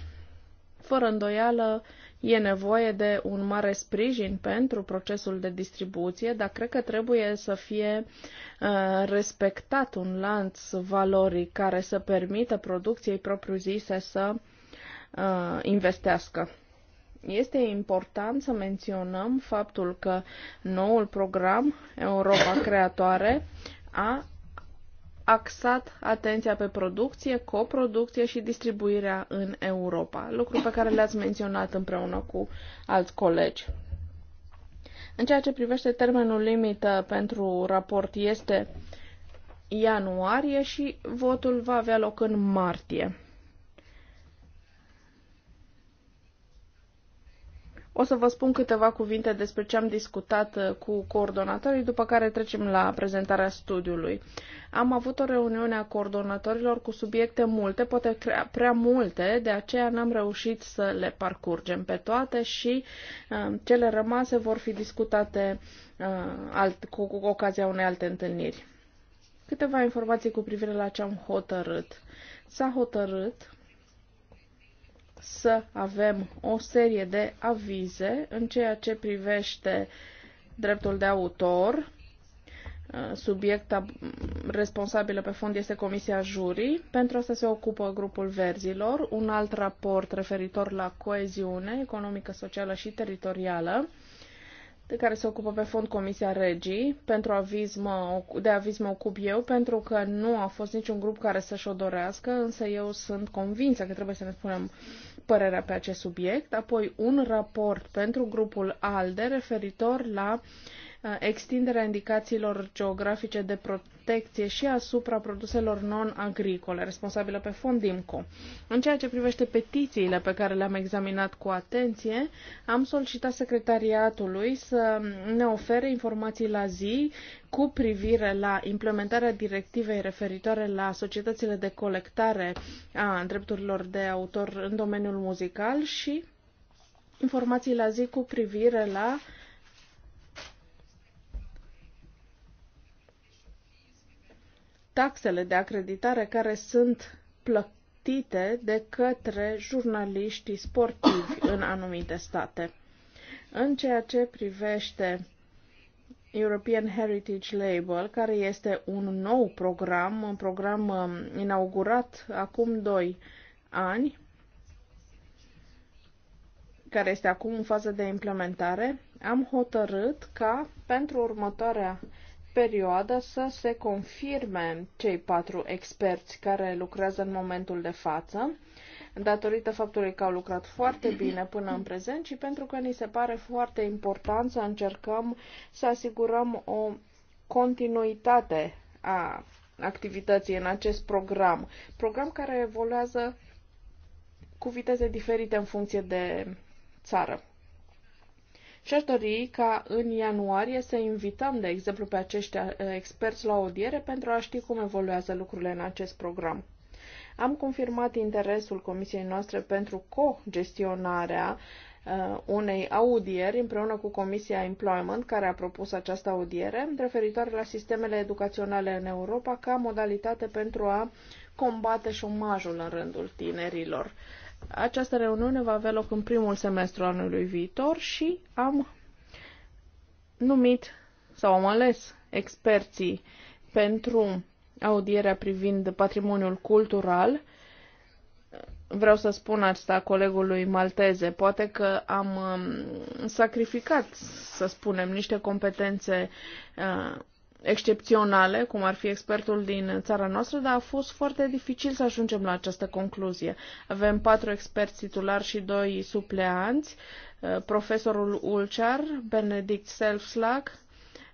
Fără îndoială, e nevoie de un mare sprijin pentru procesul de distribuție, dar cred că trebuie să fie uh, respectat un lanț valorii care să permită producției propriu-zise să uh, investească. Este important să menționăm faptul că noul program Europa Creatoare a axat atenția pe producție, coproducție și distribuirea în Europa, lucru pe care le-ați menționat împreună cu alți colegi. În ceea ce privește termenul limită pentru raport este ianuarie și votul va avea loc în martie. O să vă spun câteva cuvinte despre ce am discutat uh, cu coordonatorii, după care trecem la prezentarea studiului. Am avut o reuniune a coordonatorilor cu subiecte multe, poate prea multe, de aceea n-am reușit să le parcurgem pe toate și uh, cele rămase vor fi discutate uh, cu, cu ocazia unei alte întâlniri. Câteva informații cu privire la ce am hotărât. S-a hotărât să avem o serie de avize în ceea ce privește dreptul de autor. Uh, Subiecta responsabilă pe fond este Comisia Jurii. Pentru asta se ocupă grupul verzilor, un alt raport referitor la coeziune economică, socială și teritorială de care se ocupă pe fond Comisia Regii. Pentru aviz mă, de aviz mă ocup eu, pentru că nu a fost niciun grup care să-și o dorească, însă eu sunt convinsă că trebuie să ne spunem părerea pe acest subiect. Apoi un raport pentru grupul ALDE referitor la uh, extinderea indicațiilor geografice de protecție protecție și asupra produselor non-agricole, responsabilă pe fond DIMCO. În ceea ce privește petițiile pe care le-am examinat cu atenție, am solicitat secretariatului să ne ofere informații la zi cu privire la implementarea directivei referitoare la societățile de colectare a drepturilor de autor în domeniul muzical și informații la zi cu privire la uh, taxele de acreditare care sunt plătite de către jurnaliștii sportivi în anumite state. În ceea ce privește European Heritage Label, care este un nou program, un program um, inaugurat acum 2 ani, care este acum în fază de implementare, am hotărât ca pentru următoarea perioadă să se confirme cei patru experți care lucrează în momentul de față, datorită faptului că au lucrat foarte bine până în prezent și pentru că ni se pare foarte important să încercăm să asigurăm o continuitate a activității în acest program. Program care evoluează cu viteze diferite în funcție de țară. Și-aș dori ca în ianuarie să invităm, de exemplu, pe acești uh, experți la audiere pentru a ști cum evoluează lucrurile în acest program. Am confirmat interesul comisiei noastre pentru co-gestionarea uh, unei audieri împreună cu Comisia Employment, care a propus această audiere, referitoare la sistemele educaționale în Europa ca modalitate pentru a combate șomajul în rândul tinerilor. Această reuniune va avea loc în primul semestru anului viitor și am numit sau am ales experții pentru audierea privind patrimoniul cultural. Vreau să spun asta colegului malteze. Poate că am um, sacrificat, să spunem, niște competențe uh, excepționale, cum ar fi expertul din țara noastră, dar a fost foarte dificil să ajungem la această concluzie. Avem patru experți titulari și doi supleanți, uh, profesorul Ulcear, Benedict Selfslag,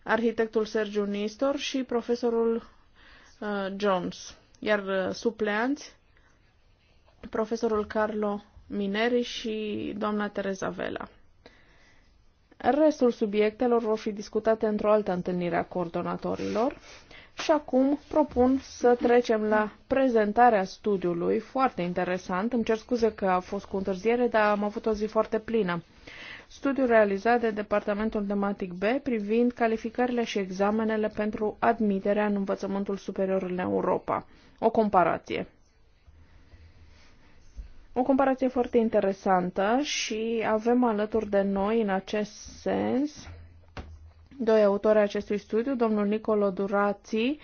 arhitectul Sergiu Nistor și profesorul uh, Jones, iar uh, supleanți profesorul Carlo Mineri și doamna Tereza Vela. Restul subiectelor vor fi discutate într-o altă întâlnire a coordonatorilor. Și acum propun să trecem la prezentarea studiului, foarte interesant. Îmi cer scuze că a fost cu întârziere, dar am avut o zi foarte plină. Studiul realizat de Departamentul Tematic B privind calificările și examenele pentru admiterea în învățământul superior în Europa. O comparație. O comparație foarte interesantă și avem alături de noi în acest sens doi autori acestui studiu, domnul Nicolo Durazzi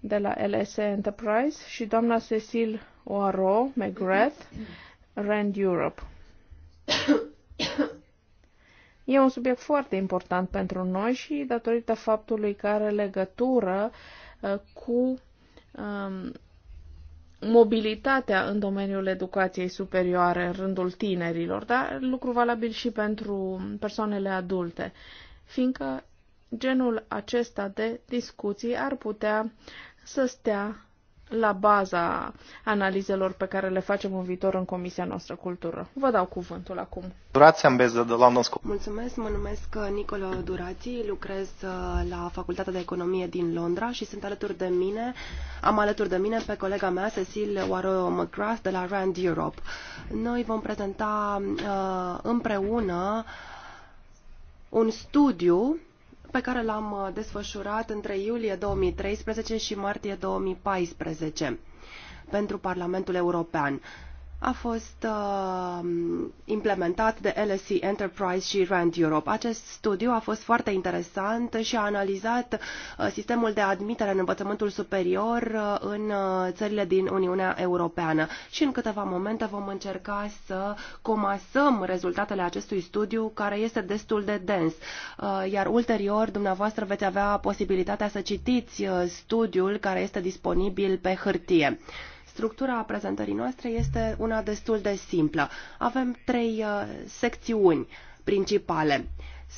de la LSE Enterprise și doamna Cecil Oaro McGrath, Rand Europe. E un subiect foarte important pentru noi și datorită faptului că are legătură uh, cu um, mobilitatea în domeniul educației superioare în rândul tinerilor, dar lucru valabil și pentru persoanele adulte, fiindcă genul acesta de discuții ar putea să stea la baza analizelor pe care le facem în viitor în Comisia noastră Cultură. Vă dau cuvântul acum. Durați ambeză de la Moscova. Mulțumesc, mă numesc Nicolo Durații, lucrez uh, la Facultatea de Economie din Londra și sunt alături de mine, am alături de mine pe colega mea, Cecil Waro McGrath de la Rand Europe. Noi vom prezenta uh, împreună un studiu pe care l-am uh, desfășurat între iulie 2013 și martie 2014 pentru Parlamentul European a fost uh, implementat de LSE Enterprise și Rand Europe. Acest studiu a fost foarte interesant și a analizat uh, sistemul de admitere în învățământul superior uh, în uh, țările din Uniunea Europeană. Și în câteva momente vom încerca să comasăm rezultatele acestui studiu, care este destul de dens. Uh, iar ulterior, dumneavoastră veți avea posibilitatea să citiți uh, studiul care este disponibil pe hârtie. Uh, Structura prezentării noastre este una destul de simplă. Avem trei uh, secțiuni principale.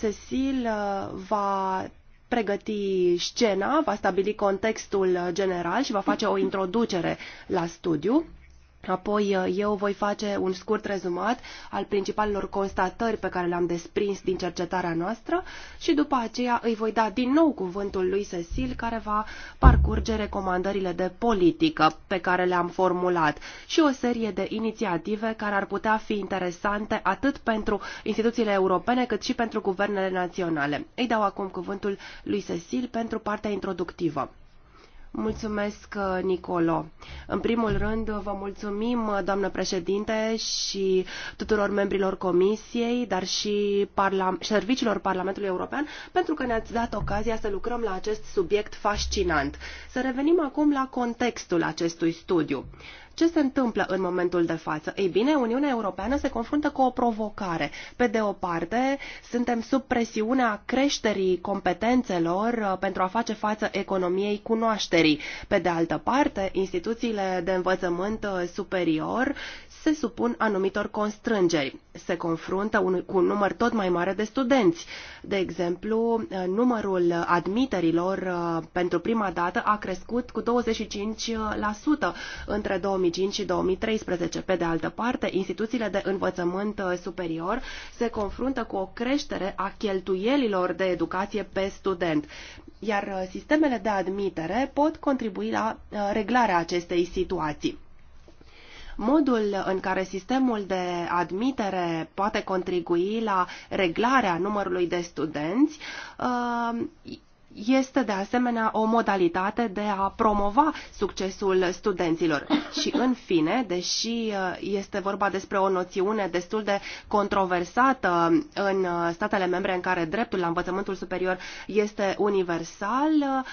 Cecil uh, va pregăti scena, va stabili contextul uh, general și va face o introducere la studiu. Apoi uh, eu voi face un scurt rezumat al principalelor constatări pe care le-am desprins din cercetarea noastră și după aceea îi voi da din nou cuvântul lui Cecil care va parcurge recomandările de politică pe care le-am formulat și o serie de inițiative care ar putea fi interesante atât pentru instituțiile europene cât și pentru guvernele naționale. Îi dau acum cuvântul lui Cecil pentru partea introductivă. Mulțumesc, uh, Nicolo. În primul rând, vă mulțumim, uh, doamnă președinte, și tuturor membrilor Comisiei, dar și serviciilor Parlamentului European, pentru că ne-ați dat ocazia să lucrăm la acest subiect fascinant. Să revenim acum la contextul acestui studiu. Ce se întâmplă în momentul de față? Ei bine, Uniunea Europeană se confruntă cu o provocare. Pe de o parte, suntem sub presiunea creșterii competențelor uh, pentru a face față economiei cunoașterii. Pe de altă parte, instituțiile de învățământ uh, superior se supun anumitor constrângeri. Se confruntă un, cu un număr tot mai mare de studenți. De exemplu, eh, numărul admiterilor eh, pentru prima dată a crescut cu 25% între 2005 și 2013. Pe de altă parte, instituțiile de învățământ eh, superior se confruntă cu o creștere a cheltuielilor de educație pe student iar sistemele de admitere pot contribui la reglarea acestei situații. Modul în care sistemul de admitere poate contribui la reglarea numărului de studenți uh, este de asemenea o modalitate de a promova succesul studenților. Și în fine, deși uh, este vorba despre o noțiune destul de controversată în uh, statele membre în care dreptul la învățământul superior este universal,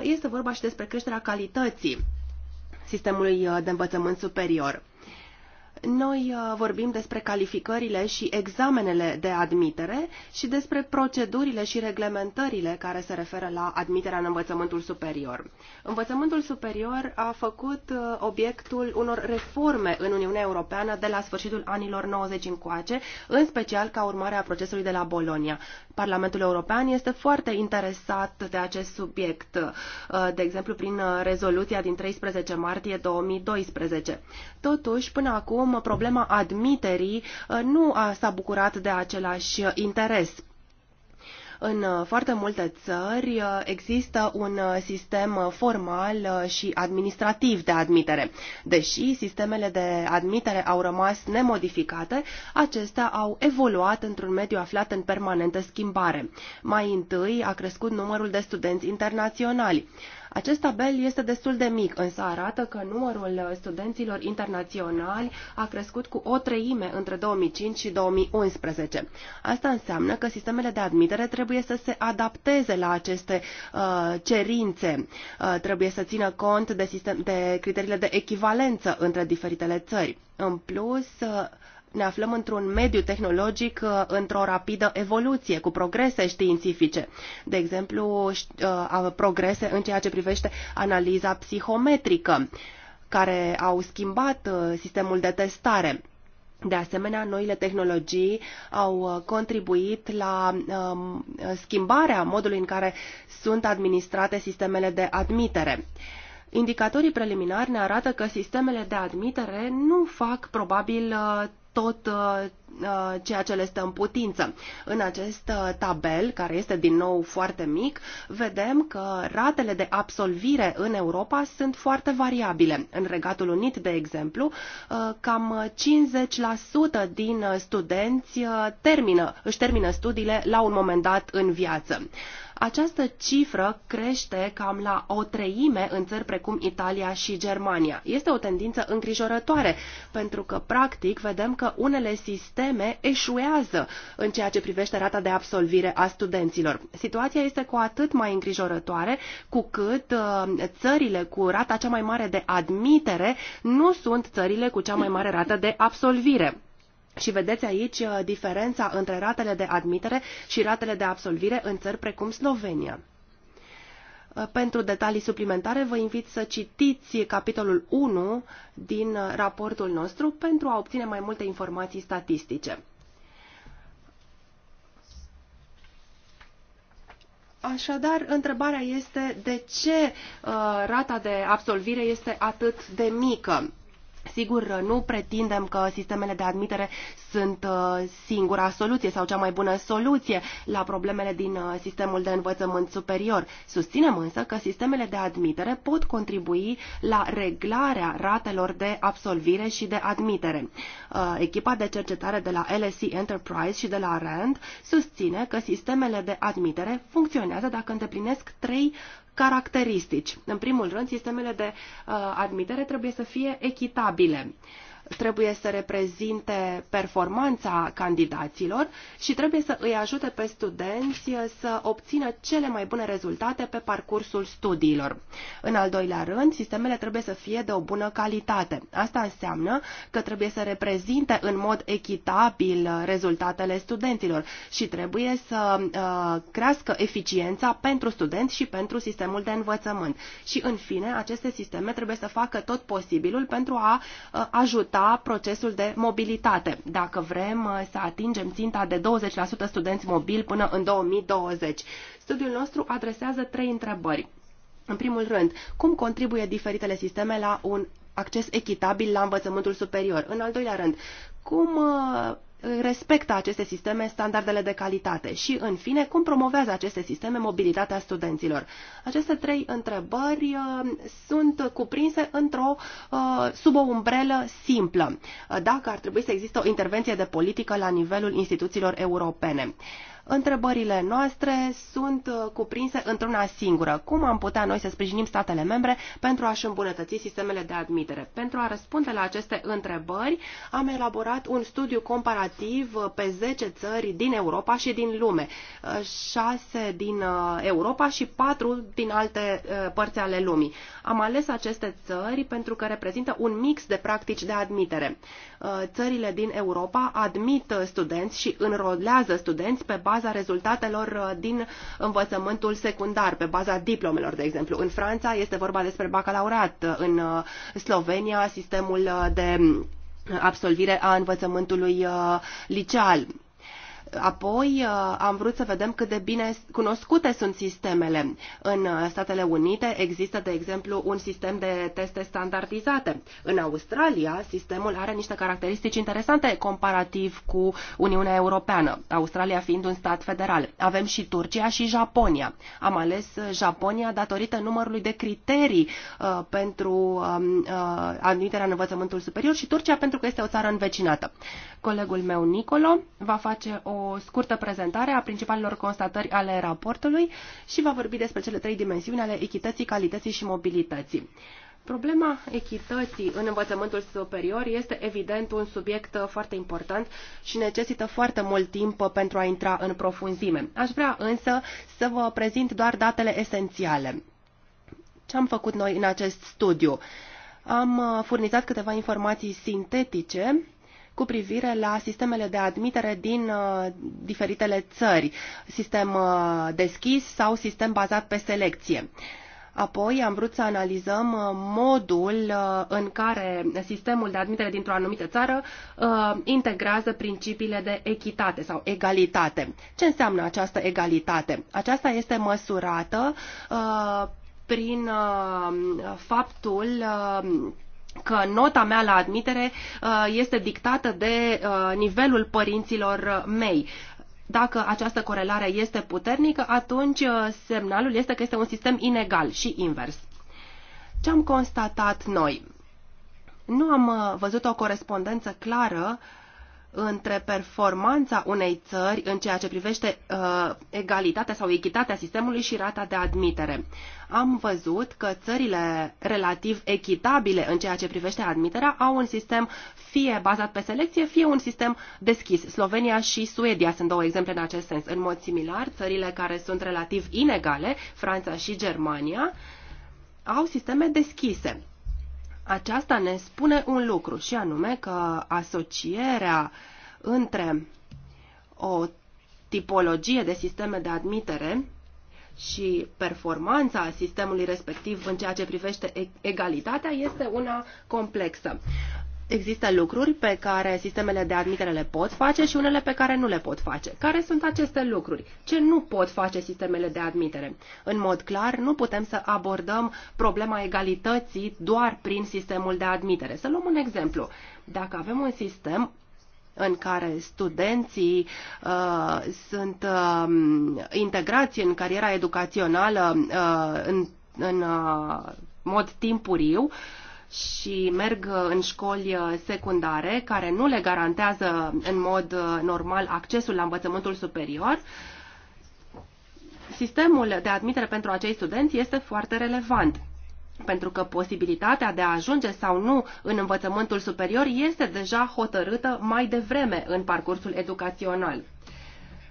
este vorba și despre creșterea calității sistemului uh, de învățământ superior noi uh, vorbim despre calificările și examenele de admitere și despre procedurile și reglementările care se referă la admiterea în învățământul superior. Învățământul superior a făcut uh, obiectul unor reforme în Uniunea Europeană de la sfârșitul anilor 90 încoace, în special ca urmare a procesului de la Bolonia. Parlamentul European este foarte interesat de acest subiect, uh, de exemplu prin rezoluția din 13 martie 2012. Totuși, până acum, problema admiterii uh, nu a, s-a bucurat de același interes. În uh, foarte multe țări uh, există un sistem formal și administrativ de admitere. Deși sistemele de admitere au rămas nemodificate, acestea au evoluat într-un mediu aflat în permanentă schimbare. Mai întâi a crescut numărul de studenți internaționali. Acest tabel este destul de mic, însă arată că numărul uh, studenților internaționali a crescut cu o treime între 2005 și 2011. Asta înseamnă că sistemele de admitere trebuie să se adapteze la aceste uh, cerințe. Uh, trebuie să țină cont de, sistem, de criteriile de echivalență între diferitele țări. În plus, uh, ne aflăm într-un mediu tehnologic uh, într-o rapidă evoluție, cu progrese științifice. De exemplu, uh, progrese în ceea ce privește analiza psihometrică, care au schimbat uh, sistemul de testare. De asemenea, noile tehnologii au contribuit la um, schimbarea modului în care sunt administrate sistemele de admitere. Indicatorii preliminari ne arată că sistemele de admitere nu fac probabil tot uh, uh, ceea ce le stă în putință. În acest uh, tabel, care este din nou foarte mic, vedem că ratele de absolvire în Europa sunt foarte variabile. În Regatul Unit, de exemplu, cam 50% din studenți termină, își termină studiile la un moment dat în viață. Această cifră crește cam la o treime în țări precum Italia și Germania. Este o tendință îngrijorătoare, pentru că, practic, vedem că unele sisteme eșuează în ceea ce privește rata de absolvire a studenților. Situația este cu atât mai îngrijorătoare cu cât uh, țările cu rata cea mai mare de admitere nu sunt țările cu cea mai mare rată de absolvire. Și vedeți aici uh, diferența între ratele de admitere și ratele de absolvire în țări precum Slovenia. Uh, pentru detalii suplimentare vă invit să citiți capitolul 1 din uh, raportul nostru pentru a obține mai multe informații statistice. Așadar, întrebarea este de ce uh, rata de absolvire este atât de mică Sigur, nu pretindem că sistemele de admitere sunt uh, singura soluție sau cea mai bună soluție la problemele din uh, sistemul de învățământ superior. Susținem însă că sistemele de admitere pot contribui la reglarea ratelor de absolvire și de admitere. Uh, echipa de cercetare de la LSE Enterprise și de la RAND susține că sistemele de admitere funcționează dacă îndeplinesc trei caracteristici. În primul rând, sistemele de uh, admitere trebuie să fie echitabile trebuie să reprezinte performanța candidaților și trebuie să îi ajute pe studenți să obțină cele mai bune rezultate pe parcursul studiilor. În al doilea rând, sistemele trebuie să fie de o bună calitate. Asta înseamnă că trebuie să reprezinte în mod echitabil rezultatele studenților și trebuie să uh, crească eficiența pentru studenți și pentru sistemul de învățământ. Și, în fine, aceste sisteme trebuie să facă tot posibilul pentru a uh, ajuta dezvolta procesul de mobilitate, dacă vrem uh, să atingem ținta de 20% studenți mobili până în 2020. Studiul nostru adresează trei întrebări. În primul rând, cum contribuie diferitele sisteme la un acces echitabil la învățământul superior? În al doilea rând, cum uh, respectă aceste sisteme standardele de calitate și, în fine, cum promovează aceste sisteme mobilitatea studenților. Aceste trei întrebări uh, sunt cuprinse într-o uh, sub o umbrelă simplă, uh, dacă ar trebui să există o intervenție de politică la nivelul instituțiilor europene. Întrebările noastre sunt uh, cuprinse într-una singură. Cum am putea noi să sprijinim statele membre pentru a-și îmbunătăți sistemele de admitere? Pentru a răspunde la aceste întrebări, am elaborat un studiu comparativ uh, pe 10 țări din Europa și din lume. 6 uh, din Europa și 4 din alte părți ale lumii. Am ales aceste țări pentru că reprezintă un mix de practici de admitere. Țările din Europa admit studenți și înrolează studenți pe bază baza rezultatelor uh, din uh, învățământul secundar, pe baza diplomelor, de exemplu. În Franța este vorba despre bacalaureat, uh, în Slovenia sistemul de absolvire a învățământului liceal Apoi uh, am vrut să vedem cât de bine cunoscute sunt sistemele. În uh, Statele Unite există, de exemplu, un sistem de teste standardizate. În Australia, sistemul are niște caracteristici interesante comparativ cu Uniunea Europeană, Australia fiind un stat federal. Avem și Turcia și Japonia. Am ales uh, Japonia datorită numărului de criterii uh, pentru um, uh, admiterea în învățământul superior și Turcia pentru că este o țară învecinată. Colegul meu, Nicolo, va face o o scurtă prezentare a principalelor constatări ale raportului și va vorbi despre cele trei dimensiuni ale echității, calității și mobilității. Problema echității în învățământul superior este evident un subiect foarte important și necesită foarte mult timp pentru a intra în profunzime. Aș vrea însă să vă prezint doar datele esențiale. Ce am făcut noi în acest studiu? Am furnizat câteva informații sintetice cu privire la sistemele de admitere din uh, diferitele țări, sistem uh, deschis sau sistem bazat pe selecție. Apoi am vrut să analizăm uh, modul în care sistemul de admitere dintr-o anumită țară integrează principiile de echitate sau egalitate. Ce înseamnă această egalitate? Aceasta este măsurată prin faptul că nota mea la admitere uh, este dictată de uh, nivelul părinților mei. Dacă această corelare este puternică, atunci uh, semnalul este că este un sistem inegal și invers. Ce am constatat noi? Nu am văzut o corespondență clară uh, între performanța unei țări în ceea ce privește uh, egalitatea sau echitatea sistemului și rata de admitere. Am văzut că țările relativ echitabile în ceea ce privește admiterea au un sistem fie bazat pe selecție, fie un sistem deschis. Slovenia și Suedia sunt două exemple în acest sens. În mod similar, țările care sunt relativ inegale, Franța și Germania, au sisteme deschise. Aceasta ne spune un lucru și anume că asocierea între o tipologie de sisteme de admitere și performanța sistemului respectiv în ceea ce privește egalitatea este una complexă. Există lucruri pe care sistemele de admitere le pot face și unele pe care nu le pot face. Care sunt aceste lucruri? Ce nu pot face sistemele de admitere? În mod clar, nu putem să abordăm problema egalității doar prin sistemul de admitere. Să luăm un exemplu. Dacă avem un sistem în care studenții uh, sunt uh, integrați în cariera educațională uh, în, în uh, mod timpuriu, uh, și merg în școli secundare care nu le garantează în mod normal accesul la învățământul superior, sistemul de admitere pentru acei studenți este foarte relevant pentru că posibilitatea de a ajunge sau nu în învățământul superior este deja hotărâtă mai devreme în parcursul educațional.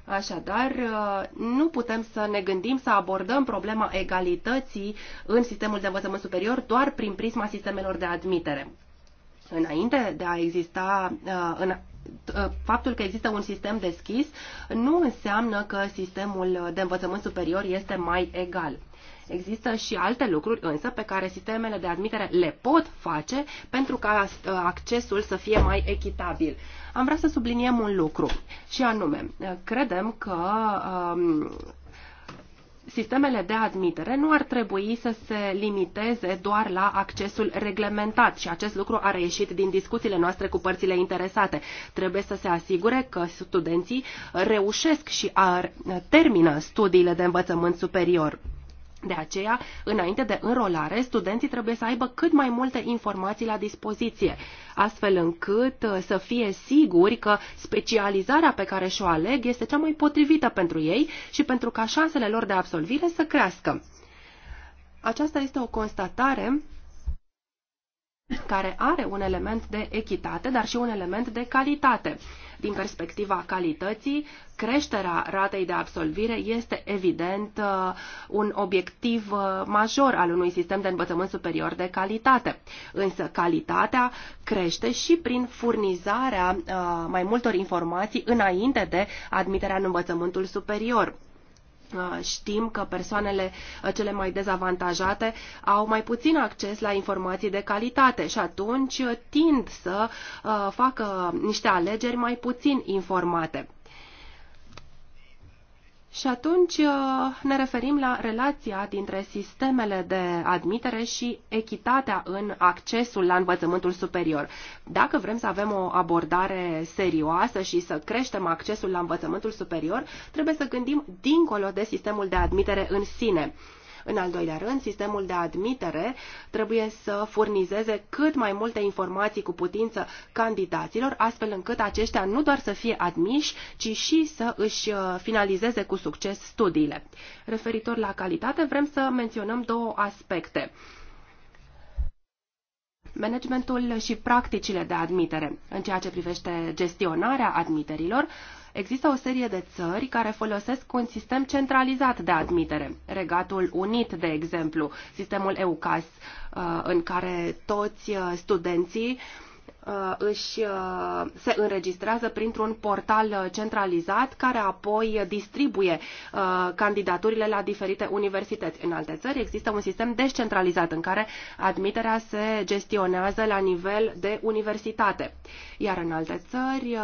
Așadar, uh, nu putem să ne gândim să abordăm problema egalității în sistemul de învățământ superior doar prin prisma sistemelor de admitere. Înainte de a exista, uh, în, uh, faptul că există un sistem deschis nu înseamnă că sistemul de învățământ superior este mai egal. Există și alte lucruri însă pe care sistemele de admitere le pot face pentru ca accesul să fie mai echitabil. Am vrea să subliniem un lucru și anume, credem că um, sistemele de admitere nu ar trebui să se limiteze doar la accesul reglementat și acest lucru a reieșit din discuțiile noastre cu părțile interesate. Trebuie să se asigure că studenții reușesc și ar termină studiile de învățământ superior. De aceea, înainte de înrolare, studenții trebuie să aibă cât mai multe informații la dispoziție, astfel încât uh, să fie siguri că specializarea pe care și-o aleg este cea mai potrivită pentru ei și pentru ca șansele lor de absolvire să crească. Aceasta este o constatare care are un element de echitate, dar și un element de calitate. Din perspectiva calității, creșterea ratei de absolvire este evident uh, un obiectiv uh, major al unui sistem de învățământ superior de calitate. Însă calitatea crește și prin furnizarea uh, mai multor informații înainte de admiterea în învățământul superior. Uh, știm că persoanele uh, cele mai dezavantajate au mai puțin acces la informații de calitate și atunci uh, tind să facă niște alegeri mai puțin informate. Și atunci uh, ne referim la relația dintre sistemele de admitere și echitatea în accesul la învățământul superior. Dacă vrem să avem o abordare serioasă și să creștem accesul la învățământul superior, trebuie să gândim dincolo de sistemul de admitere în sine în al doilea rând, sistemul de admitere trebuie să furnizeze cât mai multe informații cu putință candidaților, astfel încât aceștia nu doar să fie admiși, ci și să își uh, finalizeze cu succes studiile. Referitor la calitate, vrem să menționăm două aspecte managementul și practicile de admitere. În ceea ce privește gestionarea admiterilor, Există o serie de țări care folosesc un sistem centralizat de admitere. Regatul Unit, de exemplu, sistemul EUCAS, uh, în care toți uh, studenții Uh, își uh, se înregistrează printr-un portal uh, centralizat care apoi distribuie candidaturile la diferite universități. În alte țări există un sistem descentralizat în care admiterea se gestionează la nivel de universitate. Iar în alte țări,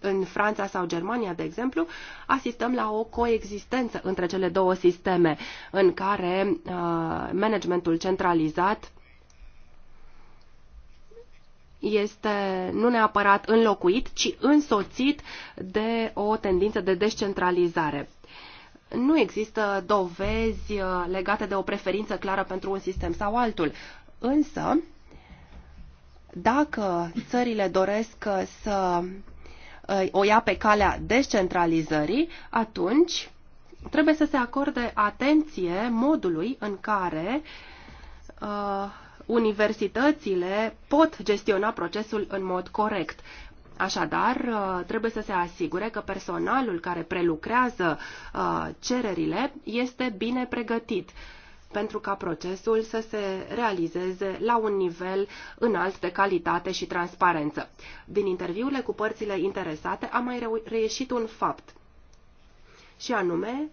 în Franța sau Germania, de exemplu, asistăm la o coexistență între cele două sisteme în care managementul centralizat este nu neapărat înlocuit, ci însoțit de o tendință de descentralizare. Nu există dovezi uh, legate de o preferință clară pentru un sistem sau altul, însă dacă țările doresc uh, să uh, o ia pe calea descentralizării, atunci trebuie să se acorde atenție modului în care uh, universitățile pot gestiona procesul în mod corect. Așadar, uh, trebuie să se asigure că personalul care prelucrează uh, cererile este bine pregătit pentru ca procesul să se realizeze la un nivel înalt de calitate și transparență. Din interviurile cu părțile interesate a mai reieșit un fapt, și anume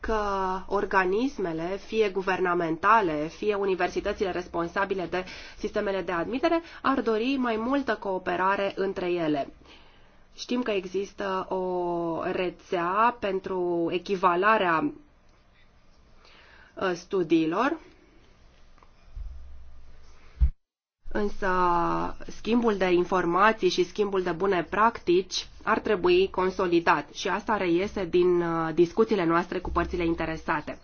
că organismele, fie guvernamentale, fie universitățile responsabile de sistemele de admitere, ar dori mai multă cooperare între ele. Știm că există o rețea pentru echivalarea uh, studiilor Însă schimbul de informații și schimbul de bune practici ar trebui consolidat și asta reiese din uh, discuțiile noastre cu părțile interesate.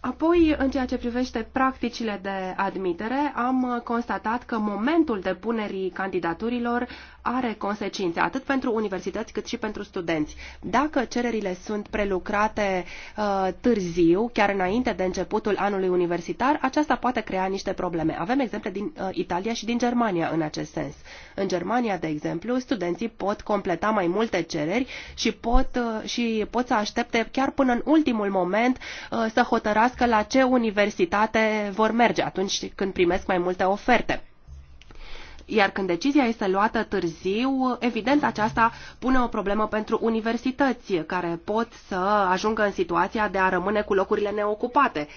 Apoi, în ceea ce privește practicile de admitere, am constatat că momentul depunerii candidaturilor are consecințe atât pentru universități cât și pentru studenți. Dacă cererile sunt prelucrate uh, târziu, chiar înainte de începutul anului universitar, aceasta poate crea niște probleme. Avem exemple din uh, Italia și din Germania în acest sens. În Germania, de exemplu, studenții pot completa mai multe cereri și pot, uh, și pot să aștepte chiar până în ultimul moment uh, să hotărască la ce universitate vor merge atunci când primesc mai multe oferte. Iar când decizia este luată târziu, evident aceasta pune o problemă pentru universități care pot să ajungă în situația de a rămâne cu locurile neocupate.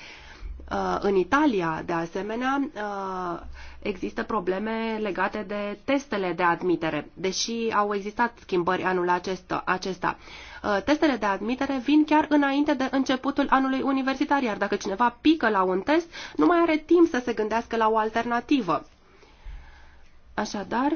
Uh, în Italia, de asemenea, uh, există probleme legate de testele de admitere, deși au existat schimbări anul acesta. Uh, testele de admitere vin chiar înainte de începutul anului universitar, iar dacă cineva pică la un test, nu mai are timp să se gândească la o alternativă. Așadar,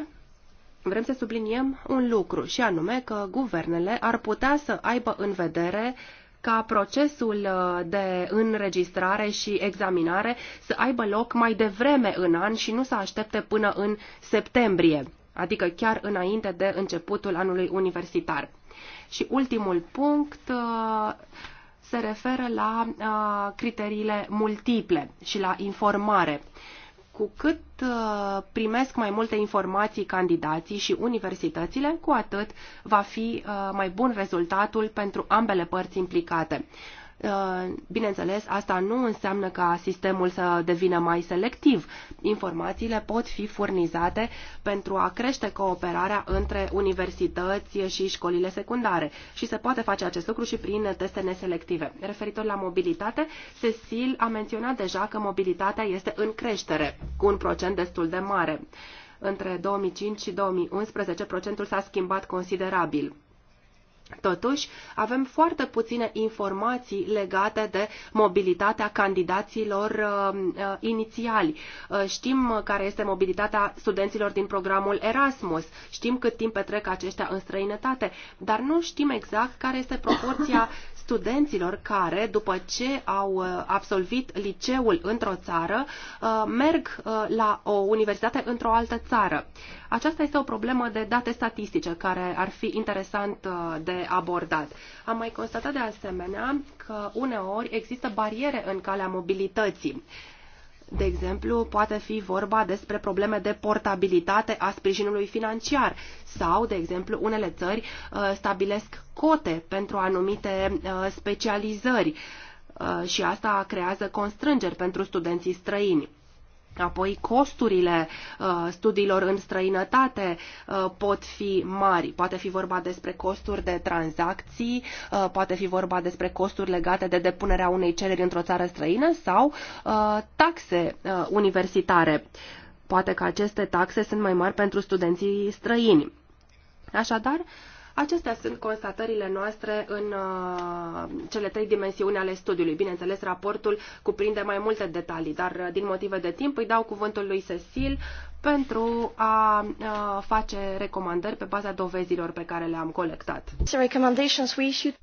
vrem să subliniem un lucru și anume că guvernele ar putea să aibă în vedere ca procesul uh, de înregistrare și examinare să aibă loc mai devreme în an și nu să aștepte până în septembrie, adică chiar înainte de începutul anului universitar. Și ultimul punct uh, se referă la uh, criteriile multiple și la informare. Cu cât uh, primesc mai multe informații candidații și universitățile, cu atât va fi uh, mai bun rezultatul pentru ambele părți implicate. Uh, bineînțeles, asta nu înseamnă ca sistemul să devină mai selectiv. Informațiile pot fi furnizate pentru a crește cooperarea între universități și școlile secundare și se poate face acest lucru și prin teste neselective. Referitor la mobilitate, Cecil a menționat deja că mobilitatea este în creștere, cu un procent destul de mare. Între 2005 și 2011 procentul s-a schimbat considerabil Totuși, avem foarte puține informații legate de mobilitatea candidaților uh, uh, inițiali. Uh, știm care este mobilitatea studenților din programul Erasmus, știm cât timp petrec aceștia în străinătate, dar nu știm exact care este proporția studenților care, după ce au uh, absolvit liceul într-o țară, uh, merg uh, la o universitate într-o altă țară. Aceasta este o problemă de date statistice care ar fi interesant de abordat. Am mai constatat de asemenea că uneori există bariere în calea mobilității. De exemplu, poate fi vorba despre probleme de portabilitate a sprijinului financiar sau, de exemplu, unele țări uh, stabilesc cote pentru anumite uh, specializări uh, și asta creează constrângeri pentru studenții străini. Apoi costurile uh, studiilor în străinătate uh, pot fi mari. Poate fi vorba despre costuri de tranzacții, uh, poate fi vorba despre costuri legate de depunerea unei cereri într-o țară străină sau uh, taxe uh, universitare. Poate că aceste taxe sunt mai mari pentru studenții străini. Așadar, uh, Acestea sunt constatările noastre în uh, cele trei dimensiuni ale studiului. Bineînțeles, raportul cuprinde mai multe detalii, dar uh, din motive de timp îi dau cuvântul lui Cecil pentru a face recomandări pe baza dovezilor pe care le-am colectat.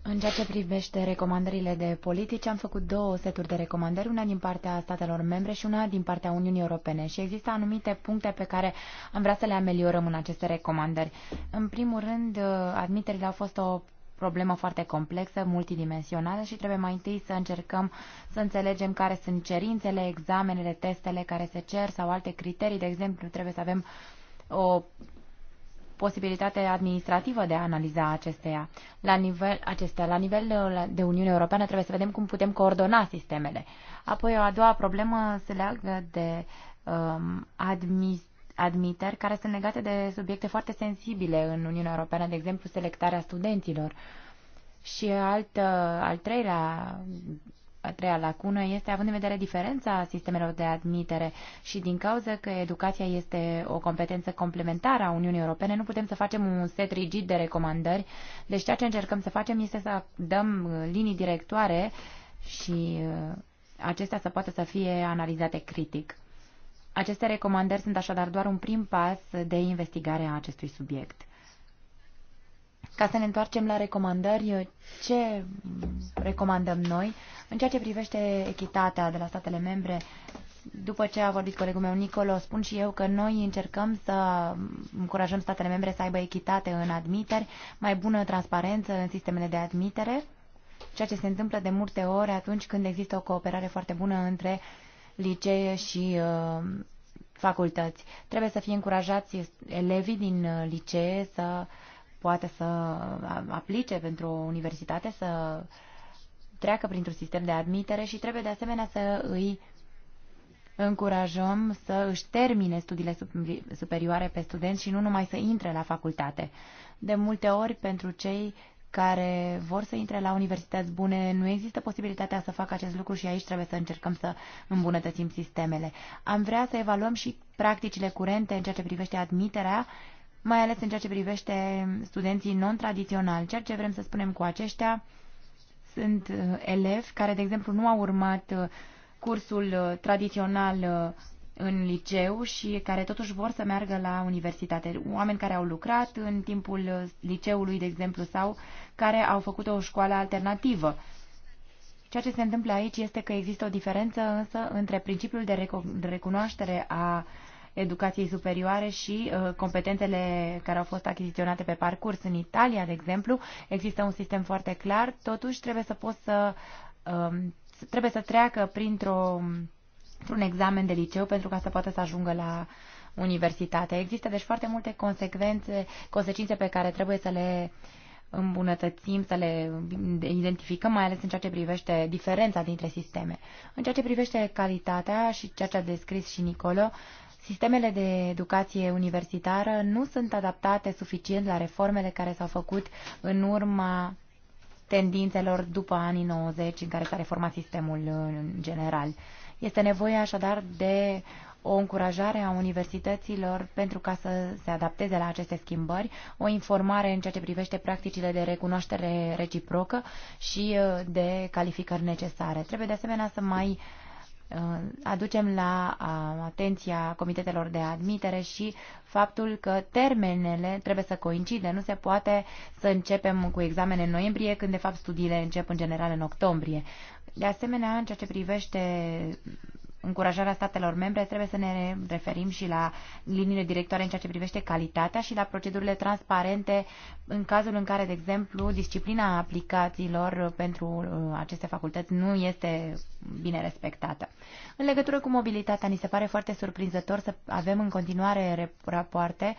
În ceea ce privește recomandările de politici, am făcut două seturi de recomandări, una din partea statelor membre și una din partea Uniunii Europene și există anumite puncte pe care am vrea să le ameliorăm în aceste recomandări. În primul rând, admiterile au fost o problemă foarte complexă, multidimensională și trebuie mai întâi să încercăm să înțelegem care sunt cerințele, examenele, testele care se cer sau alte criterii. De exemplu, trebuie să avem o posibilitate administrativă de a analiza acestea. La nivel, acestea, la nivel de Uniune Europeană trebuie să vedem cum putem coordona sistemele. Apoi o a doua problemă se leagă de um, administ admiteri care sunt legate de subiecte foarte sensibile în Uniunea Europeană, de exemplu selectarea studenților. Și alt, al treilea, a treia lacună este, având în vedere diferența sistemelor de admitere și din cauza că educația este o competență complementară a Uniunii Europene, nu putem să facem un set rigid de recomandări. Deci ceea ce încercăm să facem este să dăm linii directoare și uh, acestea să poată să fie analizate critic. Aceste recomandări sunt așadar doar un prim pas de investigare a acestui subiect. Ca să ne întoarcem la recomandări, ce recomandăm noi în ceea ce privește echitatea de la statele membre? După ce a vorbit colegul meu Nicolo, spun și eu că noi încercăm să încurajăm statele membre să aibă echitate în admiteri, mai bună transparență în sistemele de admitere, ceea ce se întâmplă de multe ori atunci când există o cooperare foarte bună între uh, licee și uh, facultăți. Trebuie să fie încurajați elevii din uh, licee să poată să uh, aplice pentru o universitate, să treacă printr-un sistem de admitere și trebuie de asemenea să îi încurajăm să își termine studiile superioare pe studenți și nu numai să intre la facultate. De multe ori, pentru cei care vor să intre la universități bune, nu există posibilitatea să facă acest lucru și aici trebuie să încercăm să îmbunătățim sistemele. Am vrea să evaluăm și practicile curente în ceea ce privește admiterea, mai ales în ceea ce privește studenții non-tradiționali. Ceea ce vrem să spunem cu aceștia sunt uh, elevi care, de exemplu, nu au urmat uh, cursul uh, tradițional în liceu și care totuși vor să meargă la universitate. Oameni care au lucrat în timpul liceului, de exemplu, sau care au făcut o școală alternativă. Ceea ce se întâmplă aici este că există o diferență însă între principiul de, recunoaștere a educației superioare și uh, competențele care au fost achiziționate pe parcurs. În Italia, de exemplu, există un sistem foarte clar, totuși trebuie să poți să, uh, trebuie să treacă printr-o un examen de liceu pentru ca să poată să ajungă la universitate. Există deci foarte multe consecvențe, consecințe pe care trebuie să le îmbunătățim, să le identificăm, mai ales în ceea ce privește diferența dintre sisteme. În ceea ce privește calitatea și ceea ce a descris și Nicolo, Sistemele de educație universitară nu sunt adaptate suficient la reformele care s-au făcut în urma tendințelor după anii 90 în care s-a reformat sistemul în general. Este nevoie așadar de o încurajare a universităților pentru ca să se adapteze la aceste schimbări, o informare în ceea ce privește practicile de recunoaștere reciprocă și uh, de calificări necesare. Trebuie de asemenea să mai uh, aducem la atenția comitetelor de admitere și faptul că termenele trebuie să coincide. Nu se poate să începem cu examene în noiembrie, când de fapt studiile încep în general în octombrie. De asemenea, în ceea ce privește încurajarea statelor membre, trebuie să ne referim și la liniile directoare în ceea ce privește calitatea și la procedurile transparente în cazul în care, de exemplu, disciplina aplicațiilor pentru uh, aceste facultăți nu este bine respectată. În legătură cu mobilitatea, ni se pare foarte surprinzător să avem în continuare rapoarte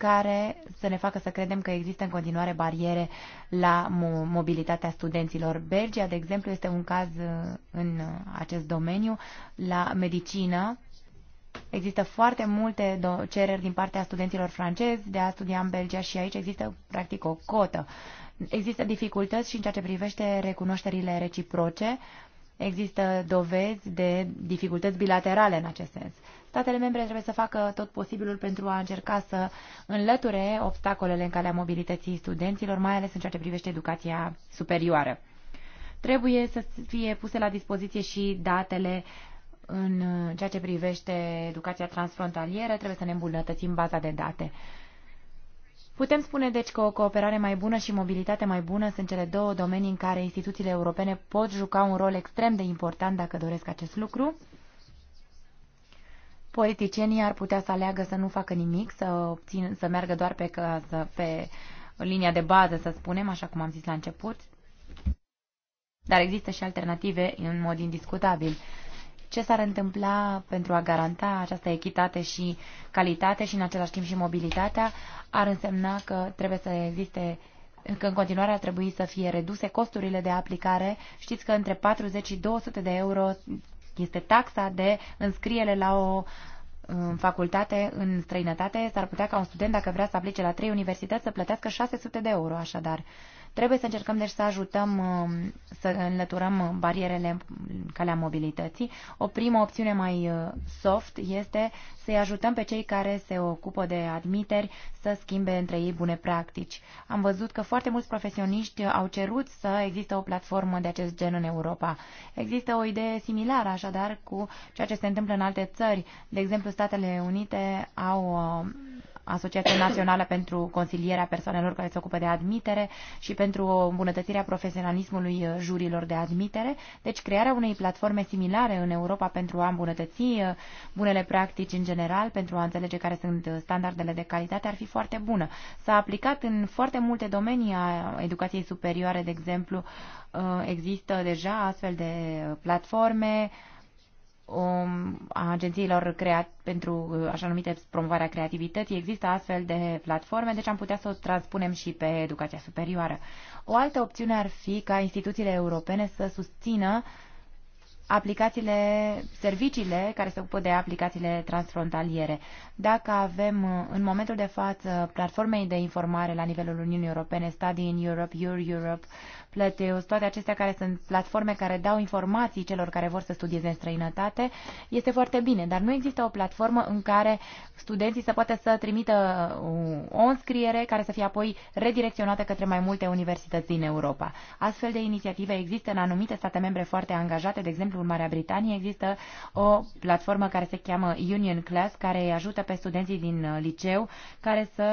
care să ne facă să credem că există în continuare bariere la mobilitatea studenților. Belgia, de exemplu, este un caz uh, în acest domeniu. La medicină există foarte multe cereri din partea studenților francezi de a studia în Belgia și aici există practic o cotă. Există dificultăți și în ceea ce privește recunoșterile reciproce Există dovezi de dificultăți bilaterale în acest sens. Statele membre trebuie să facă tot posibilul pentru a încerca să înlăture obstacolele în calea mobilității studenților, mai ales în ceea ce privește educația superioară. Trebuie să fie puse la dispoziție și datele în ceea ce privește educația transfrontalieră, trebuie să ne îmbunătățim baza de date. Putem spune deci că o cooperare mai bună și mobilitate mai bună sunt cele două domenii în care instituțiile europene pot juca un rol extrem de important dacă doresc acest lucru. Politicienii ar putea să aleagă să nu facă nimic, să, obțin, să meargă doar pe, că, să, pe linia de bază, să spunem, așa cum am zis la început. Dar există și alternative în mod indiscutabil ce s-ar întâmpla pentru a garanta această echitate și calitate și în același timp și mobilitatea, ar însemna că trebuie să existe că în continuare ar trebui să fie reduse costurile de aplicare. Știți că între 40 și 200 de euro este taxa de înscriere la o în um, facultate în străinătate, s-ar putea ca un student, dacă vrea să aplice la trei universități, să plătească 600 de euro, așadar. Trebuie să încercăm deci să ajutăm um, să înlăturăm barierele în calea mobilității. O primă opțiune mai uh, soft este să-i ajutăm pe cei care se ocupă de admiteri să schimbe între ei bune practici. Am văzut că foarte mulți profesioniști uh, au cerut să există o platformă de acest gen în Europa. Există o idee similară așadar cu ceea ce se întâmplă în alte țări. De exemplu, Statele Unite au uh, Asociația Națională pentru Consilierea Persoanelor care se ocupă de admitere și pentru îmbunătățirea profesionalismului jurilor de admitere. Deci crearea unei platforme similare în Europa pentru a îmbunătăți uh, bunele practici în general, pentru a înțelege care sunt standardele de calitate, ar fi foarte bună. S-a aplicat în foarte multe domenii a educației superioare, de exemplu, uh, există deja astfel de platforme, um, a agențiilor creat, pentru uh, așa numite promovarea creativității. Există astfel de platforme, deci am putea să o transpunem și pe educația superioară. O altă opțiune ar fi ca instituțiile europene să susțină aplicațiile, serviciile care se ocupă de aplicațiile transfrontaliere. Dacă avem uh, în momentul de față platforme de informare la nivelul Uniunii Europene, Study in Europe, Your Europe, Plateus, toate acestea care sunt platforme care dau informații celor care vor să studieze în străinătate, este foarte bine, dar nu există o platformă în care studenții să poată să trimită uh, o înscriere care să fie apoi redirecționată către mai multe universități din Europa. Astfel de inițiative există în anumite state membre foarte angajate, de exemplu în Marea Britanie există o platformă care se cheamă Union Class, care îi ajută pe studenții din uh, liceu care să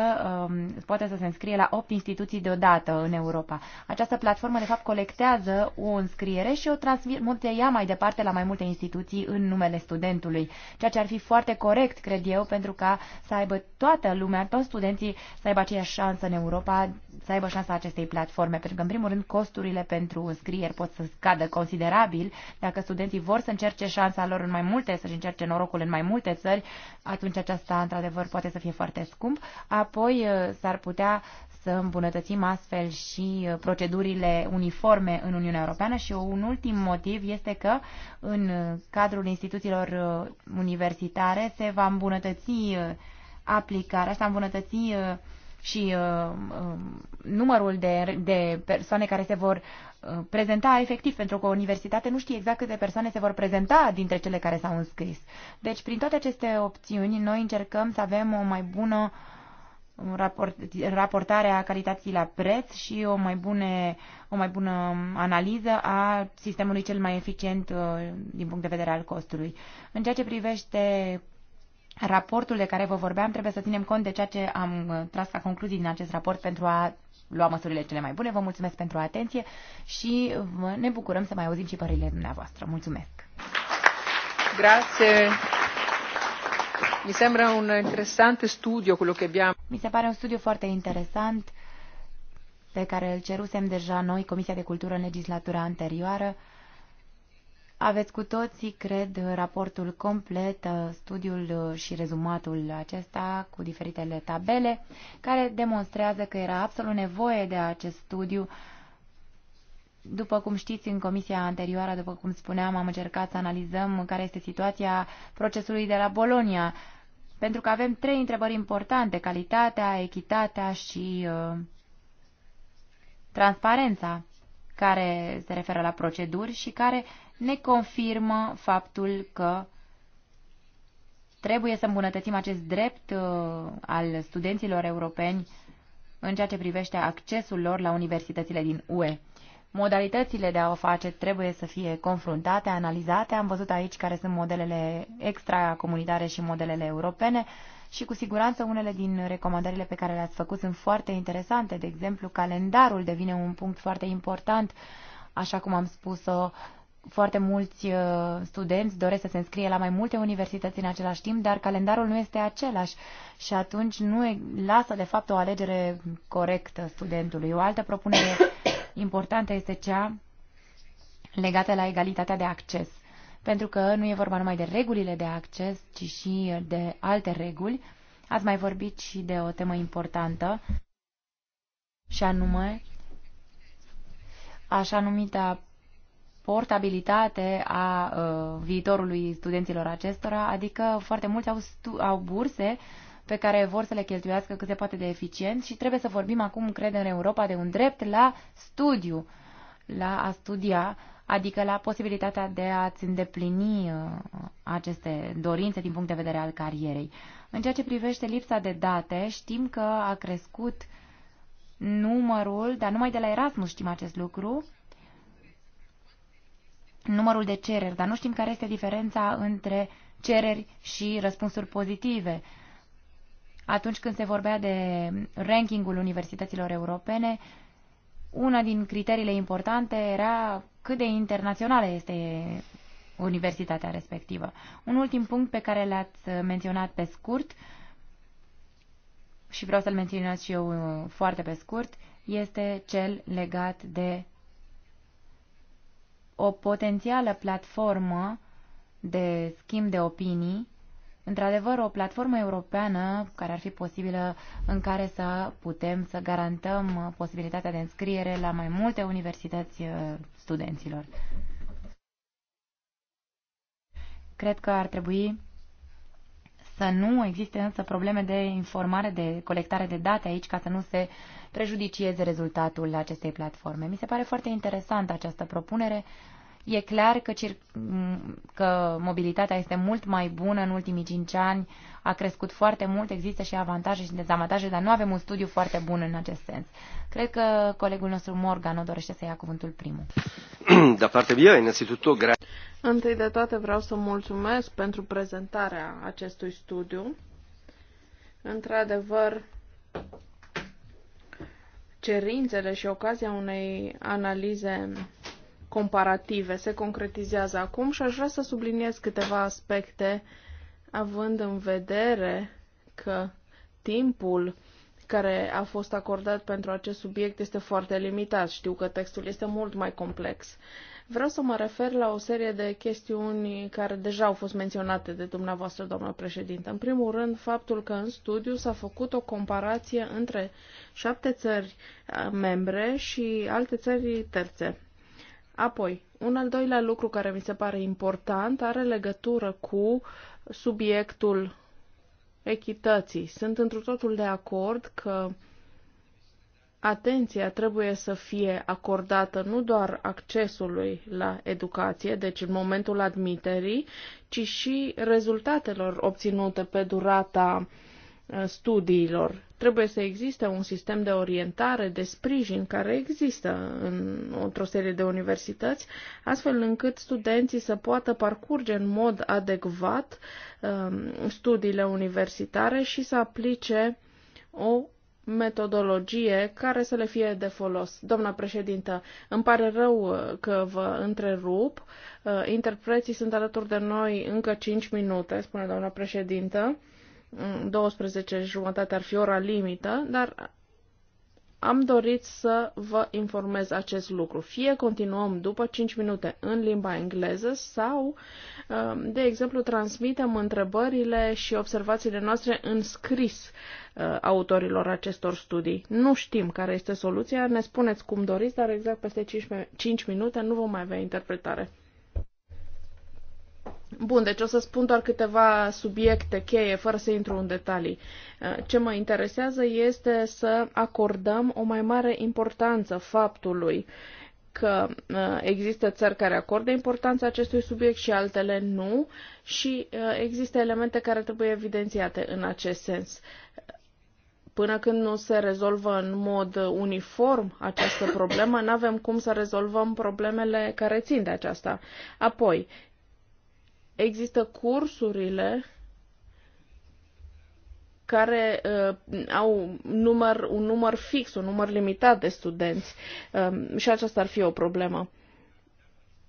um, poată să se înscrie la 8 instituții deodată în Europa. Această platformă platformă, de fapt, colectează o înscriere și o transmite ea mai departe la mai multe instituții în numele studentului, ceea ce ar fi foarte corect, cred eu, pentru ca să aibă toată lumea, toți studenții să aibă aceeași șansă în Europa, să aibă șansa acestei platforme, pentru că, în primul rând, costurile pentru înscrieri pot să scadă considerabil. Dacă studenții vor să încerce șansa lor în mai multe, să-și încerce norocul în mai multe țări, atunci aceasta, într-adevăr, poate să fie foarte scump. Apoi s-ar putea să îmbunătățim astfel și uh, procedurile uniforme în Uniunea Europeană și un ultim motiv este că în uh, cadrul instituțiilor uh, universitare se va îmbunătăți aplicarea, se va îmbunătăți și um, numărul de, de persoane care se vor prezenta efectiv, pentru că o universitate nu știe exact câte persoane se vor prezenta dintre cele care s-au înscris. Deci, prin toate aceste opțiuni, noi încercăm să avem o mai bună uh, raportarea calității la preț și o mai, bune, o mai bună analiză a sistemului cel mai eficient uh, din punct de vedere al costului. În ceea ce privește raportul de care vă vorbeam, trebuie să ținem cont de ceea ce am uh, tras ca concluzii din acest raport pentru a lua măsurile cele mai bune. Vă mulțumesc pentru atenție și uh, ne bucurăm să mai auzim și părerile dumneavoastră. Mulțumesc! Grazie! Mi sembra un interessante studio quello che abbiamo. Mi se pare un studiu foarte interesant pe care îl cerusem deja noi, Comisia de Cultură în legislatura anterioară. Aveți cu toții, cred, raportul complet, uh, studiul uh, și rezumatul acesta cu diferitele tabele, care demonstrează că era absolut nevoie de acest studiu uh, după cum știți, în comisia anterioară, după cum spuneam, am încercat să analizăm care este situația procesului de la Bolonia, pentru că avem trei întrebări importante, calitatea, echitatea și uh, transparența, care se referă la proceduri și care ne confirmă faptul că trebuie să îmbunătățim acest drept uh, al studenților europeni în ceea ce privește accesul lor la universitățile din UE. Modalitățile de a o face trebuie să fie confruntate, analizate. Am văzut aici care sunt modelele extracomunitare și modelele europene și cu siguranță unele din recomandările pe care le-ați făcut sunt foarte interesante. De exemplu, calendarul devine un punct foarte important, așa cum am spus-o foarte mulți uh, studenți doresc să se înscrie la mai multe universități în același timp, dar calendarul nu este același și atunci nu e lasă de fapt o alegere corectă studentului. O altă propunere importantă este cea legată la egalitatea de acces, pentru că nu e vorba numai de regulile de acces, ci și de alte reguli. Ați mai vorbit și de o temă importantă, și anume așa numita portabilitate a uh, viitorului studenților acestora, adică foarte mulți au, au burse pe care vor să le cheltuiască cât se poate de eficient și trebuie să vorbim acum, cred, în Europa de un drept la studiu, la a studia, adică la posibilitatea de a-ți îndeplini uh, aceste dorințe din punct de vedere al carierei. În ceea ce privește lipsa de date, știm că a crescut numărul, dar numai de la Erasmus știm acest lucru, numărul de cereri, dar nu știm care este diferența între cereri și răspunsuri pozitive. Atunci când se vorbea de rankingul universităților europene, una din criteriile importante era cât de internațională este universitatea respectivă. Un ultim punct pe care l-ați menționat pe scurt și vreau să-l menționez și eu foarte pe scurt, este cel legat de o potențială platformă de schimb de opinii, într-adevăr o platformă europeană care ar fi posibilă în care să putem să garantăm posibilitatea de înscriere la mai multe universități uh, studenților. Cred că ar trebui să nu existe însă probleme de informare, de colectare de date aici, ca să nu se uh, prejudicieze rezultatul acestei platforme. Mi se pare foarte interesantă această propunere. E clar că, că mobilitatea este mult mai bună în ultimii cinci ani, a crescut foarte mult, există și avantaje și dezavantaje, dar nu avem un studiu foarte bun în acest sens. Cred că colegul nostru Morgan o dorește să ia cuvântul primul. Da, parte mie, innanzitutto, gra- Întâi de toate vreau să mulțumesc pentru prezentarea acestui studiu. Într-adevăr, cerințele și ocazia unei analize comparative se concretizează acum și aș vrea să subliniez câteva aspecte având în vedere că timpul care a fost acordat pentru acest subiect este foarte limitat. Știu că textul este mult mai complex. Uh, Vreau să mă refer la o serie de chestiuni care deja au fost menționate de dumneavoastră, domnul președinte. În primul rând, faptul că în studiu s-a făcut o comparație între șapte țări membre și alte țări terțe. Apoi, un al doilea lucru care mi se pare important are legătură cu subiectul echității. Sunt într totul de acord că uh, atenția trebuie să fie acordată nu doar accesului la educație, deci în momentul admiterii, ci și rezultatelor obținute pe durata uh, studiilor. Trebuie să existe un sistem de orientare, de sprijin care există în, într-o serie de universități, astfel încât studenții să poată parcurge în mod adecvat um, studiile universitare și să aplice o metodologie care să le fie de folos. Doamna președintă, îmi pare rău uh, că vă întrerup. Uh, interpreții sunt alături de noi încă 5 minute, spune doamna președintă. 12 mm, jumătate ar fi ora limită, dar am dorit să vă informez acest lucru. Fie continuăm după 5 minute în limba engleză sau, um, de exemplu, transmitem întrebările și observațiile noastre în scris uh, autorilor acestor studii. Nu știm care este soluția, ne spuneți cum doriți, dar exact peste 5 minute nu vom mai avea interpretare. Bun, deci o să spun doar câteva subiecte cheie, fără să intru în detalii. Uh, ce mă interesează este să acordăm o mai mare importanță faptului că uh, există țări care acordă importanța acestui subiect și altele nu și uh, există elemente care trebuie evidențiate în acest sens. Până când nu se rezolvă în mod uniform această problemă, nu avem cum să rezolvăm problemele care țin de aceasta. Apoi, Există cursurile care uh, au număr, un număr fix, un număr limitat de studenți uh, și aceasta ar fi o problemă.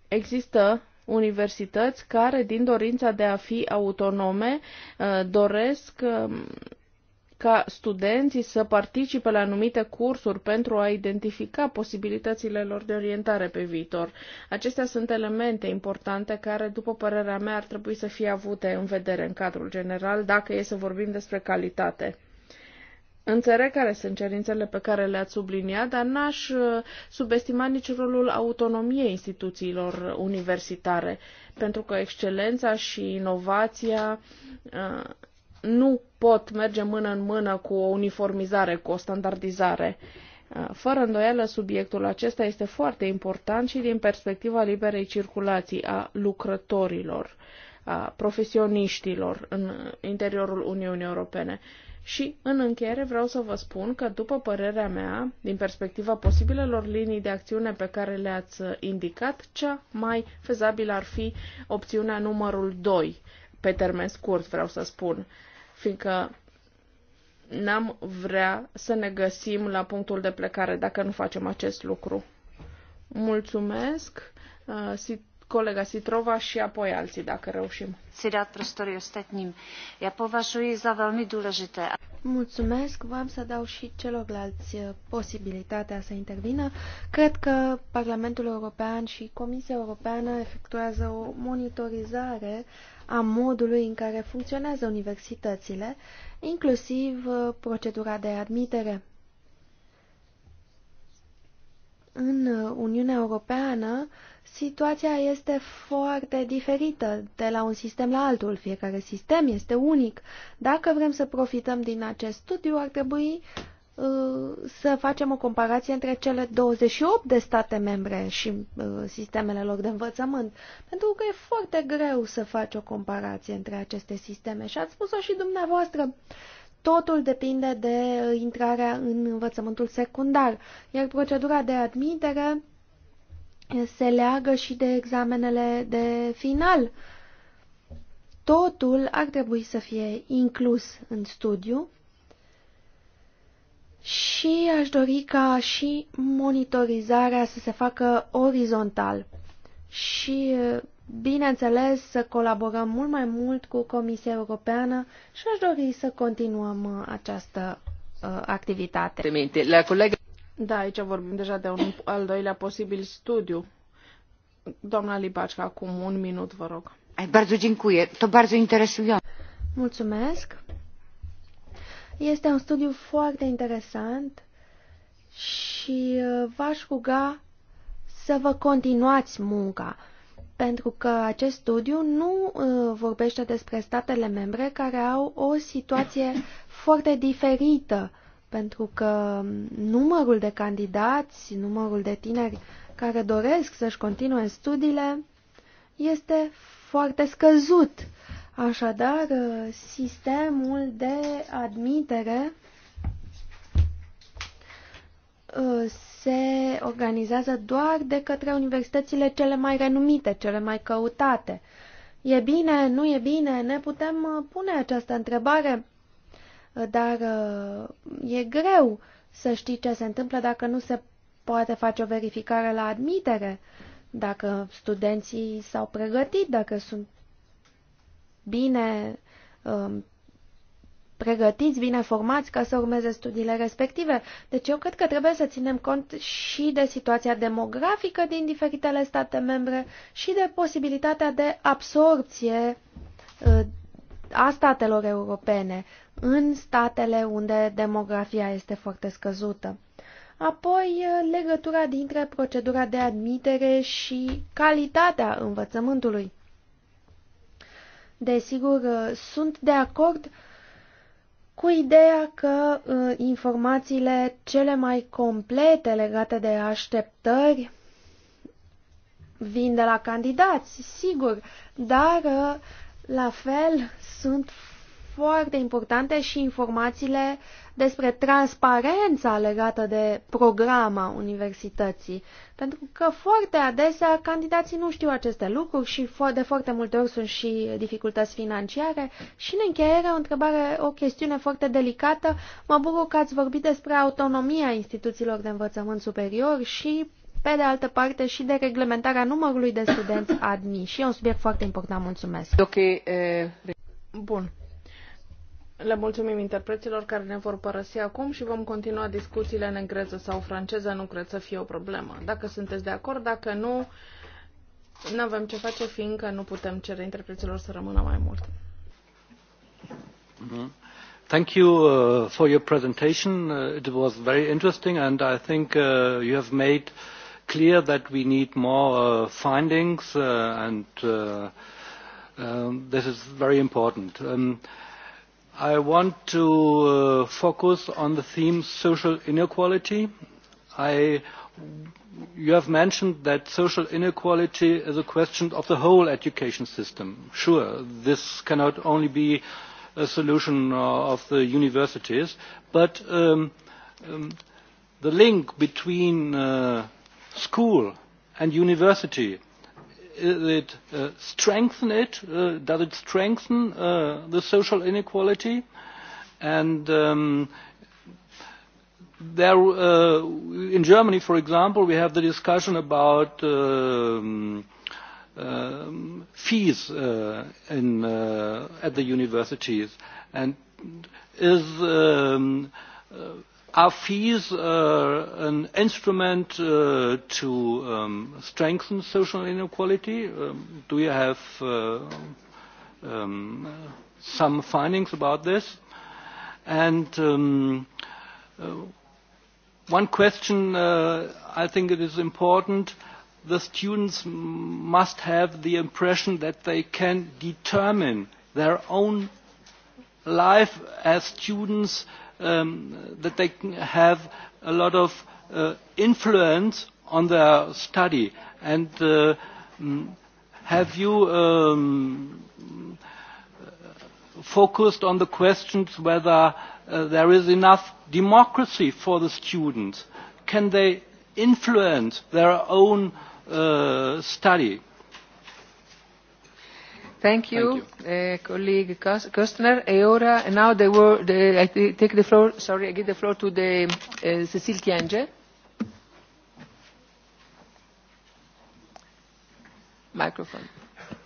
Există universități care, din dorința de a fi autonome, uh, doresc um, ca studenții să participe la anumite cursuri pentru a identifica posibilitățile lor de orientare pe viitor. Acestea sunt elemente importante care, după părerea mea, ar trebui să fie avute în vedere în cadrul general dacă e să vorbim despre calitate. Înțeleg care sunt cerințele pe care le-ați subliniat, dar n-aș uh, subestima nici rolul autonomiei instituțiilor universitare, pentru că excelența și inovația uh, nu pot merge mână în mână cu o uniformizare, cu o standardizare. Uh, fără îndoială, subiectul acesta este foarte important și din perspectiva liberei circulații a lucrătorilor, a profesioniștilor în interiorul Uniunii Europene. Și, în încheiere, vreau să vă spun că, după părerea mea, din perspectiva posibilelor linii de acțiune pe care le-ați indicat, cea mai fezabilă ar fi opțiunea numărul 2, pe termen scurt, vreau să spun fiindcă n-am vrea să ne găsim la punctul de plecare dacă nu facem acest lucru. Mulțumesc, kolega uh, Sitrova și apoi alții, dacă reușim. Si dat prostorii ostatnim. Ja považuji za velmi důležité. Mulțumesc, v-am să dau și celorlalți uh, posibilitatea să intervină. Cred că Parlamentul European și Comisia Europeană efectuează o monitorizare uh, a modului în care funcționează universitățile, inclusiv uh, procedura de admitere. În Uniunea Europeană, situația este foarte diferită de la un sistem la altul. Fiecare sistem este unic. Dacă vrem să profităm din acest studiu, ar trebui Uh, să facem o comparație între cele 28 de state membre și uh, sistemele lor de învățământ, pentru că e foarte greu să faci o comparație între aceste sisteme și ați spus-o și dumneavoastră. Totul depinde de intrarea în învățământul secundar, iar procedura de admitere se leagă și de examenele de final. Totul ar trebui să fie inclus în studiu și aș dori ca și monitorizarea să se facă orizontal și, bineînțeles, să colaborăm mult mai mult cu Comisia Europeană și aș dori să continuăm uh, această uh, activitate. La colegă... Da, aici vorbim deja de un al doilea posibil studiu. Doamna Libacica, acum un minut, vă rog. Bardzo dziękuję. To bardzo interesujące. Mulțumesc. Este un studiu foarte interesant și uh, v-aș ruga să vă continuați munca, pentru că acest studiu nu uh, vorbește despre statele membre care au o situație foarte diferită, pentru că um, numărul de candidați, numărul de tineri care doresc să-și continue studiile este foarte scăzut Așadar, sistemul de admitere uh, se organizează doar de către universitățile cele mai renumite, cele mai căutate. E bine, nu e bine, ne putem uh, pune această întrebare, uh, dar e greu să știi ce se întâmplă dacă nu se poate face o verificare la admitere, dacă studenții s-au pregătit, dacă sunt bine um, pregătiți, bine formați ca să urmeze studiile respective. Deci eu cred că trebuie să ținem cont și de situația demografică din diferitele state membre și de posibilitatea de absorpție uh, a statelor europene în statele unde demografia este foarte scăzută. Apoi, uh, legătura dintre procedura de admitere și calitatea învățământului. Desigur, uh, sunt de acord cu ideea că uh, informațiile cele mai complete legate de așteptări vin de la candidați, sigur, dar uh, la fel sunt foarte importante și informațiile despre transparența legată de programa universității, pentru că foarte adesea candidații nu știu aceste lucruri și de foarte multe ori sunt și dificultăți financiare. Și în încheiere, o întrebare, o chestiune foarte delicată. Mă bucur că ați vorbit despre autonomia instituțiilor de învățământ superior și pe de altă parte și de reglementarea numărului de studenți admiși. E un subiect foarte important, mulțumesc. Okay, uh... Bun. Le mulțumim interpreților care ne vor părăsi acum și vom continua discuțiile în engleză sau franceză, nu cred să fie o problemă. Dacă sunteți de acord, dacă nu, nu avem ce face, fiindcă nu putem cere interpreților să rămână mai mult. Mm -hmm. Thank you uh, for your presentation. Uh, it was very interesting and I think uh, you have made clear that we need more uh, findings uh, and uh, um, this is very important. Um, I want to uh, focus on the theme social inequality. I, you have mentioned that social inequality is a question of the whole education system. Sure, this cannot only be a solution uh, of the universities, but um, um, the link between uh, school and university it uh, strengthen it? Uh, does it strengthen uh, the social inequality? And um, there, uh, in Germany, for example, we have the discussion about um, um, fees uh, in, uh, at the universities. And is um, uh, are fees uh, an instrument uh, to um, strengthen social inequality? Um, do you have uh, um, some findings about this? And um, uh, one question uh, I think it is important the students must have the impression that they can determine their own life as students uh, um, that they have a lot of uh, influence on their study. And uh, mm, have you um, focused on the questions whether uh, there is enough democracy for the students? Can they influence their own uh, study? Thank you, uh, colleague Kostner. and now the word, I take the floor, sorry, I give the floor to the uh, Cecile Kienge. Microphone.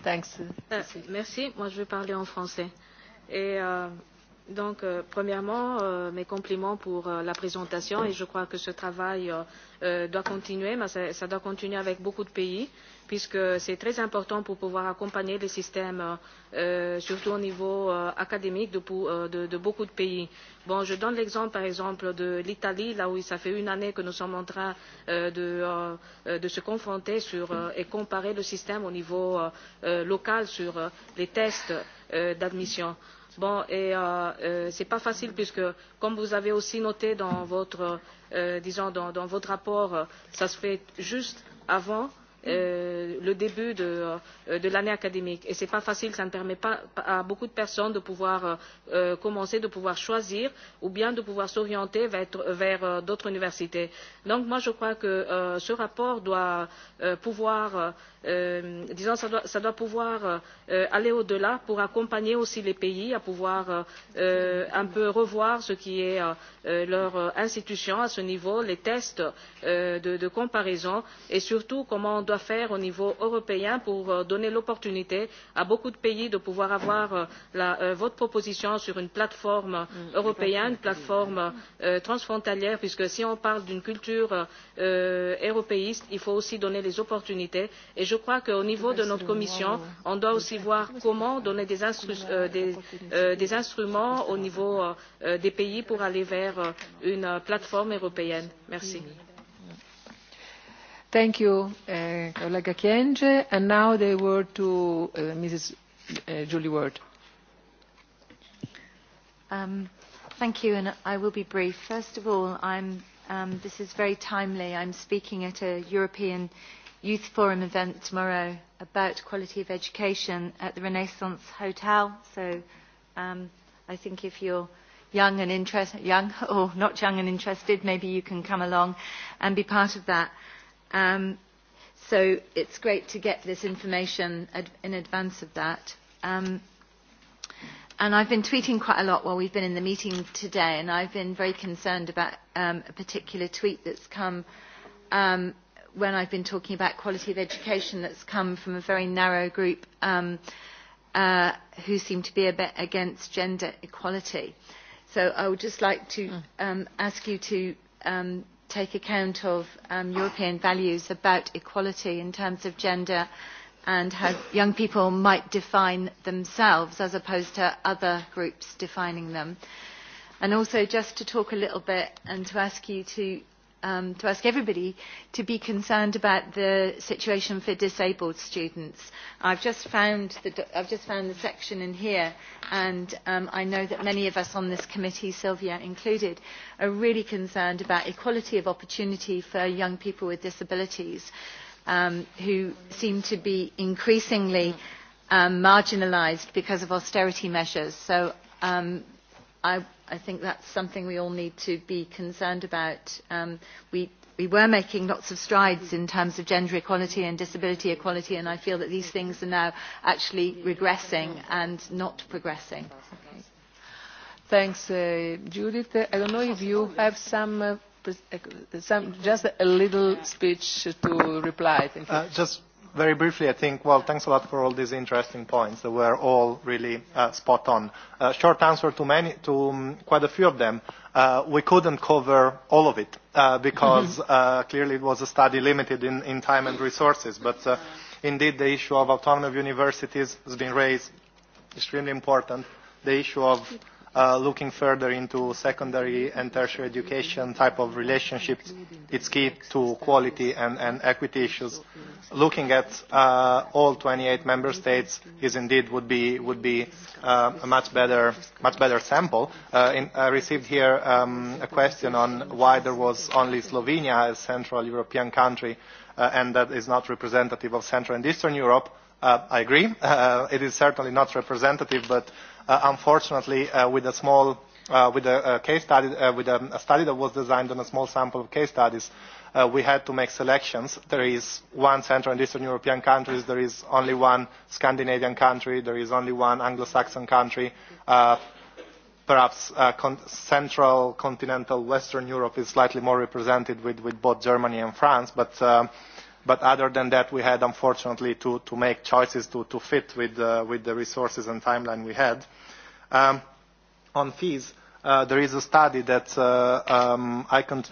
Thanks. Uh, merci. Moi, je vais parler en français. Et euh, Donc, euh, premièrement, euh, mes compliments pour euh, la présentation et je crois que ce travail euh, euh, doit continuer, mais ça, ça doit continuer avec beaucoup de pays puisque c'est très important pour pouvoir accompagner les systèmes, euh, surtout au niveau euh, académique de, pour, euh, de, de beaucoup de pays. Bon, je donne l'exemple par exemple de l'Italie, là où ça fait une année que nous sommes en train euh, de, euh, euh de se confronter sur, euh, et comparer le système au niveau euh, euh local sur euh, les tests euh, d'admission. Bon, et euh, euh, c'est pas facile puisque, comme vous avez aussi noté dans votre, euh, disons dans, dans votre rapport, euh, ça se fait juste avant Euh, le début de, euh, de l'année académique. Et ce n'est pas facile, ça ne permet pas à beaucoup de personnes de pouvoir euh, euh, commencer, de pouvoir choisir ou bien de pouvoir s'orienter vers, vers euh, d'autres universités. Donc moi je crois que euh, ce rapport doit euh, pouvoir, euh, disons, ça doit, ça doit pouvoir euh, aller au-delà pour accompagner aussi les pays à pouvoir euh, un peu revoir ce qui est euh, leur institution à ce niveau, les tests euh, de, de comparaison et surtout comment on doit doit faire au niveau européen pour euh, donner l'opportunité à beaucoup de pays de pouvoir avoir euh, la, euh, votre proposition sur une plateforme mm, européenne, une plateforme euh, transfrontalière, puisque si on parle d'une culture euh, européiste, il faut aussi donner les opportunités. Et je crois qu'au niveau de notre commission, on doit aussi voir comment donner des, instru euh, des, euh, des instruments au niveau euh, des pays pour aller vers une plateforme européenne. Merci. Thank you, uh, eh, colleague And now the word to uh, eh, Mrs. Eh, Julie Ward. Um, thank you, and I will be brief. First of all, I'm, um, this is very timely. I'm speaking at a European Youth Forum event tomorrow about quality of education at the Renaissance Hotel. So um, I think if you're young and interested, young or not young and interested, maybe you can come along and be part of that. Um, so it's great to get this information ad in advance of that. Um, and I've been tweeting quite a lot while we've been in the meeting today, and I've been very concerned about um, a particular tweet that's come um, when I've been talking about quality of education that's come from a very narrow group um, uh, who seem to be a bit against gender equality. So I would just like to hmm. um, ask you to um, take account of um, European values about equality in terms of gender and how young people might define themselves as opposed to other groups defining them. And also just to talk a little bit and to ask you to um, to ask everybody to be concerned about the situation for disabled students. I've just found the, I've just found the section in here, and um, I know that many of us on this committee, Sylvia included, are really concerned about equality of opportunity for young people with disabilities um, who seem to be increasingly um, marginalised because of austerity measures. So um, I I think that's something we all need to be concerned about. Um, we, we were making lots of strides in terms of gender equality and disability equality, and I feel that these things are now actually regressing and not progressing. Okay. Thanks, uh, Judith. I don't know if you have some, uh, uh some just a little speech to reply. Thank you. Uh, just very briefly, I think, well, thanks a lot for all these interesting points that were all really uh, spot on. Uh, short answer to many, to um, quite a few of them. Uh, we couldn't cover all of it uh, because uh, clearly it was a study limited in, in time and resources. But uh, indeed, the issue of autonomy of universities has been raised, extremely important. The issue of Uh, looking further into secondary and tertiary education type of relationships, it's key to quality and, and equity issues. Looking at uh, all 28 member states is indeed would be would be uh, a much better much better sample. Uh, in, I received here um, a question on why there was only Slovenia as Central European country uh, and that is not representative of Central and Eastern Europe. Uh, I agree. Uh, it is certainly not representative, but uh, unfortunately, uh, with a small, uh, with a, a case study, uh, with a, a study that was designed on a small sample of case studies, uh, we had to make selections. There is one Central and Eastern European country, there is only one Scandinavian country, there is only one Anglo-Saxon country. Uh, perhaps uh, con central, continental, Western Europe is slightly more represented with, with both Germany and France, but uh, But other than that, we had, unfortunately, to, to make choices to, to fit with, uh, with the resources and timeline we had. Um, on fees, uh, there is a study that uh, um, Icon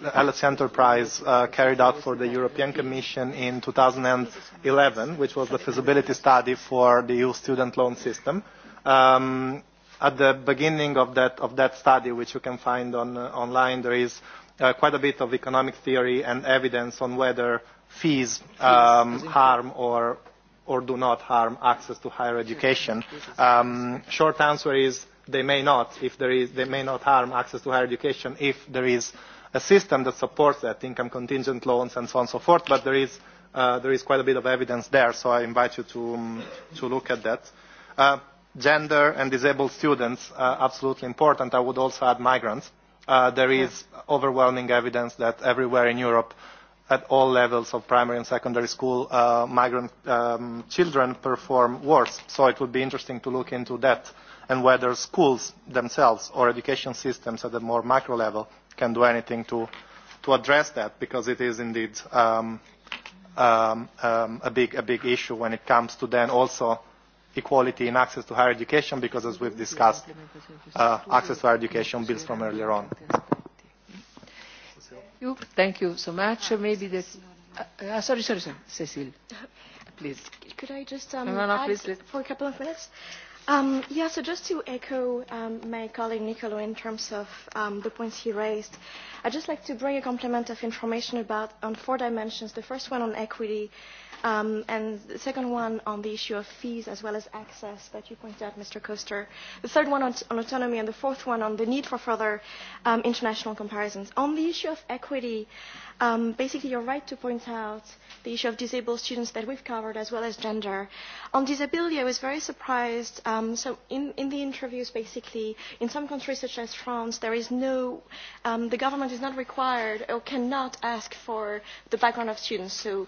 Enterprise uh, carried out for the European Commission in 2011, which was the feasibility study for the EU student loan system. Um, at the beginning of that, of that study, which you can find on, uh, online, there is uh, quite a bit of economic theory and evidence on whether fees um, harm or or do not harm access to higher education? Um, short answer is they may not. If there is, they may not harm access to higher education if there is a system that supports that, income contingent loans and so on and so forth. But there is uh, there is quite a bit of evidence there, so I invite you to um, to look at that. Uh, gender and disabled students uh, absolutely important. I would also add migrants. Uh, there is overwhelming evidence that everywhere in Europe at all levels of primary and secondary school uh, migrant um, children perform worse. So it would be interesting to look into that and whether schools themselves or education systems at a more macro level can do anything to, to address that because it is indeed um, um, um, a, big, a big issue when it comes to then also equality in access to higher education because as we've discussed, uh, access to higher education builds from earlier on. Thank you so much. Ah, Maybe that. Uh, uh, sorry, sorry, sorry. Cecile, please. Could I just um, no, no, no, add please, please. for a couple of minutes? Um, yeah, so just to echo um, my colleague Nicolo in terms of um, the points he raised, I'd just like to bring a complement of information about on four dimensions. The first one on equity Um, and the second one on the issue of fees as well as access that you pointed out, Mr. Koester. The third one on, on autonomy and the fourth one on the need for further um, international comparisons. On the issue of equity, um, basically you're right to point out the issue of disabled students that we've covered as well as gender. On disability, I was very surprised. Um, so in, in the interviews, basically, in some countries such as France, there is no, um, the government is not required or cannot ask for the background of students. So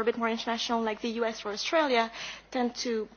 are a bit more international, like the US or Australia, tend to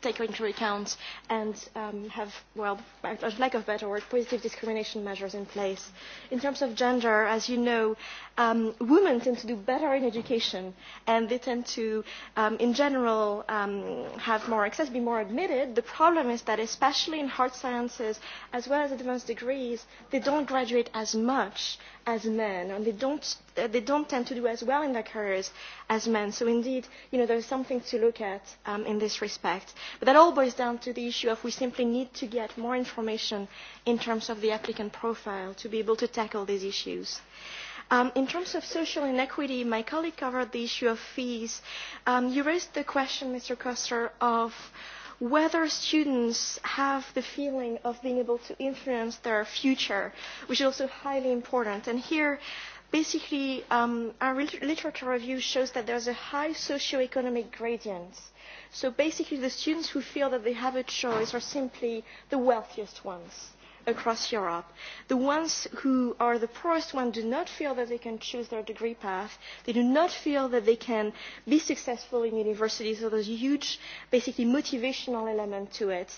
take into account and um, have, well, a lack of better word, positive discrimination measures in place. In terms of gender, as you know, um, women tend to do better in education and they tend to, um, in general, um, have more access, be more admitted. The problem is that especially in hard sciences, as well as advanced degrees, they don't graduate as much as men and they don't Uh, they don't tend to do as well in their careers as men. So indeed, you know, there's something to look at um, in this respect. But that all boils down to the issue of we simply need to get more information in terms of the applicant profile to be able to tackle these issues. Um, in terms of social inequity, my colleague covered the issue of fees. Um, you raised the question, Mr. Koster, of whether students have the feeling of being able to influence their future, which is also highly important. And here, basically um, our literature review shows that there is a high socio-economic gradient. So basically the students who feel that they have a choice are simply the wealthiest ones across Europe. The ones who are the poorest ones do not feel that they can choose their degree path. They do not feel that they can be successful in university. So there's a huge, basically, motivational element to it.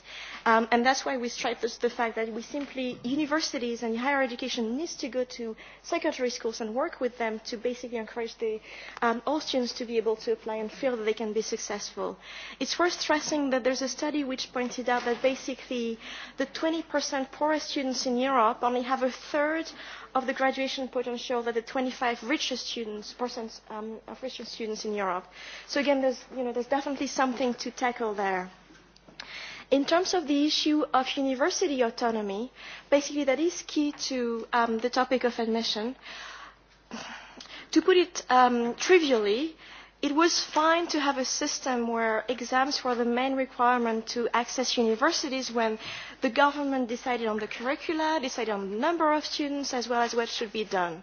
Um, and that's why we stress the, the fact that we simply, universities and higher education needs to go to secondary schools and work with them to basically encourage the, um, all students to be able to apply and feel that they can be successful. It's worth stressing that there's a study which pointed out that basically the 20% poorest poorest students in Europe only have a third of the graduation potential that the 25 richest students, percent um, of richest students in Europe. So again, there's, you know, there's definitely something to tackle there. In terms of the issue of university autonomy, basically that is key to um, the topic of admission. To put it um, trivially, it was fine to have a system where exams were the main requirement to access universities when the government decided on the curricula decided on the number of students as well as what should be done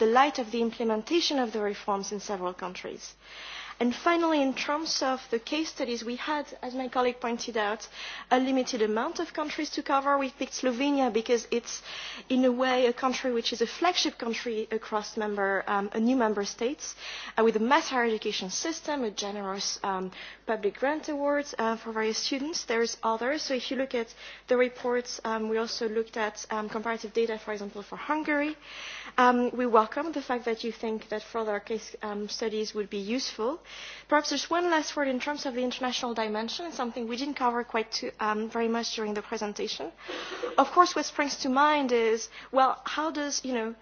the light of the implementation of the reforms in several countries. And finally, in terms of the case studies, we had, as my colleague pointed out, a limited amount of countries to cover. We picked Slovenia because it's, in a way, a country which is a flagship country across member, um, new member states, uh, with a mass higher education system, a generous um, public grant awards uh, for various students. There are others. So if you look at the reports, um, we also looked at um, comparative data, for example, for Hungary. Um, we welcome the fact that you think that further case um, studies would be useful. Perhaps there's one last word in terms of the international dimension, something we didn't cover quite too, um, very much during the presentation. Of course, what springs to mind is, well, how does, you know,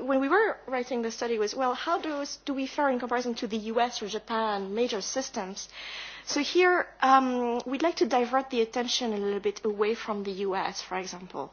when we were writing the study was, well, how does, do we fare in comparison to the US or Japan, major systems? So here, um, we'd like to divert the attention a little bit away from the US, for example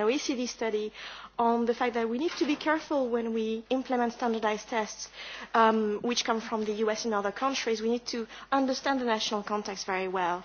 oecd study on the fact that we need to be careful when we implement standardized tests um, which come from the us and other countries. we need to understand the national context very well.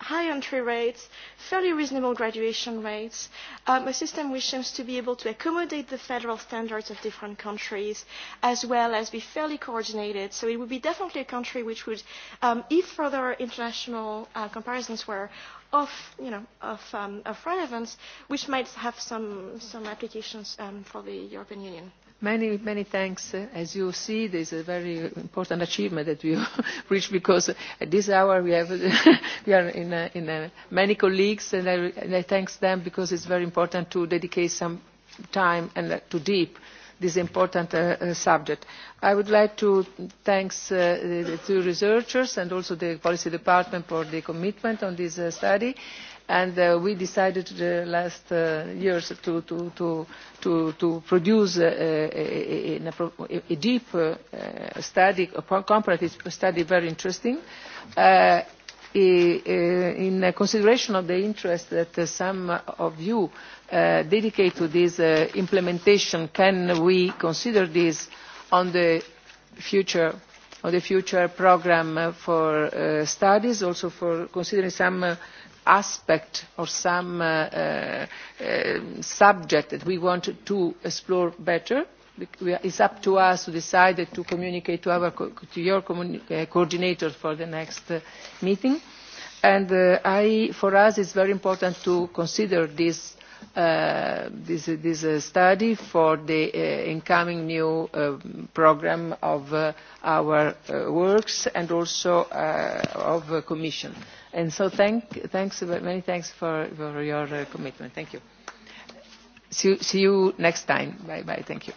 high entry rates, fairly reasonable graduation rates, um, a system which seems to be able to accommodate the federal standards of different countries, as well as be fairly coordinated. So it would be definitely a country which would, um, if further international uh, comparisons were of, you know, of, um, of relevance, which might have some, some applications um, for the European Union. Many, many thanks. As you see, this is a very important achievement that we reached because at this hour we, have, we are in, a, in a, many colleagues and I, and I thank them because it's very important to dedicate some time and uh, to deep this important uh, uh, subject. I would like to thank uh, the, the two researchers and also the policy department for the commitment on this uh, study. Uh, and uh, we decided the uh, last uh, years to, to, to, to, to produce uh, a, a, a, a deep uh, uh, study, a comparative study, very interesting, uh, in consideration of the interest that some of you uh, dedicate to this uh, implementation. Can we consider this on the future on the future program for uh, studies, also for considering some uh, aspect or some uh, uh, uh, subject that we want to explore better it is up to us to decide to communicate to, our, to your coordinator for the next meeting and uh, I, for us it's very important to consider this, uh, this, this uh, study for the incoming new um, program of our works and also of the commission. And so thank, thanks, many thanks for, for your uh, commitment. Thank you. See, see you next time. Bye bye. Thank you.